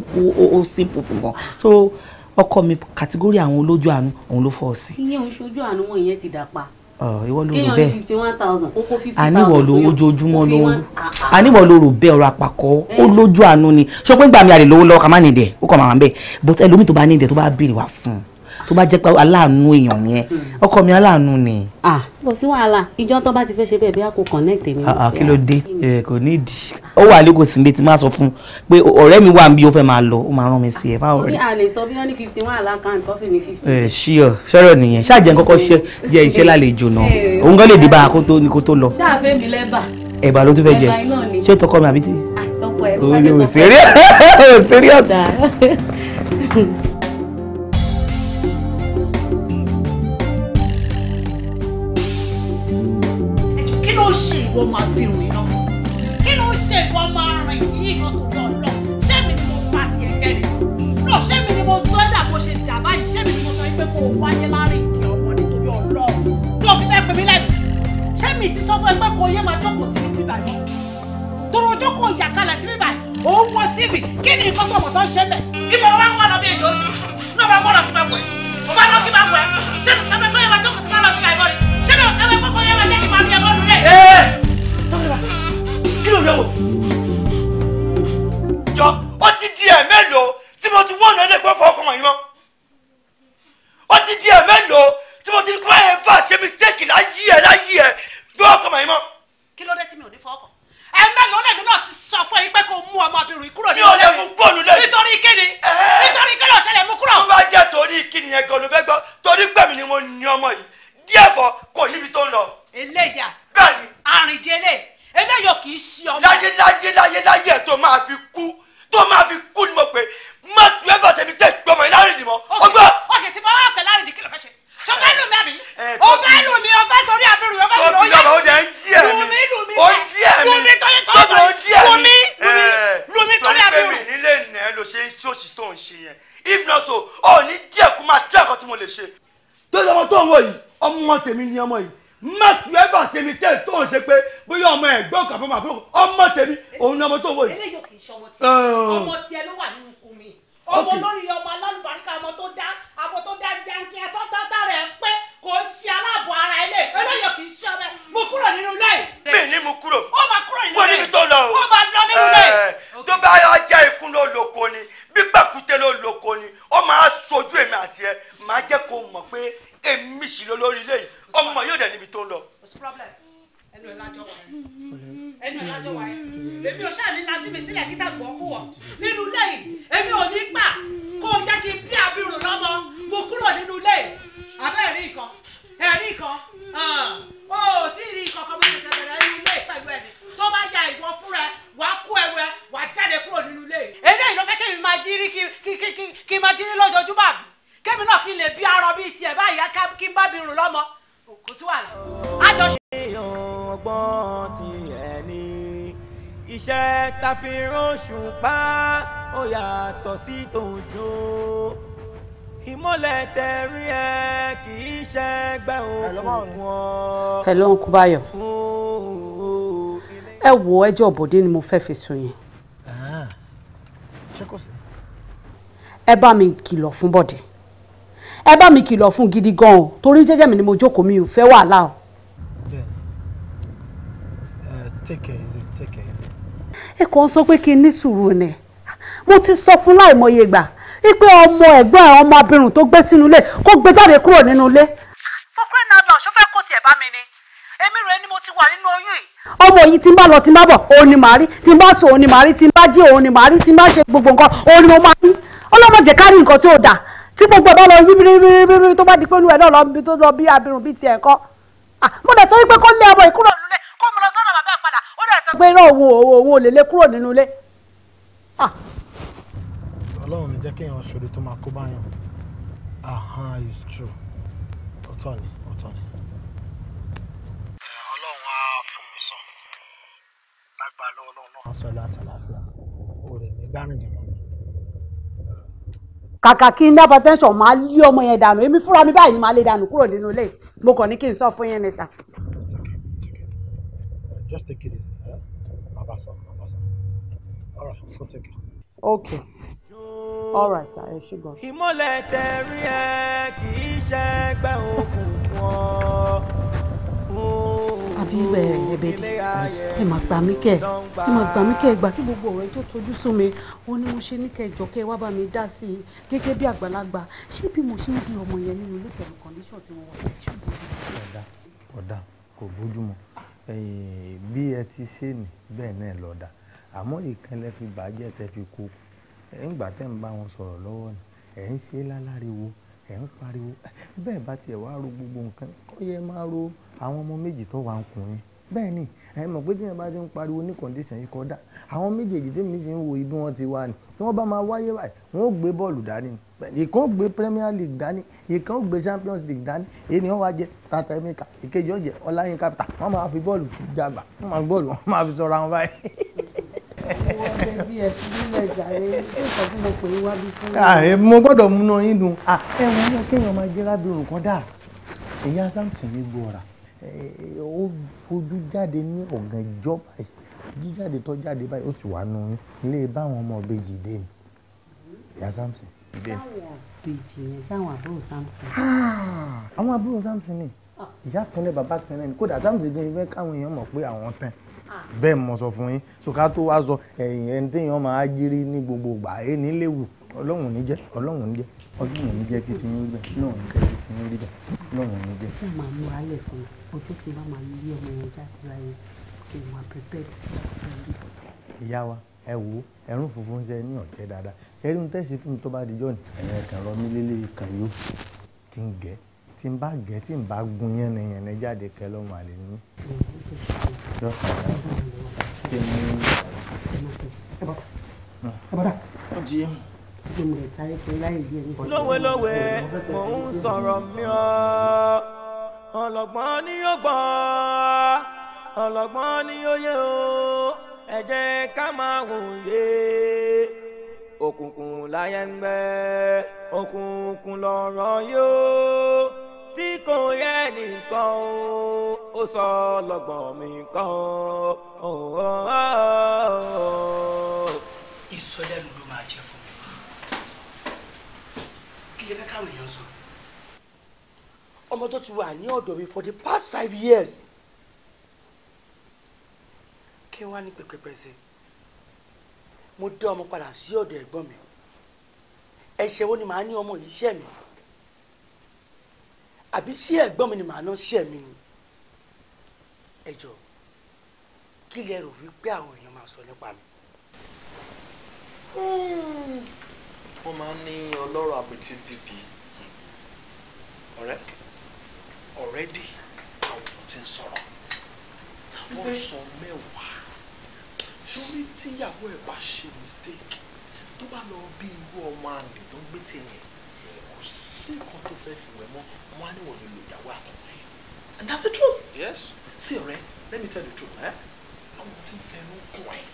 ó simple fún gan so ọkọ mi kàtígórì àwọn olójú àánú òun ló fọ́ ọ sí. iye òun ṣojú àánú wọn ìyẹn ti dà pa. ìwọ ló rò bẹ́ẹ̀ àníwọ̀ ló ojoojúmọ́ ló ń àníwọ̀ ah, ah, ah. ló rò bẹ́ẹ̀ ọ̀rọ̀ àpàkọ́ ó lójú àánú ni ṣọpẹ́ gbàmí àlè lówó lọ́wọ́ kàmá nìdẹ̀ ó kọ̀ máa ń bẹ̀ but ẹlòmíì tó bá nìdẹ̀ tó bá béèrè wá fún un tó bá jẹ́ pé aláàánú èèyàn yẹn hmm. ọkọ mi aláàánú ni. kò sí wàhálà ìjọ tó bá ti fẹ́ ṣe bẹ́ẹ̀ bí a kò connect mi. Ah, ah, kí ló dé hmm. ẹ kò ní ìdí. ó wà lóko sí ilé tí máa sọ fún pé ọ̀rẹ́ mi wà bí ó fẹ́ máa lọ ó máa rán mi sí ẹ má wọlé. a lè sọ bí wọ́n ní fifty one alákan kọ́fì ní fifty. ẹ ṣíọ sọ̀rọ̀ nìyẹn ṣáàjẹ́ kọ́kọ́ jẹ iṣẹ́ lálejò náà òun gan lè dé bá a kó tó lọ. ṣáàfẹ́ mi lẹ́bà. ẹ̀bà ló tún fẹ́ jẹ ṣé tọkọ mi àbí tí. Ah, ọkọ ẹ̀ ìwọ máa bírun iná kí ló ń ṣe ìwọ máa rìn kí iná tó lọ lọ ṣé mi ni mo pa tiẹ̀ jẹ́ ni lọ ṣé mi ni mo sọ ẹ́ dà bó ṣe dà báyìí ṣé mi ni mo sọ pé kó wáyé láàrin ìkẹ́ ọmọ nítorí ọlọ́run lọ fi fẹ́ pè mí lẹ́nu ṣé mi ti sọ fún ẹ pé kó yé máa jókòó sínú bíbá yìí tọrọ jókòó ìyàkálẹ̀ sí bíbá yìí òun wọ tíìbì kí ni nǹkan tó ọmọ tó ń ṣe mẹ́ ibẹ̀ wá ń wá lọ bí èdè oṣù náà bá gbọ́dọ̀ inú rẹ wò. jọ ó ti di ẹ̀ mélòó tí mo ti wọ́n ọ̀nà ẹgbẹ́ fọwọ́ kọ́mọ yìí mọ́. ó ti di ẹ̀ mélòó tí mo ti kọ́ ẹ̀ fà ṣe mistake láyé ẹ̀ láyé ẹ̀ fọwọ́ kọ́mọ yìí mọ́. kí ló dé tí mi ò ní fọwọ́ kàn ẹ̀mẹ́lò lẹ́nu náà ti sọ fún yín pé kó mú ọmọbìnrin kúrò ní ọ̀lẹ́ mi. nítorí kíni nítorí kíni ọ̀sẹ̀lẹ̀ mú kúrò. wọ́n bá jẹ́ torí kíni yẹn gan ló fẹ́ gbọ́ torí gbẹ̀mí ni mo ní ọmọ yìí díẹ̀ fọ kò níbi tó ń lọ. eléyà bẹ́ẹ̀ni àrìndínlẹ̀ eléyò kì í ṣe ọmọ. láyé láyé láyé láyé tó máa fi kú tó máa fi kú ni mo pè má tu ẹ fàṣẹ mi sẹ gbọmọ yìí láàrin ìdìmọ. ọgbọ. òkè tí mo bá pè láàrin ìdìkìlọ fẹsẹ tó fẹ́ lù mí àbí. o eh, fẹ́ lù mí o fẹ́ torí àbúrò o fẹ́ lù mí. o yẹ lù mí lù mí o yẹ mi lù mí lù mí eh, lù mí torí àbúrò. torí pé mi nílé nà ló ṣe ń ṣòṣì tó ń ṣe yẹn if not so ò ní díẹ̀ kó máa tún ẹ̀kọ́ tí mo lè ṣe. tó má ẹ bá ṣe mi sẹ́ẹ̀ tó ń ṣe pé bóyá ọmọ ẹ̀gbọ́n kan fún màbúrò ọmọ tèmi òun ni ọmọ tó wò yìí. eléyìí kì í ṣọmọ tiẹ oh. ọmọ tiẹ ló wà nínú ikú mi ọmọ lórí ọmọ alálùbáríkà ọmọ tó dá ọmọ tó dá janki ẹtọ́ tata rẹ̀ pé kò ṣe aláàbọ̀ ara ilé eléyìí kì í ṣọmọ mo kúrò nínú ilé. mi ni mo kúrò ó máa kúrò nínú ilé kó níbi tó lọ ó máa lọ nínú ilé. Eh, tó bá yọ jẹ́ ikún ló lóko ni bí ọmọ yóò dẹ̀ níbi tó ń lọ. ẹnu ẹ̀ lájọ wà ẹ́ ẹnu ẹ̀ lájọ wà ẹ́ èmi ò ṣáà ní lajú mi sílẹ̀ kíta gbọ́ kú wọ̀ nínú ilé yìí èmi ò ní pa kó o jẹ́ kí n bí abirù lọ́mọ mo kúrò nínú ilé yìí abẹ́ rí nǹkan ẹ̀rí kan ó tí ì rí nǹkan kan bó ṣe bẹ̀rẹ̀ nínú ilé pẹ̀lú ẹ̀mí tó bá ya ìwọ fúnra wàá kó ẹwẹ wàá jáde kúrò nínú ilé yìí. eré yìí ló máa jírí kí n máa jírí lójoojúmọ́ àbí kémi náà kí n lè bí arọ bíi tiẹ̀ báyìí kí n bá bí rùn lọ́mọ kò sí wàhálà iṣẹ́ ta fi ránṣùpá ó yàtọ̀ sí tòjò ìmọ̀lẹ̀ tẹ̀rí ẹ kì í ṣe ẹgbẹ́ òkun wọn. hello uncle Bayo. ẹ wo ẹjọ́ bòde ni mo fẹ́ fi sùn yẹn. Ah, ṣé kò ẹ bá mi kìlọ̀ fún bọ̀dẹ̀. ẹ bá mi kìlọ̀ fún gidi gan o torí jẹ́jẹ́ mi ni mo jókòó mi ò fẹ́ wàhálà o. ẹ kàn sọ pé kí n ní sùúrù ni mo ti sọ fún láìmọye ìgbà wípé ọmọ ẹ̀gbọ́n ẹ̀ ọmọ abirùn tó gbé sínú ilé kó gbé jáde kúrò nínú ilé. fọkùnrin ko lọ ṣó fẹ́ kó tiẹ̀ bá mi ni èmi rẹ̀ ni mo ti wà nínú oyún ọmọ yìí tí n lọ tí n bá bọ̀ òun ni màá rí tí n bá sùn òun ni màá rí tí n bá jí òun ni màá ṣe gbogbo nǹkan òun ni mo máa rí ọlọ́mọ tí gbogbo ẹ̀ bá lọ yí bíríbíríbírí tó bá di pé olú ẹ̀ náà lọ bí tó lọ bí abirùn bíi tiẹ̀ ńkọ́ ah, mo dẹ̀ sọ wípé kó lé ọmọ ìkúrò nínú ilé kó mo lọ sọ́nà bàbá padà ó dẹ̀ sọ pé náà òun òun òun lè lé kúrò nínú ilé. Ah. ọlọ́run ní jẹ́ kí èèyàn ṣòro tó máa kó bá ahan is true ọ̀tọ̀ ni ọ̀tọ̀ ni. ọlọ́run á fún mi sọ lágbàá lọ́wọ́ lọ́wọ́ náà sọ láti kàkà kí n dá hypertension máa lé ọmọ yẹn dànù èmi fúnra mi báyìí máa lè dànù kúrò nínú ilé mo kàn ní kí n sọ fún yín níta. Just take it easy. Baba go take it. Okay. All right, ẹ ṣe gan. Ìmọ̀lẹ̀ tẹ̀rí ẹ kì í ṣẹ́gbẹ́ òkùnkùn ọ̀ àbí ẹ̀bẹ̀ tí ẹ máa gbà mí kẹ́ ẹ máa gbà mí kẹ́ ìgbà tí gbogbo ọ̀rọ̀ tó tojú sún mi wọn ni mo ṣe ní kẹjọ kẹ́ wá bá mi dá sí i gẹ́gẹ́ bí àgbàlagbà ṣé bí mo ṣe ń bí ọmọ yẹn nínú ilé pẹ̀lú condition tí wọ́n wà ṣùgbọ́n. ọ̀dà ọ̀dà kò bójúmu bí ẹ ti ṣe nì bẹ́ẹ̀ náà lọ́dà àmọ́ ìkànnì fi bàjẹ́ tẹ fi kó ńgbà tẹ́ ń bá wọn sọ̀rọ̀ lọ́wọ́ ni ẹ̀ ń ṣe láláriwo ẹ̀ ń pariwo bẹ́ẹ̀ bá tiẹ̀ wá ro gbogbo nǹkan kọ́ yẹ máa ro àwọn ọmọ méjì tó wà ọkùnrin bẹ́ẹ̀ ni ẹ mọ̀ pé tí yẹn bá ti ń pariwo ní kọ̀ǹdíṣàn yìí kọ́dà àwọn méjèèjì tí mi ti ń wo ibi wọn ti wá ni tí wọ́n bá máa wáyé báyìí wọ́n ó gbé bọ́ọ̀lù dání ìkan ó gbé Premier League dání ìkan ó gbé Champions League dání ènìyàn wá jẹ Tata Emeka ìkejì ọ̀jẹ̀ Ọláyínká pita wọ́n máa fi bọ́ọ̀lù jagba wọ́n máa fi bọ́ọ̀lù wọ́n máa fi sọ̀rọ̀ àwọn báyìí. mo gbọ́dọ̀ múná yín dùn ẹ wọ́n kéèyàn máa jẹ́ lábẹ́ òrùn kan dáa èyí á sáàmùsùn ní gbọ́ ọ̀rà ó fojú jáde ní ọ̀gànjọ́ báyìí jíjáde tó jáde báyìí ó sì wà nù ilé báwọn ọmọ ìbejì dé ni ìyá Samson. sáwọn ìbejì yẹn sáwọn àbúrò Samson. Ah, àwọn àbúrò Samson ni ìyá kan ní bàbá kan ní kódà Samson gan fẹ́ káwọn èèyàn mọ̀ pé àwọn tán bẹ́ẹ̀ mo sọ fún yín sọ̀ká tó wá sọ ẹ̀yìn ẹ̀ ń téèyàn máa jírí ní gbogbo ìgbà ẹ̀ ní léwu ọlọ́run ní jẹ́ ọlọ́run ní jẹ́ ọlọ́run ní jẹ́ kí ti yín rí bẹ́ẹ̀ ọlọ́run ní jẹ́ kí ti yín rí bẹ́ẹ̀ ọlọ́run ní jẹ́. ṣé màá mú alẹ́ fún mi ọjọ́ tí bá máa yí ọmọ yẹn jáde láyé kí n máa prepared sílẹ̀. ìyá wa ẹ wò ó ẹrún funfun ṣe ní ọ̀jẹ́ dáadáa ṣẹ́rí ń tẹ̀sí fún mi tó bá di jọ́ọ̀nì ẹ̀yìn kan rọ mí lélẹ̀ kan yó tí ń gẹ̀ tí ń bá gẹ̀ tí ń bá gun yẹn yẹn jáde kẹ lọ́mọ àlè ní. lówelówe mò ń sọ̀rọ̀ mìíràn ọlọ́gbọ́n ni yóò gbọ́ ọlọ́gbọ́n ni yóò yẹ o ẹ jẹ́ ká máa wòye òkùnkùn láyé ń gbẹ òkùnkùn lọ̀rọ̀ yóò tí kò yẹ nìkan o ó sọ ọlọ́gbọ́n mi kan o. ìsọlẹ́nu ọmọ tó ti wà ní ọ̀dọ̀ mi for the past five years kí wọ́n á ní pẹ̀pẹ̀pẹ̀ sí mo dá ọmọ padà sí ọ̀dọ̀ ẹ̀gbọ́n mi ẹ̀ṣẹ̀ wo ni màá ní ọmọ yìí ṣẹ̀ mi àbí sí ẹ̀gbọ́n mi ni màá ná ṣẹ̀ mi ni ẹ jọ kí lẹ rò wípé àwọn èèyàn máa sọ nípa mi. Hmm. wọ́n máa ń ní ọlọ́rọ̀ àpètí dìdì ọ̀rẹ́ already àwọn ọ̀rọ̀ ti ń sọ̀rọ̀ wọ́n sọ mẹ́wàá sórí tíyàwó ẹ̀ bá ṣe mistake tó bá lọ bí irú ọmọ àlè tó ń gbé tìyẹn kò sí nǹkan tó fẹ́ fi wẹ̀ mọ́ wọn á níwọ̀n nílò ìyàwó àtọmọ yẹn and that's the truth. yes. sí ọ̀rẹ́ let me tell you the truth ẹ́ eh? àwọn tí ń fẹnu kún ẹ̀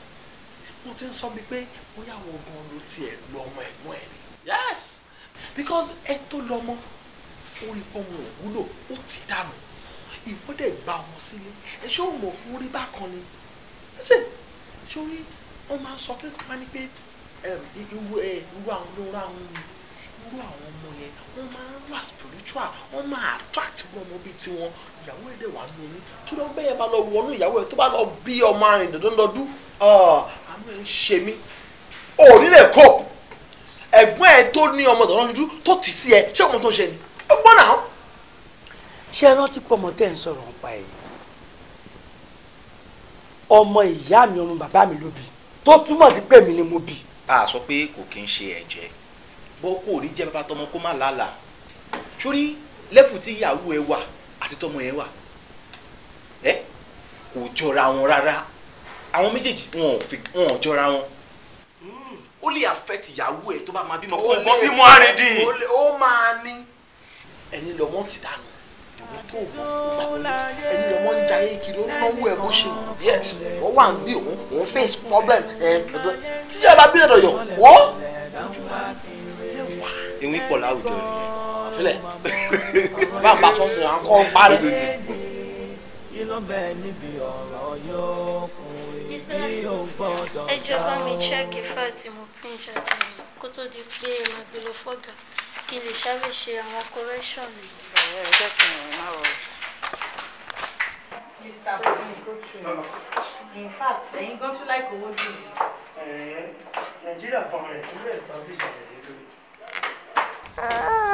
wọ́n ti ń sọ mi pé bóyá wọ́n gan ló tiẹ̀ lọ ẹ̀gbọ́n ẹ̀ ni. yes. because ẹ tó lọ ó rí fọmọ òwúlò ó ti dànù ìwọ dẹ̀ gba ọmọ sílé ẹ ṣé òun mọ̀ fún rí bákan ni ṣe sórí wọn máa ń sọ pé wọn máa ní pé um, irú àwọn olóró àwọn irú àwọn ọmọ yẹn wọn máa ń wà spiritual wọn máa attract irú ọmọ bíi tiwọn ìyàwó ẹ̀ dẹ̀ wà nù ní tó lọ bẹ́ẹ̀ bá lọ wọnú ìyàwó ẹ̀ tó bá lọ bí ọmọ arìn dòdòdòdú àánú ẹ̀ ń ṣe mí òní lè kó ẹ̀gbọ́n ẹ̀ tó ní ọmọ dòdòdòdú tó tì sí ẹ ṣé ọmọ tó ń ṣe ni ẹ gbọ́n náà ṣé ẹ rántí pọ̀ mọ́ tẹ́ ń sọ̀rọ̀ nípa ẹ̀ ọmọ ìyá mi ọmọ bàbá mi ló bí tó túmọ̀ sí pé mi ni mo bí. a sọ pé kò kí ń ṣe ẹ̀jẹ̀ bó kò rí jẹ́ bàbá tọmọ kó má làálàá sórí lẹ́fù tí ìyàwó ẹ wà àti tọmọ ẹ wà ẹ kò jọra wọn rárá àwọn méjèèjì wọn ò jọra wọn hmm. ó lè affect ìyàwó ẹ tó bá máa bímọ kó bímọ àrídìn. ó máa ní ẹ̀yin lọ́mọ ti dànù òun tó òun gbà pé ẹ̀yin ń jayé kiri ó náwó ẹ̀ bó ṣe wù yes wọ́n wà ń bí òun òun face problem ẹ̀ ẹ̀dọ́ tí ẹ bá bí ẹ̀dọ̀ yọ̀ wọ́. ewì pọ̀ láwùjọ rẹ̀ àfilẹ̀ bá a bá sọ́ọ̀sì rẹ̀ à kọ́ ń parí. Miss Bernadette, ẹ jọba mi ṣẹ́ẹ̀kì fáàtì mo pín jáde kó tó di pé màá gbé lọ fọ́gà kí lè ṣáàbì ṣe àwọn correction ni. ẹ̀rọ ẹ̀jẹ̀ kì í má wọ̀ Mr. Bonny, in fact, ẹ̀yin gan tún láìkó owó jù. Nàìjíríà fún rẹ̀ tún bẹ̀rẹ̀ establish rẹ̀ lórí.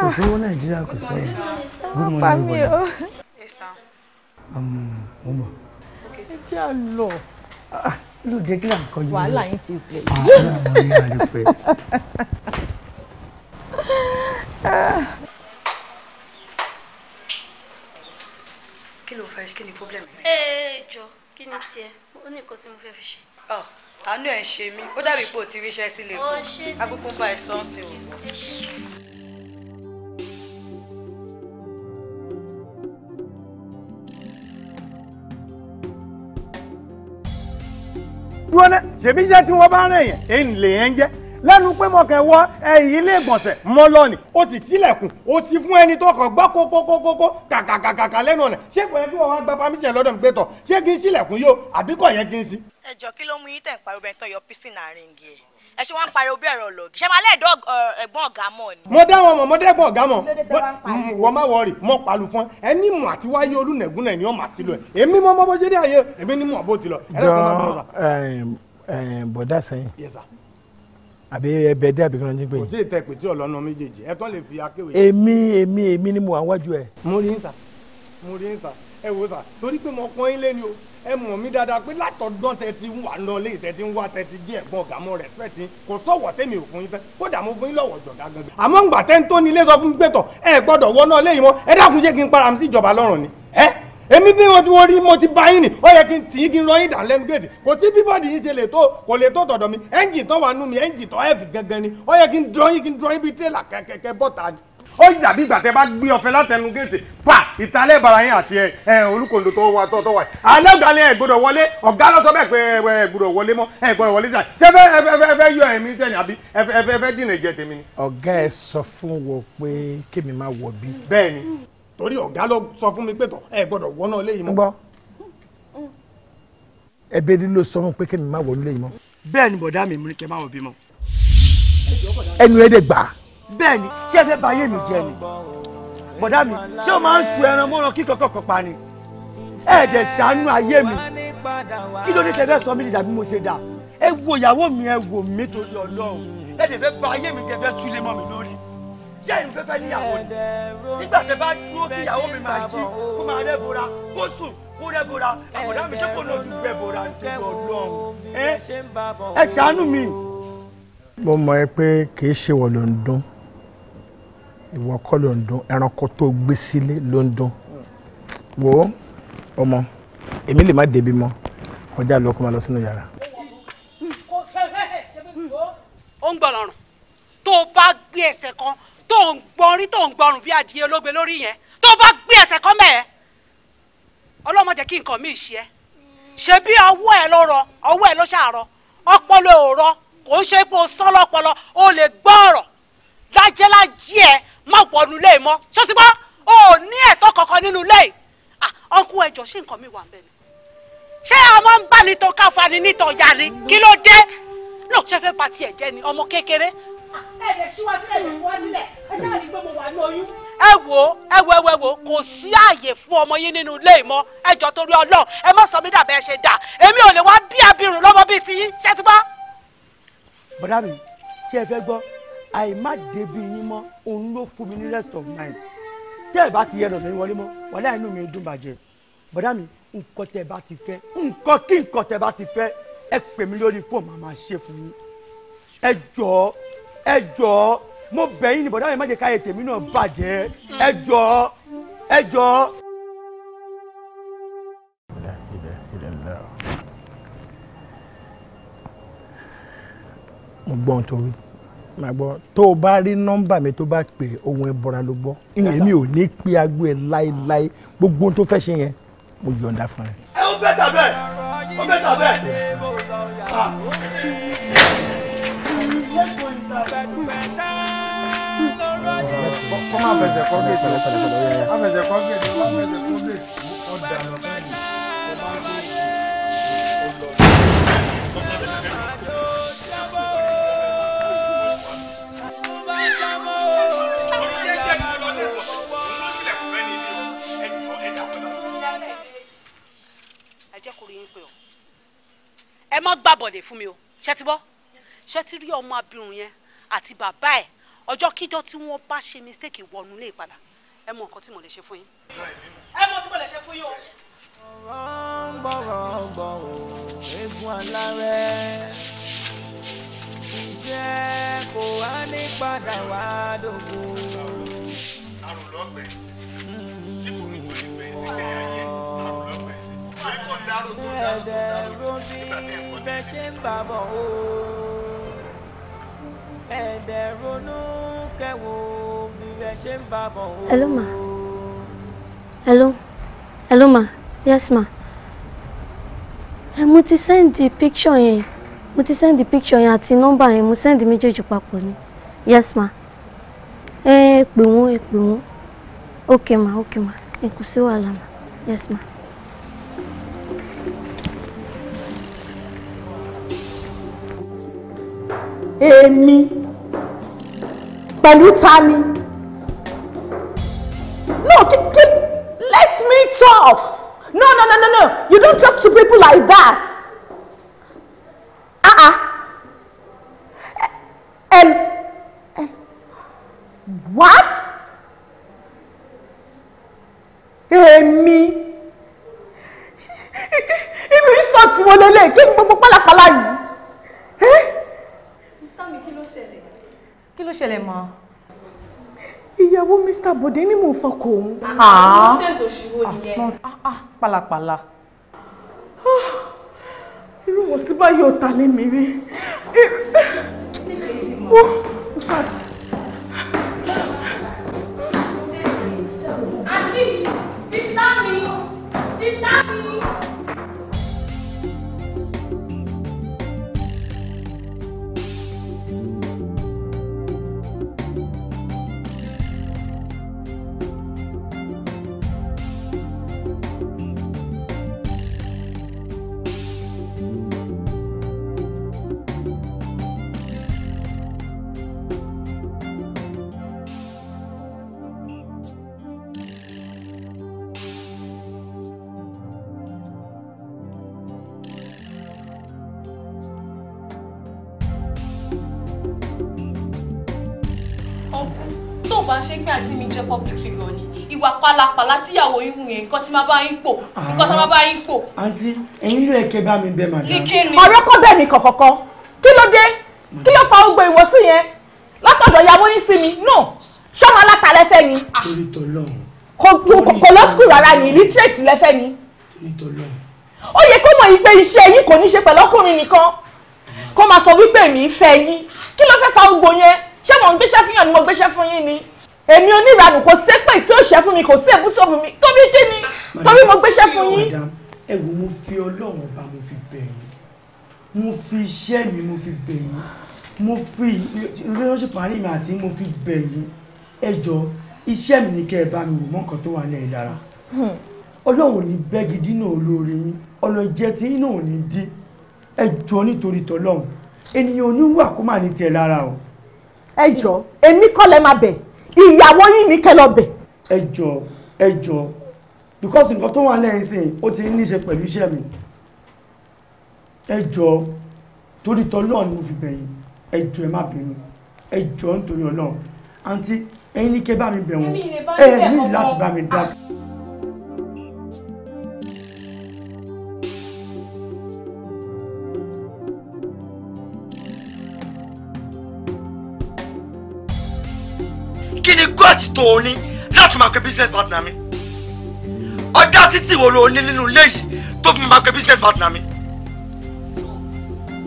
Kò sówó Nàìjíríà kò sówó. Good morning, everybody. Oh. Yes, sir. Um, mo bọ̀. Ẹ jẹ́ àlọ́ ah, ló jẹ́ kí là ń kọjú. wàhálà yín ti pẹ́. àwọn ọmọ yẹn á lè kí ló fẹ́ kí ni problem rẹ. ẹ ẹ jọ kí ni tiẹ̀ ó ní nǹkan tí mo fẹ́ fi ṣe. Ah, àánú ẹ̀ ń ṣe mí ó dàbí pé o ti ríṣẹ́ sílé o agbókun bá ẹ sọ́ọ̀sì o. dúró náà ṣèbí iṣẹ́ tí wọ́n bá rìn yẹn èyí lè yẹn jẹ́ lẹ́nu pé mo kẹ́ wọ ẹ̀yìn ilé ìgbọ̀nsẹ̀ mọ́ lọ́ọ̀nì o ti sílẹ̀kùn o ti fún ẹni tó kàn gbọ́ kókókókó kàkàkàkà lẹ́nu ọ̀nà ṣé kò yẹ kí wọ́n wá gba pàmíṣẹ̀ lọ́dọ̀ mi pé tọ̀ ṣé kí n sílẹ̀kùn yóò àbí kò yẹ kí n sí. ẹ jọ kí ló mú yín tẹ̀ ń pariwo bẹ́ẹ̀ tán yọ písìn àárín igi ẹ̀ ẹ ṣe wọn ń pariwo bí ẹ̀rọ lọ́ọ̀gì ṣe máa lẹ́ẹ̀dọ́ ẹ̀gbọ́n ọ̀gá mọ̀ ni. mo dá wọn mọ̀ mo dẹ́gbọ́n ọ̀gá mọ̀ mm, wọ́n má wọrí mọ̀ palu fún ẹ ní mọ̀ àti wáyé olùnẹ̀gún náà ni wọ́n mà ti lọ ẹ̀ èmi mọ̀ mọ́ bó ṣe dé àyè èmi ní mọ̀ bó ti lọ. jọ bọ̀dá sẹ́yìn àbí ẹbẹ dẹ àbí kan ní pé. kò tí ì tẹ pé tí ọlọ́nà méjèèjì ẹ tọ́ lè fi akéwì. èmi èmi èmi ni mo wà wájú ẹ. mo rí nsà mo rí nsà ẹ wò sà torí pé mo kọ́ yín lé ni o ẹ mọ̀ mí dáadáa pé látọ̀dán tẹ ti wà ń lọlé tẹ ti ń wá tẹ ti jẹ́ ẹ̀gbọ́n ọ̀gá mọ́ rẹ̀spẹ̀tì kò sọ̀wọ́ tẹ̀mí òkun fẹ́ kódà mo fún yín lọ́wọ́ jọ̀gá gangan. àmọ́ ngbà tẹ́ ń tó ní ilé sọ fún gbẹ̀tọ̀ ẹ gbọ́dọ̀ wọ́n náà léyìn mọ́ ẹ dákun ṣé kí n para mi sí ìjọba lọ́rùn ni ẹ èmi bí wọ́n ti wọ́n rí mo ti bá yín ni ó yẹ kí n tì í kí n rọyìn dà lẹ́nu gẹ̀ẹ́tì kò sí bí bọ́ọ̀dì yín ṣe lè tó kò lè tó tọ̀dọ̀ mi ẹ́ńjì tó wà nú mi ẹ́ńjì tó ẹ̀fì gẹ́gẹ́ ni ó yẹ kí n dọ̀yìn kí n dọ̀yìn bíi tírélà kẹ̀kẹ́ bọ́ta ó yìí dàbí ìgbà tẹ bá gbé ọ̀fẹ́ látẹnu gẹ̀ẹ́tì pa ìtàlẹ́ bara yín àti ẹ ẹ olùkòǹdò tó wà tọ́tọ́ wà alẹ́ ọ̀gá ni ẹ gbọ́dọ̀ wọlé ọ̀gá lọ́sọ bẹ́ẹ̀ pé ẹ gbọ́dọ̀ wọlé mọ́ ẹ gbọ́dọ̀ wọlé sáà tẹ fẹ́ ẹ fẹ́ ẹ fẹ́ yọ ẹ̀mí sẹ́yìn àbí ẹ fẹ́ ẹ fẹ́ tèmi ni. ọ̀gá ẹ sọ fún wọn pé kémi máa wọ̀ bí. bẹ́ẹ̀ ni torí ọ̀gá ló sọ fún mi pé tọ̀ ẹ gbọ́dọ̀ wọnà léyìí mọ́. ń gbọ́ ẹbẹ ni ló sọ fún pé kẹ́mi má wọnú léyìí mọ́. bẹ́ẹ̀ ni bọ̀dá mi ní kẹ́ má wọ bí ẹnu ẹ dẹ gbà. bẹ́ẹ̀ ṣé ẹ fẹ́ ba ayé mi jẹ́ ni bọ̀dá mi ṣé o máa ń sun ẹran mọ́ràn kíkọ́ kọ̀ọ̀kan pa ni ẹ dẹ̀ ṣàánú ayé mi kí ló dé tẹ́ fẹ́ sọ mí dàbí mo ṣe dà ẹ wo ìyàwó mi ẹ wò mí torí Ọlọ́run ẹ dẹ̀ fẹ́ ba ayé mi jẹ́ fẹ́ túlé mọ́ mi lórí ṣé ẹ̀yin fẹ́fẹ́ níyàwó ni nígbà tẹ bá dúró kí ìyàwó mi máa jí kó máa rẹ́ bora kó sùn kó rẹ́ bora àbọ̀dá mi ṣé kò ní ojú rẹ́ bora nítorí ọlọ́run ẹ ṣàánú mi. mo mọ̀ ẹ́ pé kì í ṣe wọ́n ló ìwọ kọ́ ló ẹranko tó gbé sílé ló wo ọmọ èmi lè má débi mọ́ kọjá lọ kó máa lọ sínú yàrá. ó ń gbọ́dọ̀ rùn tó o bá gbé ẹsẹ̀ kan tó ń gbọrin tó ń gbọrùn bí adìyẹ ológbe lórí yẹn tó bá gbé ẹsẹ̀ kọ́ mẹ́ẹ̀ ọlọ́mọ jẹ́ kí nǹkan mi ṣe ẹ́ ṣe bí ọwọ́ ẹ ló rọ ọwọ́ ẹ ló ṣàrọ ọpọlọ ò rọ kò ń ṣe pé o sán lọpọlọ o lè gbọ́ ọ̀rọ̀ lájẹ́ lájẹ́ ẹ má wọnú ilé mọ́ ṣọ́sí bọ́ o ní ẹ̀tọ́ kankan nínú ilé ọkú ẹjọ́ ṣé nǹkan mi wà bẹ́ẹ̀ ni ṣé ọmọ ń bá ni tó káfa ni nítọ̀ ya ni kí ló dé náà ṣe fẹ́ ba tiẹ̀ jẹ́ ni ọmọ kékeré ẹ wo ẹ wo ẹ wo ẹ wo kò sí ààyè fún ọmọ yín nínú ilé ìmọ ẹjọ torí Ọlọ́run ẹ má sọ dàbẹ ẹ ṣe dà èmi ò lè wá bí abirùn lọmọ bíi ti yín ṣe ti bá. bọ̀dá mi ṣé ẹ fẹ́ gbọ́ àìmá yín mọ́ òun ló fún mi ní rest of mind tẹ́ ẹ bá ti yẹnu mi wọlé mọ́ wàlẹ́ inú mi dùn bàjẹ́ bọ̀dá mi nǹkan tẹ́ ẹ bá ti fẹ́ nǹkan kí nǹkan tẹ́ ẹ bá ti fẹ́ ẹ pè mí lórí fóònù màmá ṣe fún yín ẹ jọ̀ọ́ ẹ jọ̀ọ́ mo bẹ̀ yín ni bọ̀dá mi má jẹ́ káyé tèmi náà bàjẹ́ ẹ jọ̀ọ́ ẹ jọ̀ọ́. mo gbọ́ ohun tó wí màá gbọ́ tó o bá rí nọ́mbà mi tó bá pè ohun ẹ bọ́ra ló gbọ́ èmi ò ní pé aago ẹ láéláé gbogbo ohun tó fẹ́ ṣe yẹn mo yọ̀ǹda fún ẹ. ẹ ó bẹ́ẹ̀ tà bẹ́ẹ̀ ó bẹ́ẹ̀ ah. má fẹsẹ̀ kọ́ gèdè má fẹsẹ̀ kọ́ gèdè má fẹsẹ̀ kọ́ gèdè ó dànù fún mi tó ó lọ. ajẹ́kùnrin ẹ má gbàbọ̀dẹ̀ fún mi o ṣe ti bọ́ ṣe ti rí ọmọ abirùn yẹn àti bàbá ẹ̀ ọjọ́ kíjọ́ tí wọ́n bá ṣe mistake wọnú lè padà ẹ mọ nǹkan tí mo lè ṣe fún yín. ẹ mọ tí mo lè ṣe fún yín o. gbọ̀rọ̀gbọ̀rọ̀ eégún alárẹ̀ ìjẹ́ kò wá ní padà wá dògbò. àrùn bí bẹ́ẹ̀ ṣe ń bàbọ̀ o ẹ̀ẹ́dẹ̀ ronú kẹwò bí ẹ ṣe ń bá bọ̀ o. hello ma hello hello ma yes ma ẹ mo ti sẹ́ndì píkṣọ̀ yẹn mo ti sẹ́ndì píkṣọ̀ yẹn àti nọ́mbà yẹn mo sẹ́ndì méjèèjì papọ̀ ni yes ma ẹ pè wọ́n ẹ pè wọ́n ok ma ok ma ẹ kò sí wàhálà ma yes ma. èmi. Hey, pẹ̀lú tani no keep keep let me talk no no no no no you don't talk to people like that ah ah and what èmi ibi sọ tí mo lélẹ̀ kí ni gbogbo pálapàla yìí. ló ṣẹlẹ̀ mọ́. ìyàwó Mr. Bode ni mò ń fọkọ òun. Ah. nonsense òṣìwò ah, nìyẹn. Ah, pàlàpàlà. irú wọn sí báyìí ọ̀tá lèmi rí. wọ́n in fact. pàlà tíyàwó yín wù yẹn nǹkan sì máa bá yín pò nǹkan sì máa bá yín pò. àǹtí ẹ̀yin ló ẹ̀kẹ́ bá mi bẹ́ màdá. ní kí ni. ọ̀rọ̀ kọ́ bẹ́ẹ̀ ni kọ̀kọ̀kọ́ kí ló dé kí ló fa ogbó ìwọ̀sí yẹn látọ̀dọ̀ ìyàwó yín sí mi no ṣọ́mọ alátalẹ́ ah. fẹ́ ni. torí tọ́lọ́run. kò lọ sùkúl rárá ni literate lẹ́fẹ́ ni. torí tọ́lọ́run. ó yẹ kó mọ̀ yín pé iṣẹ́ yín kò ní ṣe pẹ̀lú ọkùnrin nìkan kó máa sọ wípé mi fẹ́ yín kí ló fẹ́ fa ogbó yẹn ṣé mò ń gbéṣẹ́ fún yàn ni mo gbéṣẹ́ fún yín ni èmi oníranù kò sépè tí ó ṣẹ́ fún mi kò sí èbúté òfin mi tóbi kí ni tóbi mo gbéṣẹ́ fún yín. ẹ wo mo fi ọlọ́run ọba mo fi bẹ̀ yín mo fi iṣẹ́ mi mo fi bẹ̀ yín mo fi relationship àárín mi àti mo fi bẹ̀ yín iṣẹ́ mi ni kẹ́ ẹ bá mi wò mọ́ nǹkan tó wà ní ẹ̀yìn lára hmm. ọlọ́run ní bẹ́ẹ̀gì dínà olóore yín ọ̀nà ìjẹ́ tí yín náà ní dín ẹ nítorí tọlọ́run ènìyàn oníwà kó má ní tiẹ̀ lára o. ẹ jọ èmi kọ́ lẹ máa bẹ̀ ìyàwó yìí ní kẹlọbẹ. ẹ jọ ẹ jọ because nǹkan tó wà lẹ́yìn sìn ó ti ní í ṣe pẹ̀lú iṣẹ́ mi ẹ jọ torí tọ́lọ́ọ̀ ni mo fi bẹ̀yìn ẹ jọ ẹ má bínú ẹ jọ nítorí ọlọ́run àǹtí ẹ̀yin ní kẹ́ bá mi bẹ̀ wọ́n ẹ ní láti bá mi dá. bẹ́ẹ̀tì tó o ní láti máa pe business partner mi audacity wo ló ní nínú ilé yìí tó fi máa pe business partner mi.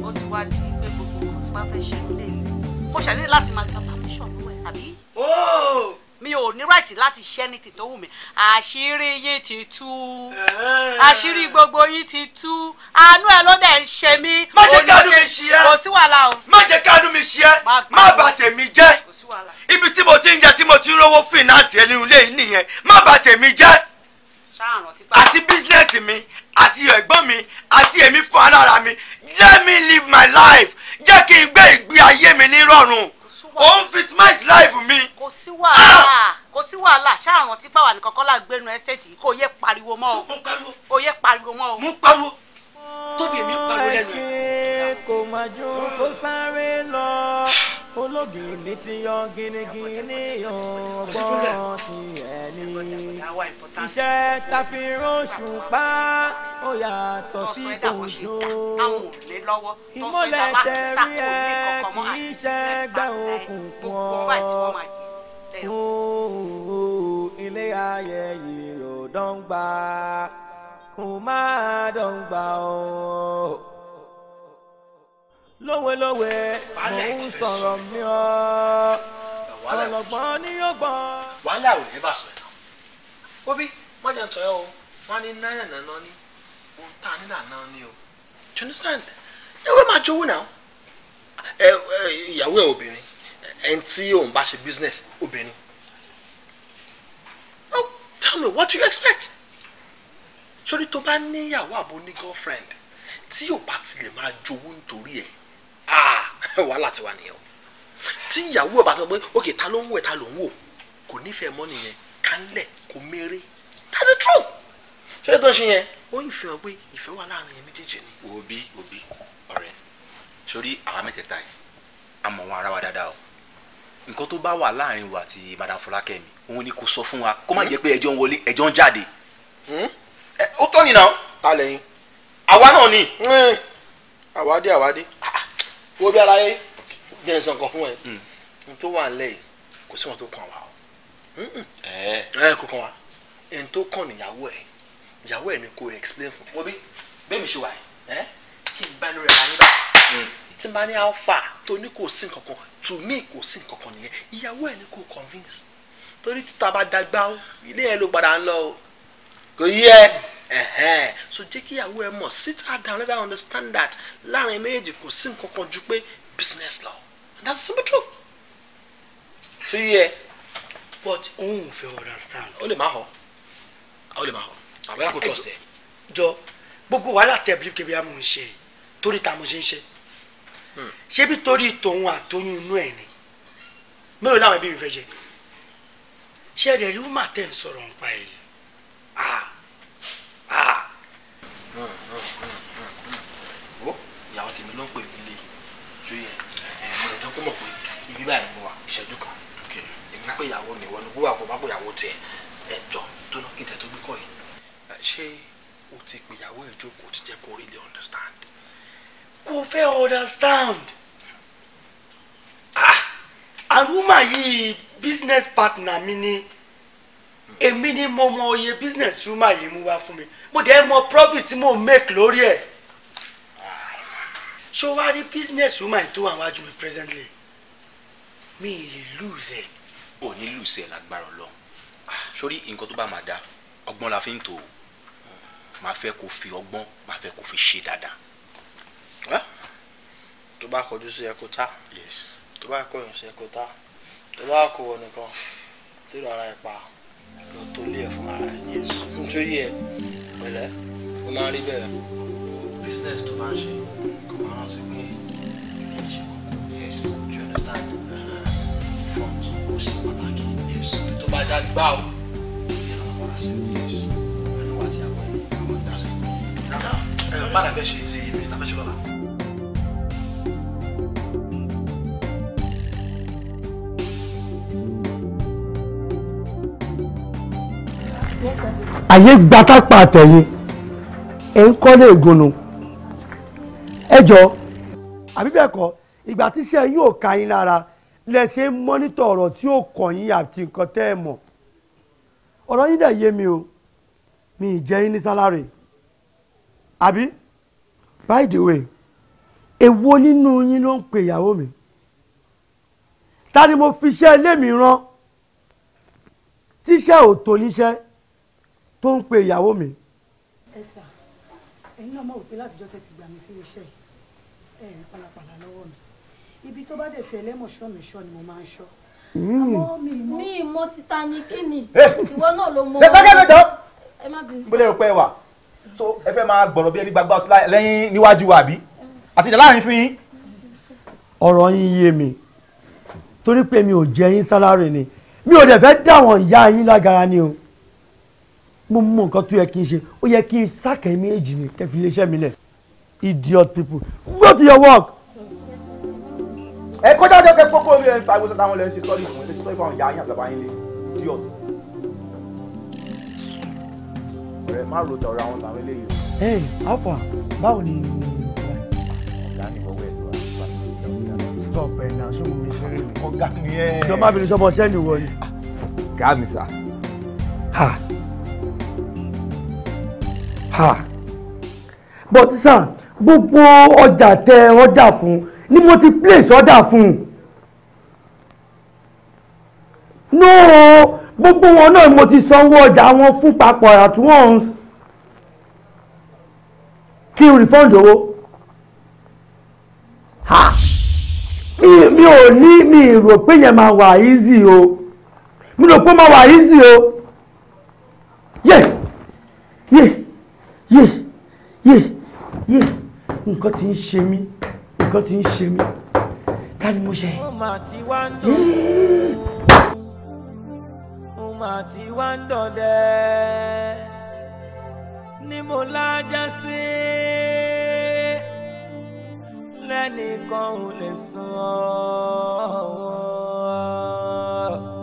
ó ti wá di pé gbogbo ohun tí wọ́n fẹ́ ṣe nílé ìsìn mo ṣàlẹ́ láti máa gba permission lọ́wọ́ ẹ̀ àbí. Oh! mi ò ní right láti ṣe anything tó wù mí àṣírí yín ti tú eh. àṣírí gbogbo yín ti tú àánú ẹ ló ń ṣe mí. má jẹ́ káàdùn mi ṣe é kò má jẹ́ káàdùn mi ṣe é má bà tèmi jẹ́ ibi tí mo ti ń jẹ tí mo ti ń rówó fìnáàsì ẹni ilé nìyẹn má bà tèmi jẹ́ àti bísínẹ́sì mi àti ẹ̀gbọ́n mi àti èmi fún ara mi let me live my life jẹ́ kí n gbé ìgbé ayé mi ní rọ̀rùn fit my life mi. kò sí wàhálà ah! kò sí wàhálà ṣáàrùn tí pàwọn nìkan kọ́lá gbénu ẹsẹ̀ tì kò yẹ pariwo mọ́ o kò yẹ pariwo mọ́ o. mú pariwo tóbi èmi pariwo lẹ́nu ẹ̀. kò máa jó kó sáré lọ. Ah! olóògì ní ti yan gínígíní ọgbọ́n ti ẹni iṣẹ́ ta fi ránṣù pa ó yàtọ̀ sí òjò ìmọ̀lẹ̀ tẹ̀rí ẹ kì í ṣe gbẹ òkùnkùn ọ́ ilé ayé yìí ò dán gbà kò má dán gbà ọ́ lówelówe mò ń sọ̀rọ̀ mi ọ́ ọlọ́gbọ́n ni yóò gbọ́. wàhálà ò ní bá sọ ẹ̀ náà. wóbi wọ́n jẹ́ ntọ́ yẹ o wọ́n á ní náírà náà ní ohun tá a nílà náà ní o. do you understand? ẹ wọ́n máa jówó náà. ẹ ẹ ìyàwó ẹ obìnrin ẹn tí òun bá ṣe business obìnrin. now tell me what do you expect? sori tó bá níyàwó àbò ní girlfriend tí yóò bá tilẹ̀ máa jowó nítorí ẹ̀ Ah, wàhálà ti wà nìyẹn o tí ìyàwó ẹ̀ bá sọ pé ok ta ló ń wẹ̀ ta ló ń wò that's true. truth ṣé tó ń ṣe yẹn ó ìfẹ́ ọ pé ìfẹ́ wà láàrin ni. òbí òbí ọ̀rẹ́ sórí mẹ́tẹ̀ẹ̀ta yìí a mọ̀ wọn ara wa dáadáa o nǹkan tó bá wà láàrin wa àti madam fọlákẹ́mi òun ni kò sọ fún wa kó má hmm? jẹ́ pé ẹjọ́ ń wọlé ẹjọ́ ń jáde. Hmm? ó tọ́ ta lẹ́yìn. àwa náà ni. Hmm. wo bí ara yé jẹ́ nsọ nǹkan fún ẹ hmm. n tó wà nílẹ̀ yìí kò sí wọn tó kàn wá o ẹ eh. eh, kò kàn wá n kàn níyàwó ẹ ìyàwó ẹ ni kò explain fún mi. mo bí bẹ́ẹ̀ mi ṣe wà ẹ́ eh? kí n bá lórí ara yín báyìí hmm. tí n bá ní alpha tó ní kò sí nǹkan to me kò sí nǹkan kan nìyẹn ìyàwó ẹ ni kò convince torí títa bá dagbá ilé ẹ ló padà ń lọ o kò yí ẹ so jẹ́ kí ìyàwó ẹ mọ̀ sit her down let her understand that láàrin méjèèjì kò sí nǹkan kan ju pé business law and that's the simple truth. so yẹ but òun ò fẹ́ understand. ó lè má họ ó lè má họ àbẹ́rẹ́ kò trust ẹ. jọ gbogbo wàhálà tẹ̀bílì kébí àmú ń ṣe torí ta mo ṣe ń ṣe hmm. ṣébi torí tòun àtọyún inú ẹ ni mélòó làwọn ẹbí mi fẹ́ jẹ ṣé ẹ̀rẹ̀ rí wúmà tẹ̀ ń sọ̀rọ̀ ń pa ẹ̀yìn ah, ó ah. ìyàwó tèmi ló ń pè mí lé tó yẹ mo lè kó mọ̀ pé ibi báyìí mo wà ìṣẹ́jú kan èmi pé ìyàwó mi wọnú bó wà kó má pé ìyàwó tiẹ̀ tó ná kí n tẹ̀ tó gbé kọ́ yìí ṣé o ti pe ìyàwó ẹ̀ jókòó ti jẹ́ kó rí lè understand kò fẹ́ understand ah àrùmà yìí business partner mi ni èmi ni mo mọ oye business woman yìí mú wá fún mi mo dẹ̀ mọ profit tí mo make lórí ẹ̀ ṣó wá rí business woman tó wà wájú mi presently mi lè lose ẹ̀. o ní lose ẹ lágbára Ọlọ́run sórí nǹkan tó bá máa da ọgbọ́n la fi ń tò ó máa fẹ́ kó fi ọgbọ́n máa fẹ́ kó fi ṣe dáadáa. tó bá kọjú sí ẹ tá tó bá kọyàn sí ẹ tá tó bá kó wọ nìkan tó lọ ara ẹ pa lọ tó lé ẹ ara ní nítorí ẹ pẹ̀lẹ́ ó máa rí bẹ́ẹ̀. business tó bá ń ṣe kò máa rántí pé ilé iṣẹ́ kòkó yes do you understand front ó sì pàtàkì yes tó bá dá gbá o ìyẹn náà wọ́n á sí yes pẹ̀lú àyè gbatápà àtẹ̀yìn ẹ̀ ń kọ́lé ìgúnnu ẹ jọ àbí bẹ́ẹ̀ kọ́ ìgbà tí iṣẹ́ yóò ka yín lára lẹ ṣe ń mọ́nítọ̀ ọ̀rọ̀ tí ó kàn yín àti nǹkan tẹ́ ẹ mọ̀ ọ̀rọ̀ yín dẹ̀ yé mi o mi ì jẹ́ yín ní sálárì àbí by the way èwo nínú yín ló ń pe ìyàwó mi ta ni mo fi iṣẹ́ ilé mi rán tíṣẹ́ ò tó níṣẹ́ tó ń pe ìyàwó mi. ẹ sà ẹ̀yin náà mọ̀ wípé látijọ́ tẹ́ ti gbà mí sí iṣẹ́ ẹ̀ ẹ̀ pàlàpàlà lọ́wọ́ mi ibi tó bá dẹ̀ fi ẹlẹ́mọ̀ṣọ́ mi ṣọ́ ni mo máa ń ṣọ́. Hmm. mi mo ti ta ni kí ni eh! ìwọ náà ló mọ. ṣètò kẹ́mi jọ gbọ́dọ̀ rò pé wà tó ẹ fẹ́ máa gbọ̀rọ̀ bí ẹni gbàgbà ọtí lẹ́yìn níwájú wa àbí àti ìjà láàrin fún yín. ọ̀rọ̀ yín yé mi torí pé mi ò jẹ́ yín sálárì ni mi ò dẹ̀ fẹ́ dáwọn ìyá yín lágara ni o mo mọ nǹkan tó yẹ kí n ṣe ó yẹ kí n sáàkà méjì ni kẹfì iléeṣẹ́ mi lẹ̀ idiot people go to your work. ẹ kọjá jọ kẹ kókó mi ẹ ń ta táwọn lè ṣe sọrí ìfún ẹ ṣe sọrí ìfún ìyá yín yín lé idiot. ọ̀rẹ́ má ro tọ̀rọ̀ àwọn làwọn eléyìí. ẹ afa báwo ni. ọ̀gá stop ẹ̀ náà ṣé mo fi mi. ẹ̀. ìjọba mi ni sọ́bọ̀ sẹ́ni wọ̀nyí. gáà ha but sir gbogbo ọjà tẹ ọdà fún ni mo ti place ọdà fún no gbogbo wọn náà mo ti sanwó ọjà wọn fún papọ̀ at once kí n refund owó ha mi ò ní mi rò pé yẹn máa wà easy o mi rò pé ó máa wà easy o Yeah. Yeah yé yé yé nǹkan tí ń ṣe mí nǹkan tí ń ṣe mí ká ni mo ṣe yé. mo mà ti wá ń dọ̀dẹ́ ni mo lájà sí lẹ́nìkan ò lè sọ ọ́.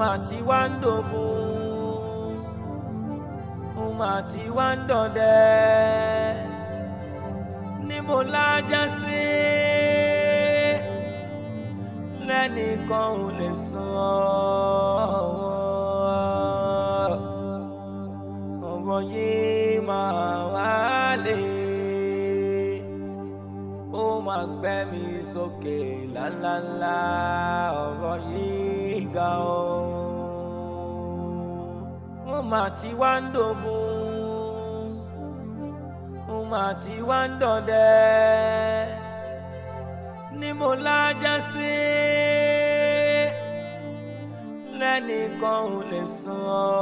mà ti wá ń dògùn mo mà ti wá ń dọ̀dẹ́ ni mo lájá sí lẹ́nìkan ò lè sọ ọ̀rọ̀ yìí máa wá lè ó máa gbẹ́ sókè lálálá ọ̀rọ̀ yìí ga ọ́ mà ti wá ń dogun ó mà ti wá ń dọ̀dẹ́ ni mo lájà sí lẹ́nìkan ò lè sùn ọ́.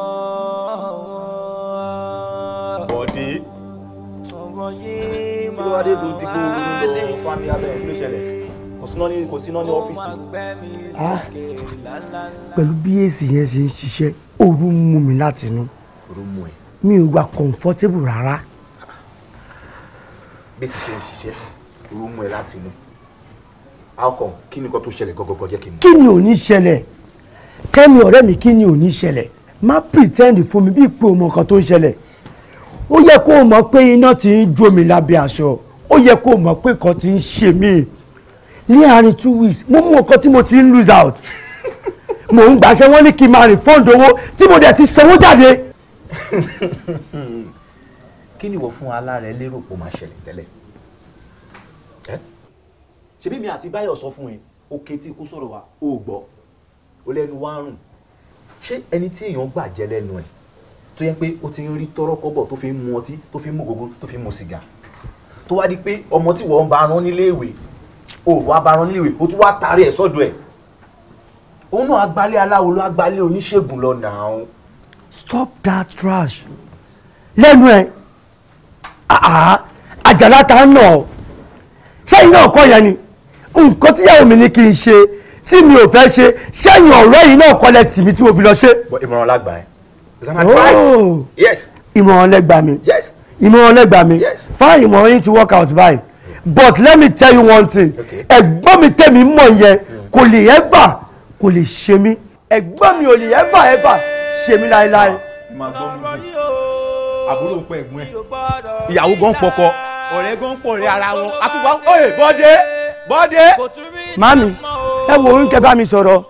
bọ̀dé. ọ̀rọ̀ yìí máa wá lè kí ló wá dé tó ti kó o lọ fami abẹ ló kò sí náà ní ọ́fíìsì. Ah. pẹ̀lú bí èsì yẹn ṣe ń ṣiṣẹ́ òru mú mi láti inú mi ò gba comfortable rárá. bẹ́ẹ̀ sì ṣe ń ṣiṣẹ́ òru mú ẹ láti inú how come kí ni nǹkan tó ṣẹlẹ̀ gọ́gọ́gọ́ jẹ́ kí n mọ̀. kí ni ò ṣẹlẹ̀ tẹ́mi ọ̀rẹ́ mi kí ni ò ní ṣẹlẹ̀ má pretend fún mi bíi pé o mọ nǹkan tó ń ṣẹlẹ̀ ó yẹ kó o mọ̀ pé iná ti ń jó mi lábẹ́ aṣọ ó yẹ kó o mọ̀ pé nǹkan ti ń ṣe mí ní àárín two weeks mo mú nǹkan tí mo ti ń lose out mò ń gbàṣẹ wọn ní kí n máa rìfọ́ǹdì owó tí mo dẹ̀ ti sanwó jáde. kí ni ìwọ fún alárẹ lérò pé máa ṣẹlẹ̀ tẹ́lẹ̀ ṣebí mi àti báyọ̀ sọ fún ẹ o kẹtí kó sọ̀rọ̀ wa o gbọ́ o lẹ́nu wá rùn ṣé ẹni tí èèyàn gbà jẹ́ lẹ́nu ẹ̀ tó yẹ pé ó ti ń rí tọ́rọ́kọ́bọ̀ tó fi ń mu ọtí tó fi ń mu gógó tó fi ń mu sìgá tó wá di pé ọmọ tí wọ́n ń bá rán níléèwé o wá bá rán níléèwé o tún wá taari ẹ̀ sọ́dọ̀ ẹ̀ òun náà agbálẹ̀ aláwo ló agbálẹ̀ oníṣègùn lọ nà án. stop that trash lẹ́nu ẹ̀ àjàlá ta ń nà ọ́ sẹ́yìn náà kọ́ yẹn ni nǹkan tíyàwó mi ní kí n ṣe tí mi ò fẹ́ ṣe sẹ́yìn ọ̀rọ̀ yìí náà kọ́lẹ̀ tì mí tí mo fi lọ ṣe. ìmọ̀ràn lágbà ẹ̀ is an advice. Oh. yes. ìmọ̀ràn lẹ́gbà mi. yes. ìmọ̀ràn lẹ́gbà mi. yes. fine ìmọ̀ràn yìí ti work out báyìí hmm. but let me tell you one thing. okay. ẹ̀gbọ́n mi tẹ̀mí mọ̀ yẹn kò lè ẹ́ gbà kò lè ṣe mí ẹ̀gbọ́n mi ò lè ẹ̀fà ẹ̀fà ṣe mí láéláé. àbúrò pọ̀ ẹ̀gbọ́n ẹ̀ ìyàwó gan pọkọ ọ̀rẹ́ gan pọ̀ rẹ̀ ara wọn àtúbọ̀ òye bọ́dé bọ́dé. mami. ẹ wo ń kẹ mi sọ̀rọ̀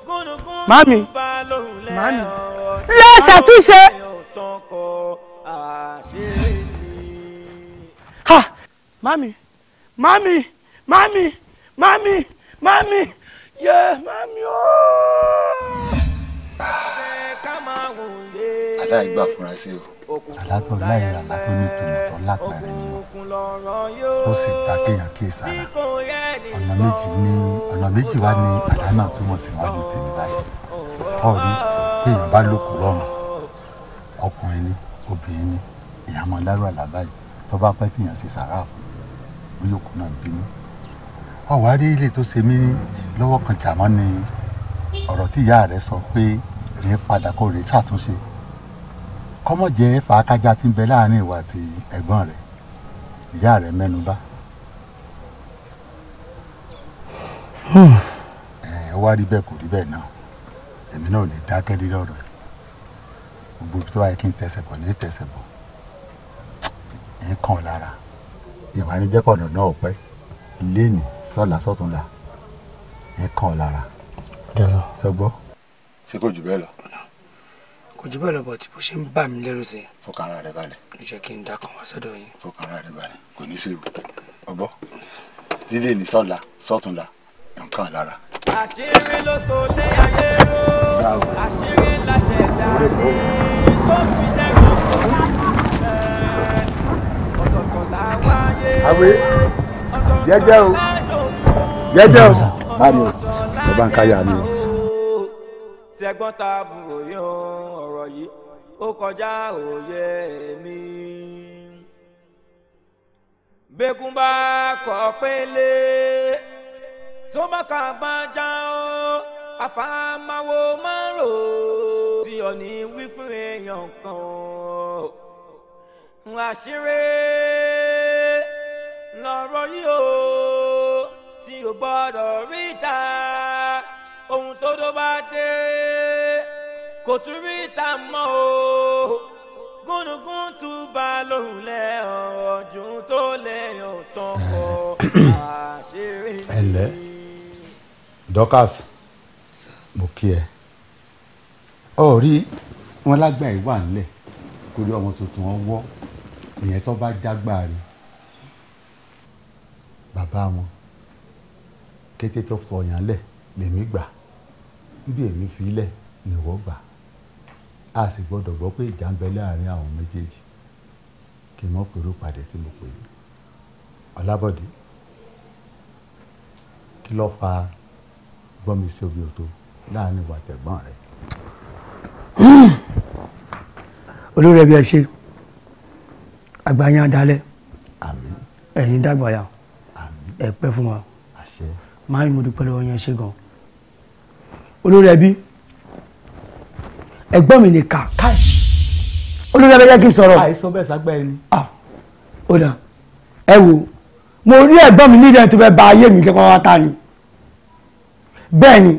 màmí màmí. lọ́ọ̀sẹ̀ tún ha mami, mami, mami, mami, mami yẹ mami oh. o. aláìgbà fúnra sí o. àlátọ̀ láìra látọ̀ nítorí tó lápẹ̀rẹ̀ yọ tó sì gba kéèyàn kí sára ọ̀nà méjì ní ọ̀nà méjì wá ní àdánà tó mọ̀ síwájú tèmi báyìí ọ̀rí kéèyàn bá lókù rọrùn ọkùnrin ni obìnrin ni ìyàmọ̀ lárú àlá báyìí tó bá pẹ́ kéèyàn ṣe sàrà fún bí yòókù náà bínú ọ̀wá ilé tó ṣe mí lọ́wọ́ kan jàmọ́ ni ọ̀rọ̀ tí ìyá rẹ̀ sọ pé rèé padà kó rèé ṣàtúnṣe kọ́mọ̀ jẹ́ fàákájà ń bẹ láàrin ìwà àti ẹ̀gbọ́n rẹ̀ ìyá rẹ̀ mẹ́nu bà. Hmm. ẹ wá rí bẹ́ẹ̀ kò rí bẹ́ẹ̀ náà èmi náà ò lè dákẹ́ lórí ọ̀rọ̀ ẹ̀ gbogbo ibi tó wáyé kí n tẹsẹ̀ bọ̀ ní tẹsẹ̀ bọ̀ ẹ̀ kàn lára ìwà ni jẹ́kọ̀ọ́ náà ọ̀pẹ́ lẹ́nìí sọ́la sọ́túnla ẹ kàn ọ́ lára sọgbọ́. ṣé kò jù bẹ́ẹ̀ lọ. kò jù bẹ́ẹ̀ lọ bọ̀ tí bó ṣe ń bà mí lẹ́rù sí. fọkàn ara rẹ balẹ̀. ló jẹ́ kí n dákan wá sọ́dọ̀ yín. fọkàn ara rẹ balẹ̀ kò ní sí ìwé lílé ní sọ́la sọ́túnla nǹkan lára. àṣírí ló so lé ayé o àṣírí láṣẹ dání tó fi dẹ́gbọ̀n fún sáà ọ̀tọ̀ọ̀tọ̀ làwáyé ọ̀tọ̀ọ̀tọ̀ jẹ́jẹ́ o báyìí o bàbá ń káyà ni o. tẹ̀gbọ́n ta àbúrò ọ̀rọ̀ yìí ó kọjá òye mi. gbẹ̀gùn bá kọ̀ pélé tó má kà bá já o àfàmáwo máa ń rò ó tí ò ní wí fún èèyàn kan o. àṣírí lọ̀rọ̀ yìí o tí o gbọ́dọ̀ rí ta ohun tó tó bá dé kò tún rí ta mọ́ o gúnugún tún bá lòun lẹ́ ọ̀ọ́dún tó lẹ́yìn ọ̀tàn kọ́ àṣírí. ẹ ǹlẹ́ mo kí ẹ ọ wọn lágbà ìwà ńlẹ̀ kó lé ọmọ tuntun wọn wọ́ ìyẹn tó bá jágbá rẹ̀ bàbá wọn kété tó fọyàn lẹ̀ lèmi gbà bí èmi fi lẹ̀ nìwọ gbà a sì gbọ́dọ̀ gbọ́ pé ìjà ń bẹ láàrin àwọn méjèèjì kí n mọ̀ pẹ̀lú pàdé tí mo pè é Ọlábọ̀dé kí ló fa gbọ́mi sí omi òtó láàrin ìwà tẹ̀gbọ́n rẹ̀. olórí ẹbí ẹ ṣe àgbà adalẹ ẹ̀yin dàgbà yà ẹ pẹ́ fún wa máa ń mọdúpẹ́ lọ́wọ́ yẹn ṣe gan olórí ẹbí ẹ̀gbọ́n mi nìka olórí ẹbí jẹ́ kí n sọ̀rọ̀ àìsàn bẹ́ẹ̀ ságbá ẹni. Ah, ó dà ẹ wo mo rí ẹ̀gbọ́n mi nídìí tó fẹ́ ba ayé mi kẹ́kọ̀ọ́ wá ta ni bẹ́ẹ̀ ni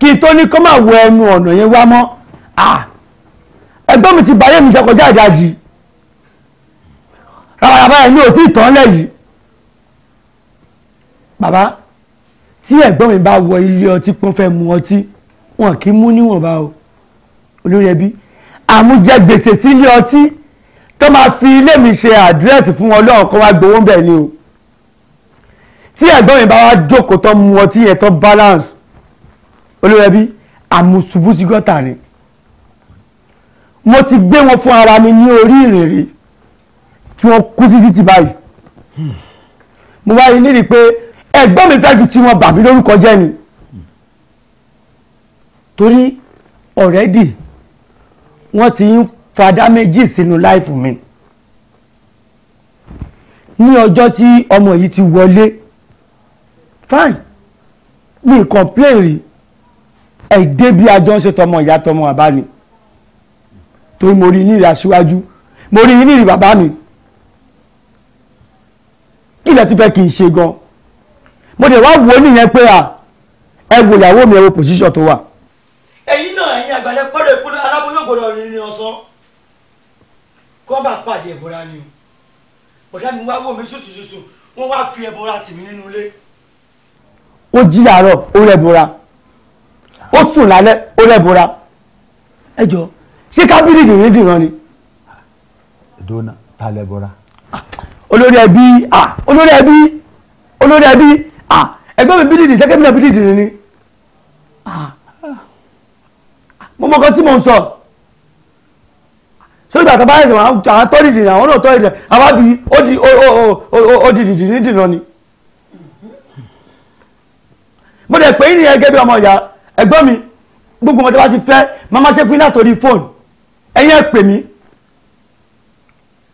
kí n tó ní kó máa wọ ẹnu ọ̀nà yẹn wá mọ́ ah, ẹ̀gbọ́n mi ti ba ayé mi kẹ́kọ̀ọ́jà ìdajì rabaraba ẹ̀ ní òtí ìtàn lẹ́yìn bàbá tí ẹ̀gbọ́n mi bá wọ ilé ọtí pọ́n fẹ́ mu ọtí wọn kì í mú níwọ̀nba o olórí ẹbí àmújẹ gbèsè sílé ọtí tó máa fi ilé mi ṣe àdírẹ́sì fún ọlọ́run kó wá gbowó ń bẹ̀ ni o tí ẹ̀gbọ́n mi bá wá jókòó tó mu ọtí yẹn tó balance olórí ẹbí àmùsùbù sí gọ́tà ni mo ti gbé wọn fún ara mi ní orí ìrìnrìn tí wọ́n kú sí títì báyìí mo wá nídìí pé ẹ̀gbọ́n mi fẹ́ẹ́ fi tí wọ́n bà mí lórúkọ jẹ́ ni torí ọ̀rẹ́dì wọ́n ti ń fadá méjì sínú láìfù mi ní ọjọ́ tí ọmọ yìí ti wọlé fine mi complain rí ẹ̀dẹ́ bí ajọ́ ń ṣe tọmọ ìyá tọmọ bàbá mi torí mo rí ní ìrì aṣíwájú mo rí ní ìrì bàbá mi kí lẹ fẹ́ kí n ṣe gan-an mo dẹ̀ wá wò ó nìyẹn pé à ẹ wò ìyàwó mi ẹ wo pòsíṣọ̀ tó wà. ẹ̀yin náà ẹ̀yin àgbàlẹ̀ pọ́lọ̀ ìpínlẹ̀ aláboyún ògbòdò ọ̀rìn ni ọ̀sán kọ́ba pàdé ìbora ni o ọ̀dà mi wá wò mí sùsùsùsù wọ́n wá fi ẹ̀bùra tì nínú ilé. ó jí làárọ̀ ó rẹ̀bùra ó sùn lálẹ́ ó rẹ̀bùra ẹ jọ ṣé kábírì dìrín dìran ni. ìdóná ta lẹ́bùra. Ah, ah, olórí ẹbí olórí ẹbí olórí ẹbí Ah, ẹgbẹ́ mi bídìdì sẹ́kẹ́ mi náà bídìdì ni ah. mo mọ̀ kan tí mo ń sọ sórí bàtà bá ẹ̀sìn àwọn tọ́ dìdì àwọn náà tọ́ dìdì àwọn àbí ó dìdì ní dìdì náà ni mo dẹ̀ pé ní ẹgẹ́ bí ọmọ ìyá ẹ̀gbọ́n mi gbogbo ọmọdé wa ti fẹ́ màmá ṣe fún iná torí fóònù ẹ̀yin ẹ̀ pè mí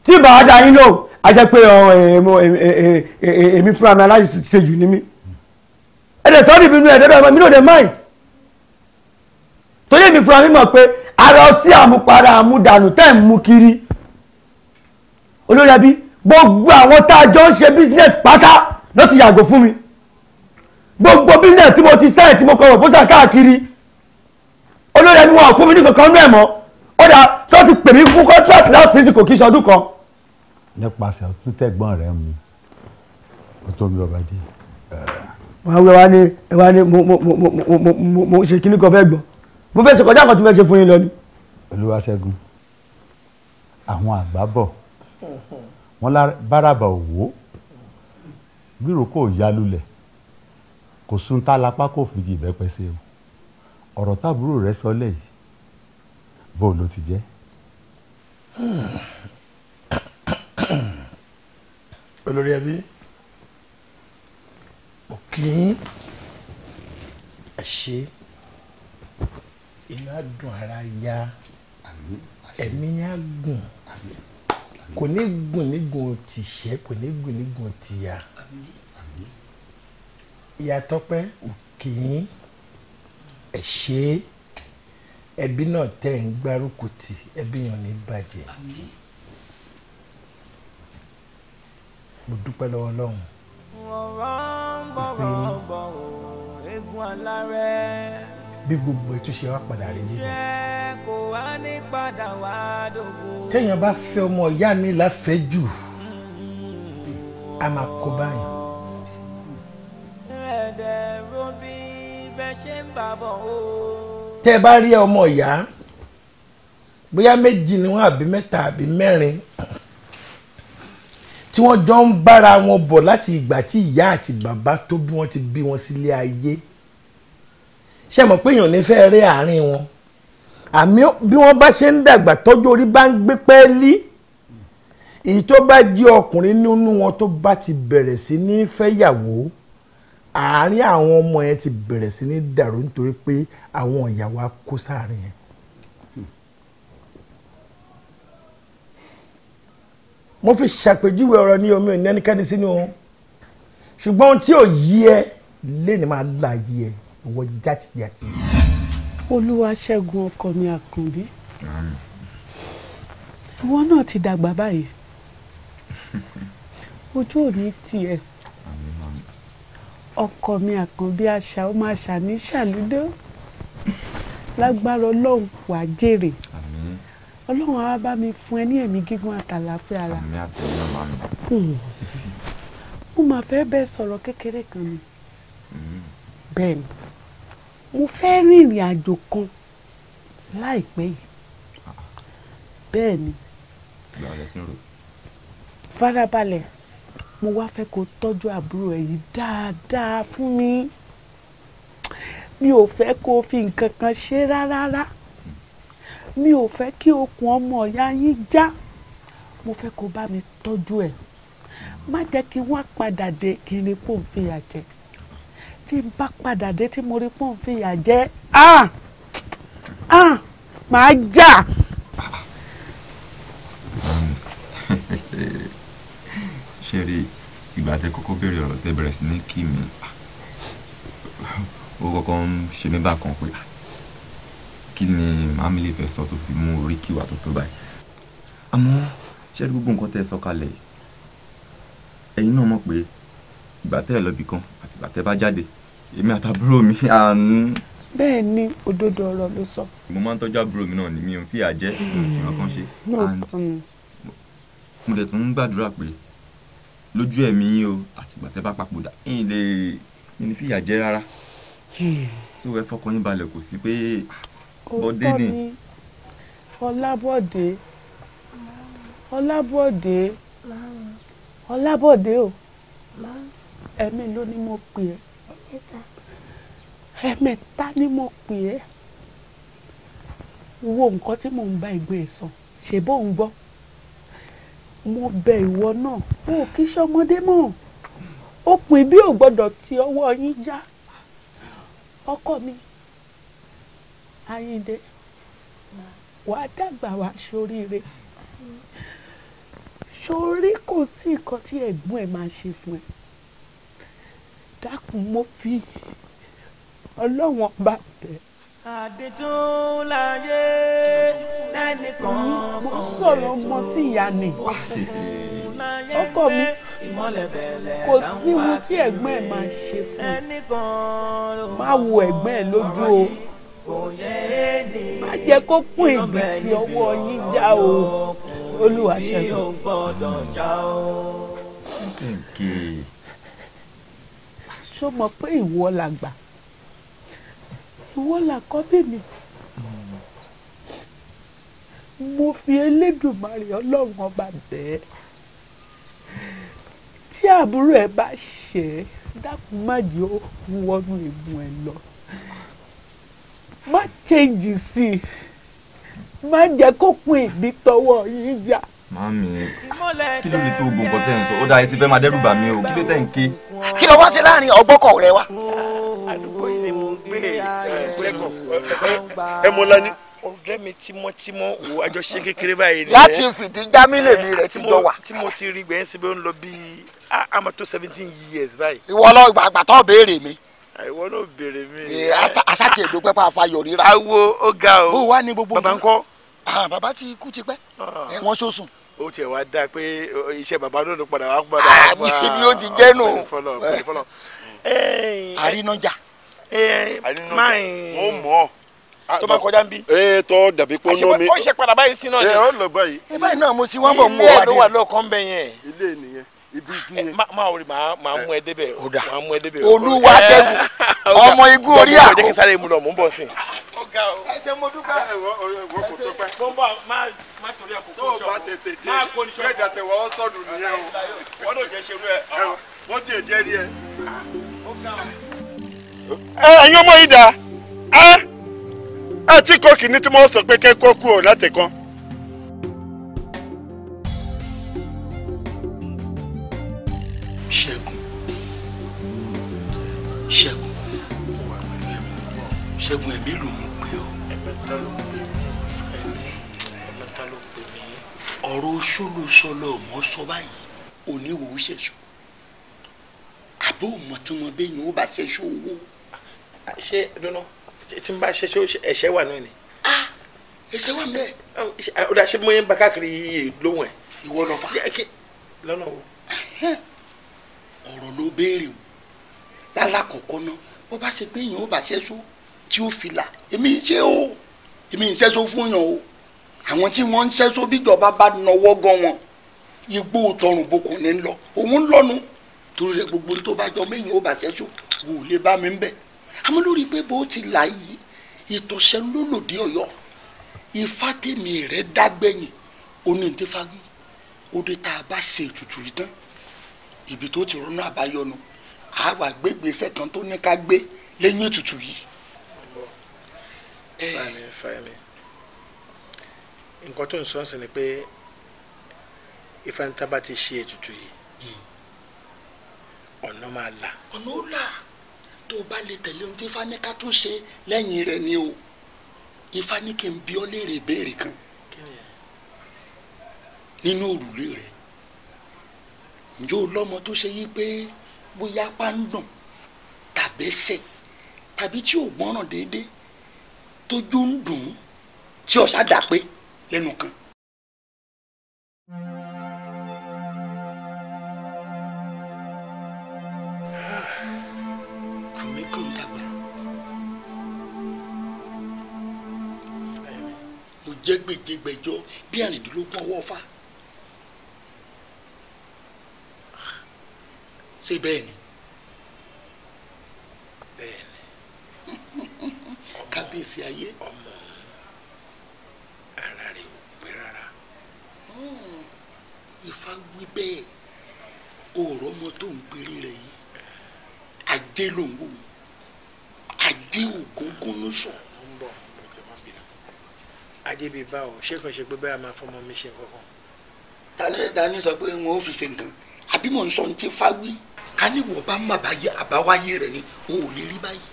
tí bàá dá yín lóhùn a jẹ́ pé eh, eh, eh, èmi fúnra mi aláìsí ṣe jù ní mi ẹ̀dẹ̀ tọ́ níbi inú ẹ̀dẹ̀ bẹ́ẹ̀ mi náà dẹ̀ máì torí èmi fúnra mi mọ̀ pé ara ọtí àmupara àmudànù tẹ́ ń mu kiri olórí ẹbí gbogbo àwọn tá a jọ ń ṣe business pátá ló ti yàgò fún mi gbogbo business tí mo ti sẹ́ẹ̀ tí mo kọ̀ rọ̀pọ́sà káàkiri olórí ẹbí wọn fún mi ní kankan nú ẹ̀ mọ́ ó dà tó ti pè mí fún contract láti ṣe kò kí ṣọdún nípasẹ̀ ọtún tẹ̀gbọ́n rẹ̀ mu ó tó mi ọba dé. wọ́n wá ní ẹ wá ní mo mo mo mo mo mo mo ṣe kíní kan fẹ́ gbọ́n mo fẹ́ ṣe kọjá kan tí mo fẹ́ ṣe fún yín lọ ni. Olúwaṣẹ́gun àwọn àgbà bọ̀ wọ́n bárabà òwò bírò kò ya lulẹ̀ kò sun tá lápá kò fìdí ìbẹ́pẹ o ọ̀rọ̀ táàbúrò rẹ̀ sọ lẹ́yìn bó ló ti jẹ́. olórí ẹbí mo kí yín ẹ ṣe inú á dùn ara ya ẹ̀mí yẹn á gùn kò ní gùn nígùn òtì ṣẹ́ kò ní gùn nígùn òtì ya ìyá Tọ́pẹ́ mo kí yín ẹ ṣe ẹbí náà tẹ́ ń gbárùkù tì ẹbí yẹn ò ní bàjẹ́. Àmín. mo dúpẹ́ lọ́wọ́ Ọlọ́run. ọ̀rọ̀ ń bọ̀rọ̀ bọ̀rọ̀ egun alárẹ̀. bí gbogbo ètò ṣe wá padà rí nínú. iṣẹ́ téèyàn bá fẹ́ ọmọ ìyá mi láfẹ̀ẹ́ jù a máa kó báyìí. tẹ́ ẹ bá rí ọmọ ìyá bóyá méjì ni wọ́n àbí mẹ́ta àbí mẹ́rin tí wọ́n jọ ń bára wọn bọ̀ láti ìgbà tí ìyá àti bàbá tó bí wọ́n ti bí wọn sílé ayé ṣe mọ̀ pé èèyàn ní fẹ́ rí àárín wọn àmì bí wọ́n bá ṣe ń dàgbà tọ́jú orí bá ń gbé pẹ́ẹ́lí èyí tó bá jí ọkùnrin nínú wọn tó bá ti bẹ̀rẹ̀ sí ní fẹ́yàwó àárín àwọn ọmọ yẹn ti bẹ̀rẹ̀ sí ní dàrú nítorí pé àwọn ìyàwó á kó sáàrin yẹn mo fi ṣàpèjúwe ọ̀rọ̀ ní omi ìnẹ́nikẹ́ni sínú òun ṣùgbọ́n ohun tí ò yí ẹ lẹ́ni máa là yí ẹ ìwọ játìjàtì. olúwa ṣẹ́gun ọkọ mi àkànbí ìwọ náà ti dàgbà báyìí ojú ò ní tiẹ̀ ọkọ mi àkànbí àṣà ó máa ṣàní ṣàlùdó lágbára ọlọ́run wàá jèrè ọlọ́run á bá mi fún ẹ ní ẹ̀mí gígùn àtàlàfẹ́ ara. àmì àtẹ̀yìn ọmọ mi. Hmm. mo máa fẹ́ bẹ́ẹ̀ sọ̀rọ̀ kékeré kan ni. Hmm. bẹ́ẹ̀ ni mo fẹ́ rin ìrìn àjò kan láìpẹ́ yìí. bẹ́ẹ̀ ni. farabalẹ̀ mo wá fẹ́ kó tọ́jú àbúrò ẹ̀ yìí dáadáa fún mi mi ò fẹ́ kó fi nǹkan kan ṣe rárá rárá mi ò fẹ́ kí okùn ọmọ ọ̀yá yín já mo fẹ́ kó bá mi tọ́jú ẹ̀ má jẹ́ kí wọ́n padà dé kí n rí pò ń fìyà jẹ tí n bá padà dé tí mo rí pò ń fìyà jẹ ah ah màá jà. ṣe rí ìgbà tẹ kọ́kọ́ bẹ̀rẹ̀ ọ̀rọ̀ tẹ bẹ̀rẹ̀ sí ní kí mi ó kọ́kọ́ ń ṣe mí bákan pé kí ni màámi lè sọ tó fi mú orí kíwà tó tó báyìí àmọ́ ṣé rí gbogbo nǹkan tẹ́ ẹ sọ kalẹ̀ yìí ẹ̀yin náà mọ̀ pé ìgbà tẹ́ ẹ lọ bìkan àti ìgbà tẹ́ bá jáde èmi àtàbúrò mi àánú. bẹ́ẹ̀ ni òdodo ọ̀rọ̀ ló sọ. mo máa ń tọ́jú àbúrò mi náà ni mi ò fi àjẹ́ ìrìn kan ṣe mo dẹ̀ tún ń gbàdúrà pé lójú ẹ̀mí yín o àti ìgbà tẹ́ bá papòdà ẹ̀yin lè ẹni fìyà jẹ rárá. tí hmm. o ẹ fọkàn yín balẹ̀ kò sí pé ah, òótọ́ ni ọlábọ̀dé ọlábọ̀dé ọlábọ̀dé o ẹ̀mí ló ní mo pè ẹ́ ẹ̀mẹ́ta ni mo pè ẹ́ wo nǹkan tí mò ń bá ẹ̀gbọ́n ẹ̀ sọ ṣe bó ń gbọ́ mo bẹ ìwọ náà o kì í ṣọmọdé mọ́ ó pin bí ò gbọ́dọ̀ ti ọwọ́ yín já ọkọ mi Ayíǹde wàá dàgbà wá sóríire sórí kò sí nǹkan tí ẹ̀gbọ́n ẹ̀ máa ṣe fún ẹ dákun mo fi ọlọ́wọ́n bá bẹ̀. àdètúnláyé lẹ́nìkan mo sọ̀rọ̀ ọmọ sí ìyá ni ọkọ mi kò sí ohun tí ẹ̀gbọ́n ẹ̀ máa ṣe fún ẹ máa wo ẹ̀gbọ́n ẹ̀ lójú o má jẹ́ kó kún ìgbì tí ọwọ́ yín já o olúwa ṣẹ́gun. ṣó mọ̀ pé ìwọ la gbà ìwọ la kọ́ bèmí mo fi elédùnmarè ọlọ́run ọba bẹ́ẹ̀ tí àbúrò ẹ bá ṣe é dákun má jẹ́ ó wọnú egun ẹ lọ má change sí i má jẹ́ kó pin ìbí tọwọ́ yín jà. Mami, kí ló lè tó gbogbo nǹkan tẹ́ ń sọ? Ó dáa, ẹ ti fẹ́ máa dẹ́rù bà mí o, kí ló tẹ́ ń ké? Kí ló wá ṣe láàrin ọgbọ́kọ̀ rẹ wa? Àdúgbò yìí ni mo ń gbé. Ẹ mọ lani ọ̀rẹ́ mi tímọ́tímọ́ wò àjọṣe kékeré báyìí ni. láti fìdí jámílẹ̀ mi rẹ̀ ti jọ tí mo ti rí gbẹ̀yìn síbi ó ń lọ bíi àmọ́ tó seventeen years báyìí. ìwọ lọ ìgbà àgbà tó béèrè mi ìwọ náà béèrè mi. asátì èdò pẹ́pẹ́ àfàyọ̀ rírà. awo ó ga o. bó wà ní gbogbo mi. baba ń kọ́. baba ti kú tipẹ́. Ah. wọ́n ṣó sùn. ó tiẹ̀ wá dáa pé iṣẹ́ baba náà ló padà wá padà ah, wá. àmì ibi ó ti jẹ́ nù. àrínájà. máa ń. mo mọ̀ ọ́ ah, tó kọjá ń bí. ee eh, tó dàbí pé ó mi. ó ṣe padà báyìí sí náà ni. ẹ eh, lọ báyìí. ẹ eh, báyìí náà mo ti wá bọ̀ mú wa dé. ilé ló wà lọ́kàn bẹ́ẹ̀ yẹn. ilé nìyẹn ibi gun eh, yẹn. máa wòle máa máa eh, mú ẹ débẹ̀ máa mú ẹ débẹ̀. olúwa eh, ṣẹ́gun ọmọ igun orí àgọ́. ọjọ́ kí n sáré mu lọ mò ń bọ̀ sí i. ẹsẹ̀ mo dúpẹ́. ẹ̀wọ̀ ẹ̀wọ̀ kò tó pẹ́. bọ́ńbà máa má torí àkókò ṣọ́ọ̀bù. tó o bá tètè dé bẹ́ẹ̀ dàtẹ̀ wọ́n sọ̀dù nìyẹn o. wọ́n ló jẹ́ ṣerú ẹ̀ wọ́n ti jẹ́ rí ẹ. ẹ̀yin ọmọ yìí dà ẹ ti kọ́ kìíní tí mo sọ pé kẹ́kọ́ kú ọ̀ látẹ̀kan ṣẹ́gun ṣẹ́gun ṣẹ́gun ẹ̀mí ló mú pé ọ. ẹ̀mẹ́ta ló pè mí ọ̀fẹ́ mi ẹ̀mẹ́ta ló pè mí. ọ̀rọ̀ ṣólóṣọlọ ọmọ sọ báyìí oníwò ó ṣẹ̀ṣọ́ àbó ọmọ tí wọn béèyàn ó bá ṣẹ̀ṣọ́ owó. ṣé dúnà tí n bá ṣẹ̀ṣọ́ ẹ̀ṣẹ̀ wà náà ni. ẹ̀ṣẹ̀ wà mẹ́ẹ̀. ọ̀dà ṣé mo yẹn bá káàkiri lóhùn ẹ̀. ìwọ lọ fà. lọ́nà wo ló béèrè o lálàkọ̀kọ́ náà bó bá ṣe pé èèyàn ó bá ṣẹ́só tí ó fi là èmi ṣe o èmi ń ṣẹ́só fún yàn o àwọn tí wọ́n ń ṣẹ́só bíjọba bá nọwọ́ gan wọn igbó tọrùn bokùn ní lọ òun ń lọ́nu torí rẹ gbogbo tó bá jọ méyìn ó bá ṣẹ́só wò ó lè bá mi ń bẹ̀ àmọ́ lórí pé bó ti là yìí ìtọ̀sẹ̀ lólòdì ọ̀yọ́ ifá tèmi rẹ̀ dágbẹ̀yìn oní ìdífáwí ó dé tá a bá ṣe ètùtù yìí tán ibi tó ti ronú àbáyọnu àwa gbégbèsè kan tó ní ká gbé lẹ́yìn ètùtù yìí. fani eh, fani nǹkan tó ń sọ sí ni pé ifeanyi tábà ti ṣe ètùtù yìí ọ̀nà máa là. ọ̀nà ó là tó o bá lè tẹ̀lé ohun tí ifeanyi tún ṣe lẹ́yìn rẹ̀ ni o ifeanyi kì bí ọ léèrè ìbéèrè kan nínú òrùlé rẹ̀ ǹjẹ́ o lọ́mọ tó ṣe yí pé bóyá apá ń dùn tàbí ẹsẹ̀ tàbí tí ò gbọ́ràn déédéé tójú ń dùn tí ọ̀sá dà pé lẹ́nu kan. àmì bí àrìndínlógún ọwọ́ fà. ṣé bẹ́ẹ̀ ni bẹ́ẹ̀ ni kábíyèsí ayé ọmọ ara rẹ̀ ò pé rárá hmm. Ifá wí bẹ́ẹ̀ òòrọ̀ ọmọ tó ń pèrè rẹ̀ yìí ajé ló ń wò ajé ògógó ló sọ. ajé bíi báwo ṣé kàn ṣe pé báyà máa fọmọ mi ṣe kankan. ta ni sọ pé wọn ò fi ṣe nǹkan àbí mò ń sọ ní ti fáwí ká níwọ̀ bá má báyé àbáwáyé rẹ̀ ni o ò lè rí báyìí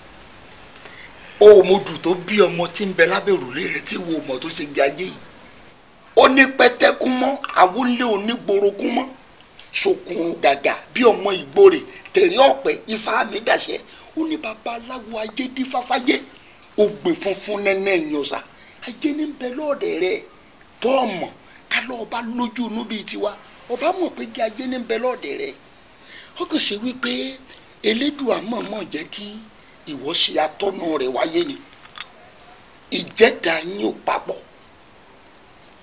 o ò mọ dùn tó bí ọmọ tí ń bẹ lábẹ́ òrùlé rẹ̀ tí wo mọ̀ tó ṣe gbé ayé yìí ó ní pẹ́tẹ́kún mọ́ àwọlé onígborokún mọ́ sokùn gàgà bí ọmọ ìgbòrè tẹ̀rí ọ̀pẹ ifá mi dàṣẹ ó ní babaláwo ajé dífáfájé ògbè funfun nẹ́nẹ́ ìyànṣà ajé ní bẹ lọ́ọ̀dẹ̀ rẹ̀ tọ́ ọmọ kálọ̀ ọba lójú inú bíi tiwa ọba mọ̀ pé kí ajé ní bẹ lọ́ọ̀dẹ̀ rẹ̀ ó kàn ṣe wípé elédùà mọ̀ọ́mọ̀ jẹ́ kí ìwọ ṣe atọ́nà rẹ̀ wáyé ni ìjẹ́dá yín ò papọ̀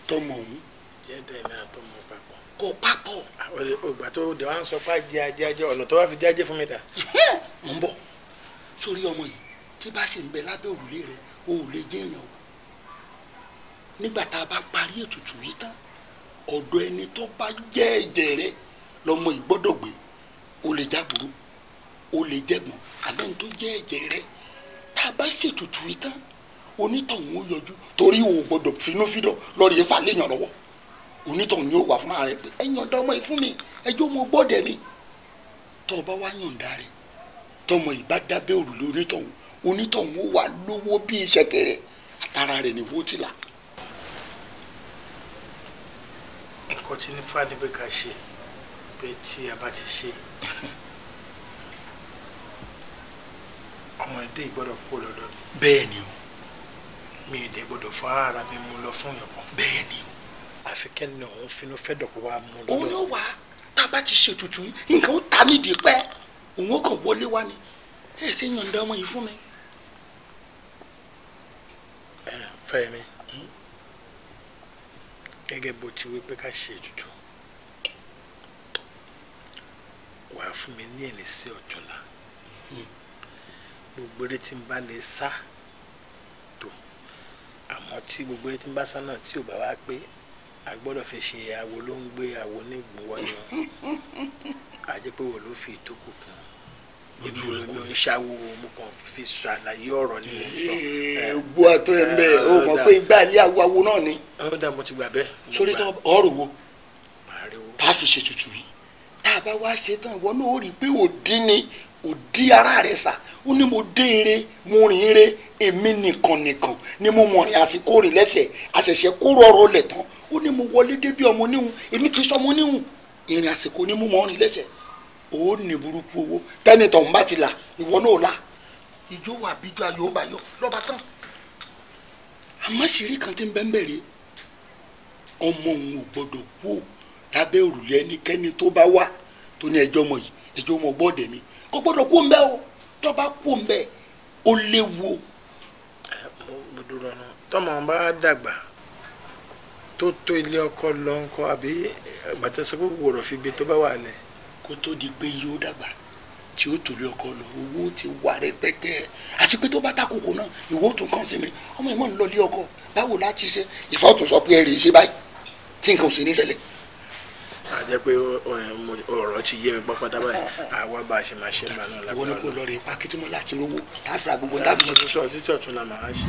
tọmọ òun. ìjẹ́dá mi àtọmọ papọ̀. kò papọ̀. ògbà tó dé wá ń sọ pé ajé ajé ajé ọ̀nà tó wá fi jáde fún mi dà. mo ń bọ̀ sórí ọmọ yìí tí bá sì ń bẹ lábẹ́ òrùlé rẹ̀ o ò lè jẹ́yàn o nígbà tá a bá parí ètùtù yìí tán ọ̀dọ̀ ẹni tó bá jẹ́ ẹ̀jẹ̀ rẹ̀ lọmọ yìí gbọ́dọ̀ gbé ó lè jábùrú ó lè jẹ̀gbọ́n àbẹ́ni tó jẹ́ ẹ̀jẹ̀ rẹ tá a bá ṣètùtù yìí tán onítọ̀hún ó yọjú torí o gbọ́dọ̀ finúfídọ̀ lọ́ọ̀rì yẹn fàlẹ́yàn lọ́wọ́ onítọ̀hún ni ó wà fún ààrẹ pé ẹ̀yìn ọ̀dọ́ ọmọ yìí fún mi ẹjọ́ mo gbọ́dẹ̀ mi tọ́ ọ bá wá yọ̀ǹda rẹ̀ tọmọ yìí bá dábẹ́ òrùlé onítọ̀hún onítọ̀hún ó wà lówó bíi ṣẹ̀kẹ̀rẹ̀ àtàrà rẹ̀ ni wọ́n ti là. nǹkan tí nífà níbi ṣe pé tí a bá ti ṣe ọmọ ẹdẹ ìgbọ́dọ̀ kó lọ́dọ̀ bẹ́ẹ̀ ni o mi ì dẹ̀ gbọ́dọ̀ fún ara mi mú lọ fún yọ̀kan bẹ́ẹ̀ ni o àfi kẹ́ni òun finú fẹ́ dọ̀pọ̀ wa mú lọ. òun yóò wá tá a bá ti ṣètùtù yìí nǹkan ó ta nídìí pẹ́ òun ó kàn wọlé wá ni ẹ ṣe yànda ọmọ yìí fún mi. ẹ fẹ́ mi gẹ́gẹ́ bó ti wí pé ká ṣe ètùtù. wàá fún mi ní ẹni sí ọ̀túnla gbogbo eré tí ń bá lè sá tó àmọ́ tí gbogbo eré tí ń bá sá náà tí ò bá wá pé a gbọ́dọ̀ fi ṣe àwo ló ń gbé àwo nígbìnwọ́ ni àjẹpẹ́wò ló fi ìtókù kún ojú rẹ ní ṣàwò mo kàn fi sọ àlàyé ọ̀rọ̀ ni mo sọ. gbọ́ àtọ ẹ̀ mbẹ́ o mọ̀ pé igbá ilé awo náà ni. ọ̀dà mo ti gbà bẹ́ẹ̀. sórí tó ọ̀rọ̀ wo tá a fi ṣe tutù yìí tá a bá wá ṣe tán ìwọ náà ó rí i pé òdí ni òdí ara rẹ sà ó ní mo dé ire mo rìn ire èmi nìkan nìkan ni mo mọ̀rìn àsìkò rìn lẹ́sẹ̀ àṣẹ̀ṣẹ̀ kó rọrọ lẹ̀ tán ó ní mo wọlé débi ọmọ níhùn èmi kì í sọ ọmọ níhùn ìrìn àsìkò ni mo mọ̀rìn lẹ́sẹ̀ ó ní burúkú owó tẹ́nitọ̀ ń bá ti là ìwọ náà là ìjó wà bíjó ayò bá yọ lọ́ba tán àmọ́ kan ti ń bẹ́ ń bẹ̀rẹ̀ ọmọ òun ò gbọ́dọ̀ kú lábẹ́ òrùlé ẹnikẹ́ni tó bá wà tó ní ẹjọ́ ọmọ yìí ẹjọ́ ọmọ gbọ́dẹ̀ mi kò gbọ́dọ̀ kú mbẹ́ o tó bá kú mbẹ́ ó léwu. gbọdọ̀rọ̀nà tọ́mọ bá dàgbà tó tó ilé ọkọ lọ ńkọ àbí gbàtẹ́sọ́kọ̀ gbòòrò fi gbé tó bá wà lẹ̀. kó tó di pé yóò dàgbà tí ó tòlé ọkọ lọ owó ti wà rẹpẹtẹ àti pé tó bá takoko náà ìwọ tún kàn sí mi ọmọ ìmọ̀ ń lọ ilé ọkọ báwo láti ṣe ìfọ̀tún sọ pé ẹ rèé báyìí tí nǹkan ò sì ní ṣẹlẹ̀ àjẹ́ pé eh, ọ̀rọ̀ ti yé mi pápátá báyìí àwa bá a ṣe máa ṣe bá náà lágbára. ìwọ ni kò lọ rè pa kí tí mo láti rówó láfíà gbogbo ní tábìlì. ọdún sọ̀rọ̀ títí ọ̀tún la máa ṣe.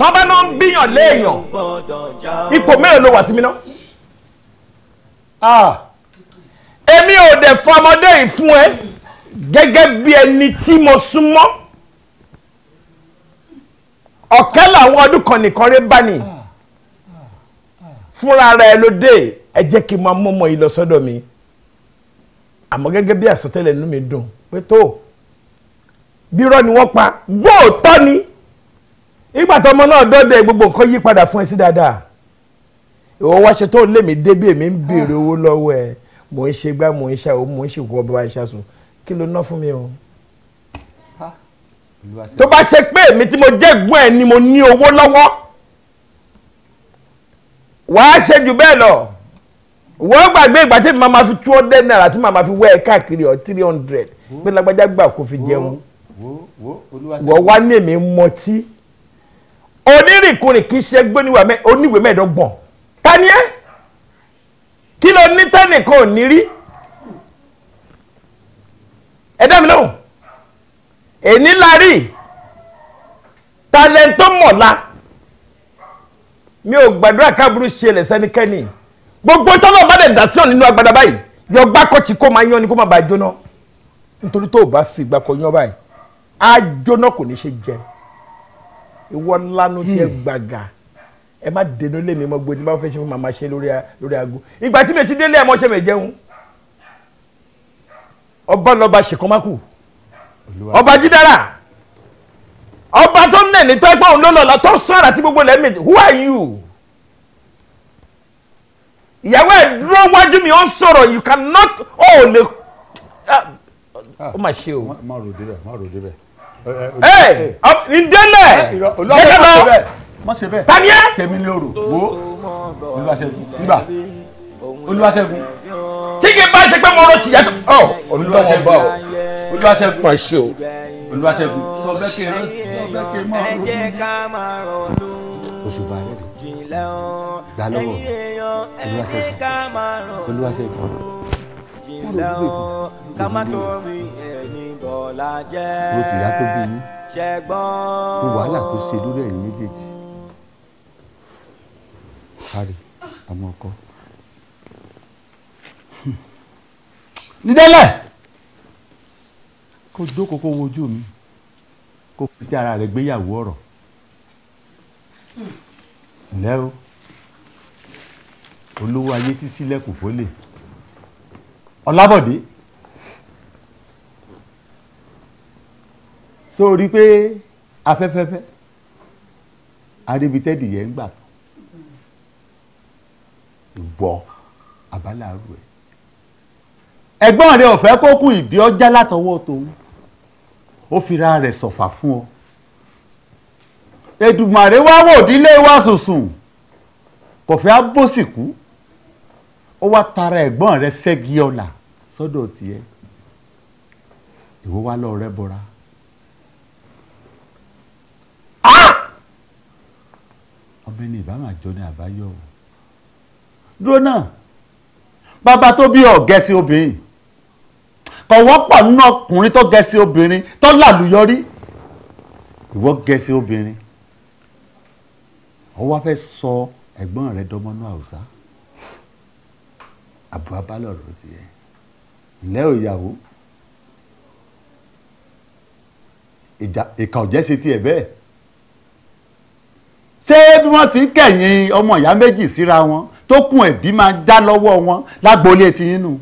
tọ́ba náà ń bíyàn léèyàn ipò mélòó ló wà sí mi náà. Ah, èmi ò dẹ̀ fọmọdé yìí fún ẹ gẹ́gẹ́ bí ẹni tí mo súnmọ́ ọ̀kẹ́ làwọn ọdún kan nìkan rí bá ní fúnra rẹ̀ ló dé ẹ jẹ́ kí n máa mọ́mọ́ yìí lọ sọ́dọ̀ mi àmọ́ gẹ́gẹ́ bí àsọtẹ́lẹ̀ inú mi dùn pé tó bí irọ́ ni wọ́n pa gbóòótọ́ ni ìgbà tó ọmọ náà dọ́dẹ̀ gbogbo nǹkan yí padà fún ẹ sí dáadáa ìwọ wá ṣe tó lé mi débí èmi ń béèrè owó lọ́wọ́ ẹ mò ń ṣe gbá mò ń ṣe àwọn mò ń ṣègùn ọba ìṣàṣù kí ló ná tó bá ṣe pé èmi tí mo jẹ́gbọ́n ẹ̀ ni mo ní owó lọ́wọ́ wàá ṣe jù bẹ́ẹ̀ lọ wọ́n gbàgbé ìgbà tí màmá fi two hundred naira tí màmá fi wẹ́ ẹ káàkiri ọ̀ three hundred pé lágbájá gbà kó fi jẹun wọ́n wá ní èmi mọtí onírìnkùnrin kì í ṣe gbóníwà oníwèé mẹ́ẹ̀ẹ́dọ́gbọ̀n ta ni ẹ́ kí ló ní tẹ́nìkan ò ní rí ẹ dá mi lóhùn èní la rí talẹ̀ tó mọ̀ la mi ò gbàdúrà káàbùrú ṣẹlẹ̀ sẹ́nikẹ́ni gbogbo tọ́lọ̀ bá dẹ̀ dà sí ọ̀ nínú agbada báyìí yọ gbákọ̀ tí kò máa yan ni kó má bàa jóná nítorí tó o bá fi ìgbà kan yan báyìí á jóná kò ní ṣe jẹ ìwọ lanu tí ẹ hmm. gbàgà ẹ má dènú lé mi mọ gbogbo tí bá fẹ́ ṣe fún màmá ṣe lórí aago ìgbà tí mi ti délé ẹ mọ́ ṣe mi jẹun ọba lọba ṣèkọ́mákù ọba jídára ọba tó nẹ̀ ní tọ́ ẹgbẹ́ òun ló lọ́la tó sọ̀rọ̀ àti gbogbo lẹ́mìí who are you ìyàwó ẹ wájú mi ó ń sọ̀rọ̀ you cannot ó lè ah, ó mà ṣe o. Ah, má rò débẹ̀ má rò débẹ̀. ẹ ǹdẹ́lẹ̀ gẹ́gẹ́ lọ mọ ṣe bẹ́ẹ̀ tani ẹ tèmi ni oro wo Olúwaṣẹ́gun nígbà Olúwaṣẹ́gun. tí kì í bá ṣe pé mo rò tìyà tó. Olúwaṣẹ́gun Olúwaṣẹ́gun mà ṣe o Olúwaṣẹ́gun sọ bẹ́ẹ̀ kí n máa ronú. oṣù bá rẹ̀ dé gbà lọ́wọ́ olúwaṣẹ́gun olúwaṣẹ́gun mo tìyá tó bí yín mo wàhálà tó ṣe lórí ẹ̀yìn méjèèjì kárí àmọ́ ọkọ. dídẹ́lẹ̀ kó jókòó kó wojú mi kó fi tí ara rẹ̀ gbéyàwó ọ̀rọ̀ ǹlẹ́ o olówó ayé tí sílẹ̀kùn fólè ọlábọ̀dé sórí pé afẹ́fẹ́fẹ́ arébítẹ́dì yẹn ń gbà tó ìgbọ́ àbáláàrú ẹ̀ ẹ̀gbọ́n rẹ̀ ọ̀fẹ́ kó kú ìdí ọjà látọwọ́ tòun ó fira rẹ̀ sọ̀fà fún ọ Èdùmàrè wá wò dílé wa sùsùn kò fẹ́ bó sì kú ó wá tara ẹ̀gbọ́n rẹ̀ ṣẹ́gi ọ̀la sọ́dọ̀ tiẹ̀ ìwọ wá lọ rẹ bọra. ọmọ ẹni ìbámu àjọ ni àbáyọ o dúró náà bàbá tó bí ọ̀gẹ́sí obìnrin kò wọ́pọ̀ nínú ọkùnrin tó gẹ̀ẹ́sì obìnrin tó làlùyọrí ìwọ gẹ̀ẹ́sì obìnrin ó wá fẹ́ sọ ẹ̀gbọ́n rẹ dọmọ náà àbúrò abálọ̀rọ̀ tiẹ̀ ǹlẹ́ ò ìyàwó ìkà ọ̀jẹ́ ṣe tiẹ̀ bẹ́ẹ̀ ṣé bí wọ́n ti ń kẹ̀yìn ọmọ ìyá méjì síra wọn tó kún ẹ̀bí máa já lọ́wọ́ wọn lágboolé tiyín nù.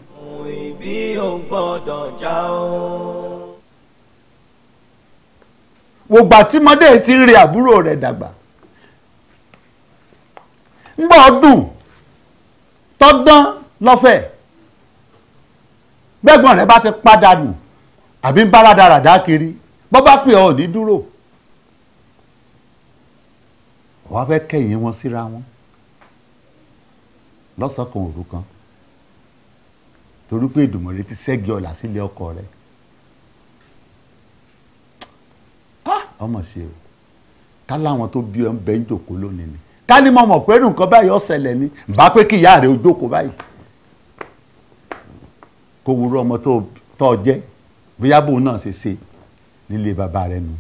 ìbí ò gbọ́dọ̀ já o. wògbà tí ti ń àbúrò rẹ̀ dàgbà ń gbọ́ ọdún tọ́gbọ́n lọ́fẹ̀ẹ́ bẹ́gbọ́n rẹ bá ti padà nù àbí ń bá rádaràdá kiri bọ́ bá pè ọ́ ní dúró wọ́n á fẹ́ kẹ̀yìn wọn síra wọn lọ́sàn-án òru kan torí pé Èdùmàrè ti ṣẹ́gi ọ̀là sílé ọkọ rẹ̀ ọmọ ṣe o ká láwọn tó bí ọ ń bẹ ń jòkó lónìí ni ká ní mo mọ̀ pé nǹkan báyìí ó ṣẹlẹ̀ ni bá pé kí rẹ̀ ó jókòó báyìí kó wúrú ọmọ tó tọ́ jẹ́ bóyá bóun náà ṣe ṣe nílé bàbá rẹ nù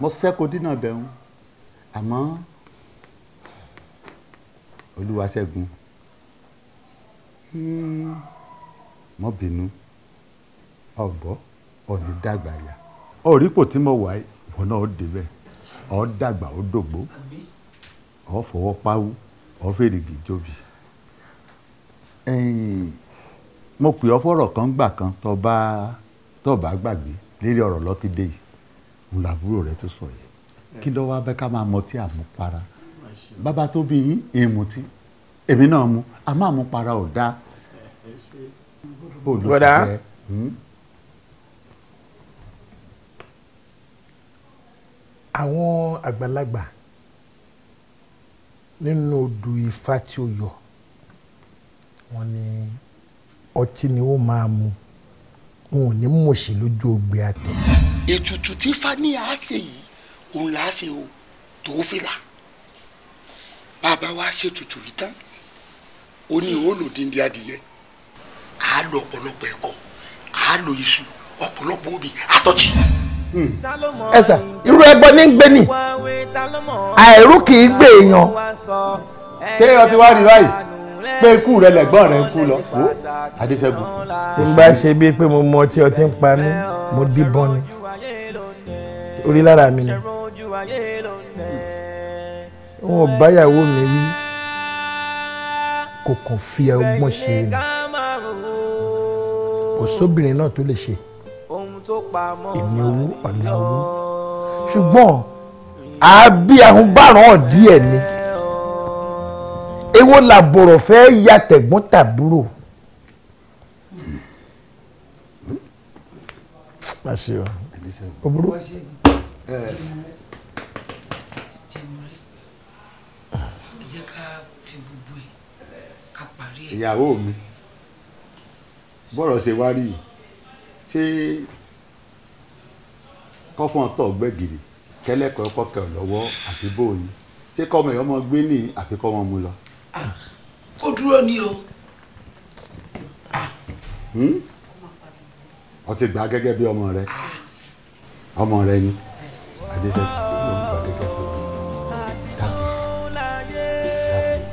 mo sẹ́kọ̀ọ́ dínà bẹ̀rù àmọ́ Olúwaṣẹ́gun mọ́ bínú ọ̀gbọ́ ọ̀dẹ dàgbà yá orípò tí mo wà ìwọ náà ó débẹ̀ ọ̀ dàgbà ó dògbó ọ̀ fọwọ́ páwú ọ̀ fèrègì jóbi mo pè ọ́ fọ̀rọ̀ kan gbà kan tó bá tó bá gbàgbé lérí ọ̀rọ̀ lọ́fídé yìí làbúrò rẹ tó sọ yìí kí ló wá bẹ́ ká máa mọtí àmupara bàbá tó bí yín èèmùtí èmi náà mu àmọ́ àmupara ò dáa. bọ́dà hmm? àwọn àgbàlagbà nínú odù ifá tí ó yọ wọ́n ní ọtí ni ó máa mu wọn ò ní mọ̀ṣẹ́ lójú ògbé àtẹ. ètùtù tí fani á ṣe yìí òun là á ṣe o tó fìlà bàbá wa ṣètùtù yìí tán ó ní olùdíndín adìyẹ á lo ọ̀pọ̀lọpọ̀ ẹ̀kọ́ á lo iṣu ọ̀pọ̀lọpọ̀ obì àtọ́tì. ẹ sà irú ẹgbẹ́ ní gbé àìrú kì í gbé èèyàn ṣé ọtí wá rí báyìí pé ikú rẹ lẹ̀gbọ́n rẹ ń kú lọ ó Adéṣẹ́gun. ṣé n bá ṣe bíi pé mo mọ ọtí ọtí ń pa mí mo díbọn ni orí lára mi ni wọn ò báyàwó mi wí kò kàn fi ọgbọ́n ṣe ni kò sóbìnrin náà tó lè ṣe èmi owó ọ̀la owó ṣùgbọ́n àbí ahun báràn díẹ̀ ni èwo làbọ̀rọ̀ fẹ́ ya tẹ̀gbọ́n tàbúrò. má ṣe o ò burú. ìyàwó mi bọ́rọ̀ ṣe wá rí ṣé kọ́fọ́n tó gbẹ́gìrì kẹ́lẹ́kọ̀ọ́ kọ́kẹ́ lọ́wọ́ àbí bóyá ṣé kọ́mọ ìyọ́mọ gbé ní àbí kọ́mọ mu lọ. Ah, ó dúró ni o. Ah. Hmm? ó ti gbà gẹ́gẹ́ bí ọmọ rẹ ah. ọmọ rẹ ni adéṣẹ́ ló ń gbà gẹ́gẹ́ bí ọmọ rẹ dábì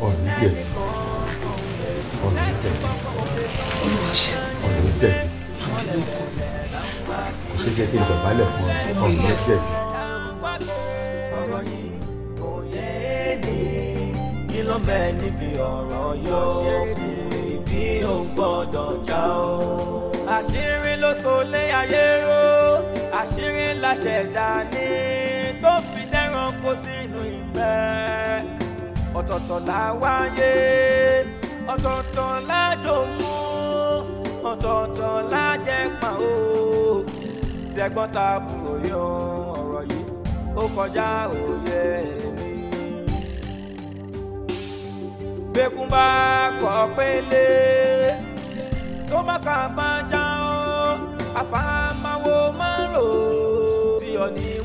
ọ̀nì jẹ̀ ọ̀nì jẹ̀ ọ̀nì jẹ̀ kò sí jẹ́ kí n dọ̀bálẹ̀ fún ọ ọ̀nì jẹ̀ kí ló bẹ níbi ọ̀rọ̀ yóò kú ibi ò gbọ́dọ̀ já o. àṣírí ló so lé ayé ró àṣírí la ṣẹ̀dá ní tó fi dẹ́ran kó sínú ìgbẹ́ ọ̀tọ̀ọ̀tọ̀ la wáyé ọ̀tọ̀ọ̀tọ̀ la jò mú ọ̀tọ̀ọ̀tọ̀ la jẹ́ pa o tẹ̀gbọ́n tàbúrò yan ọ̀rọ̀ yìí ó kọjá òye mi. bẹ́kún bá kọ́ pélé tó má kà máa já ọ́ àfàmáwo máa rò ó bí ọ ní.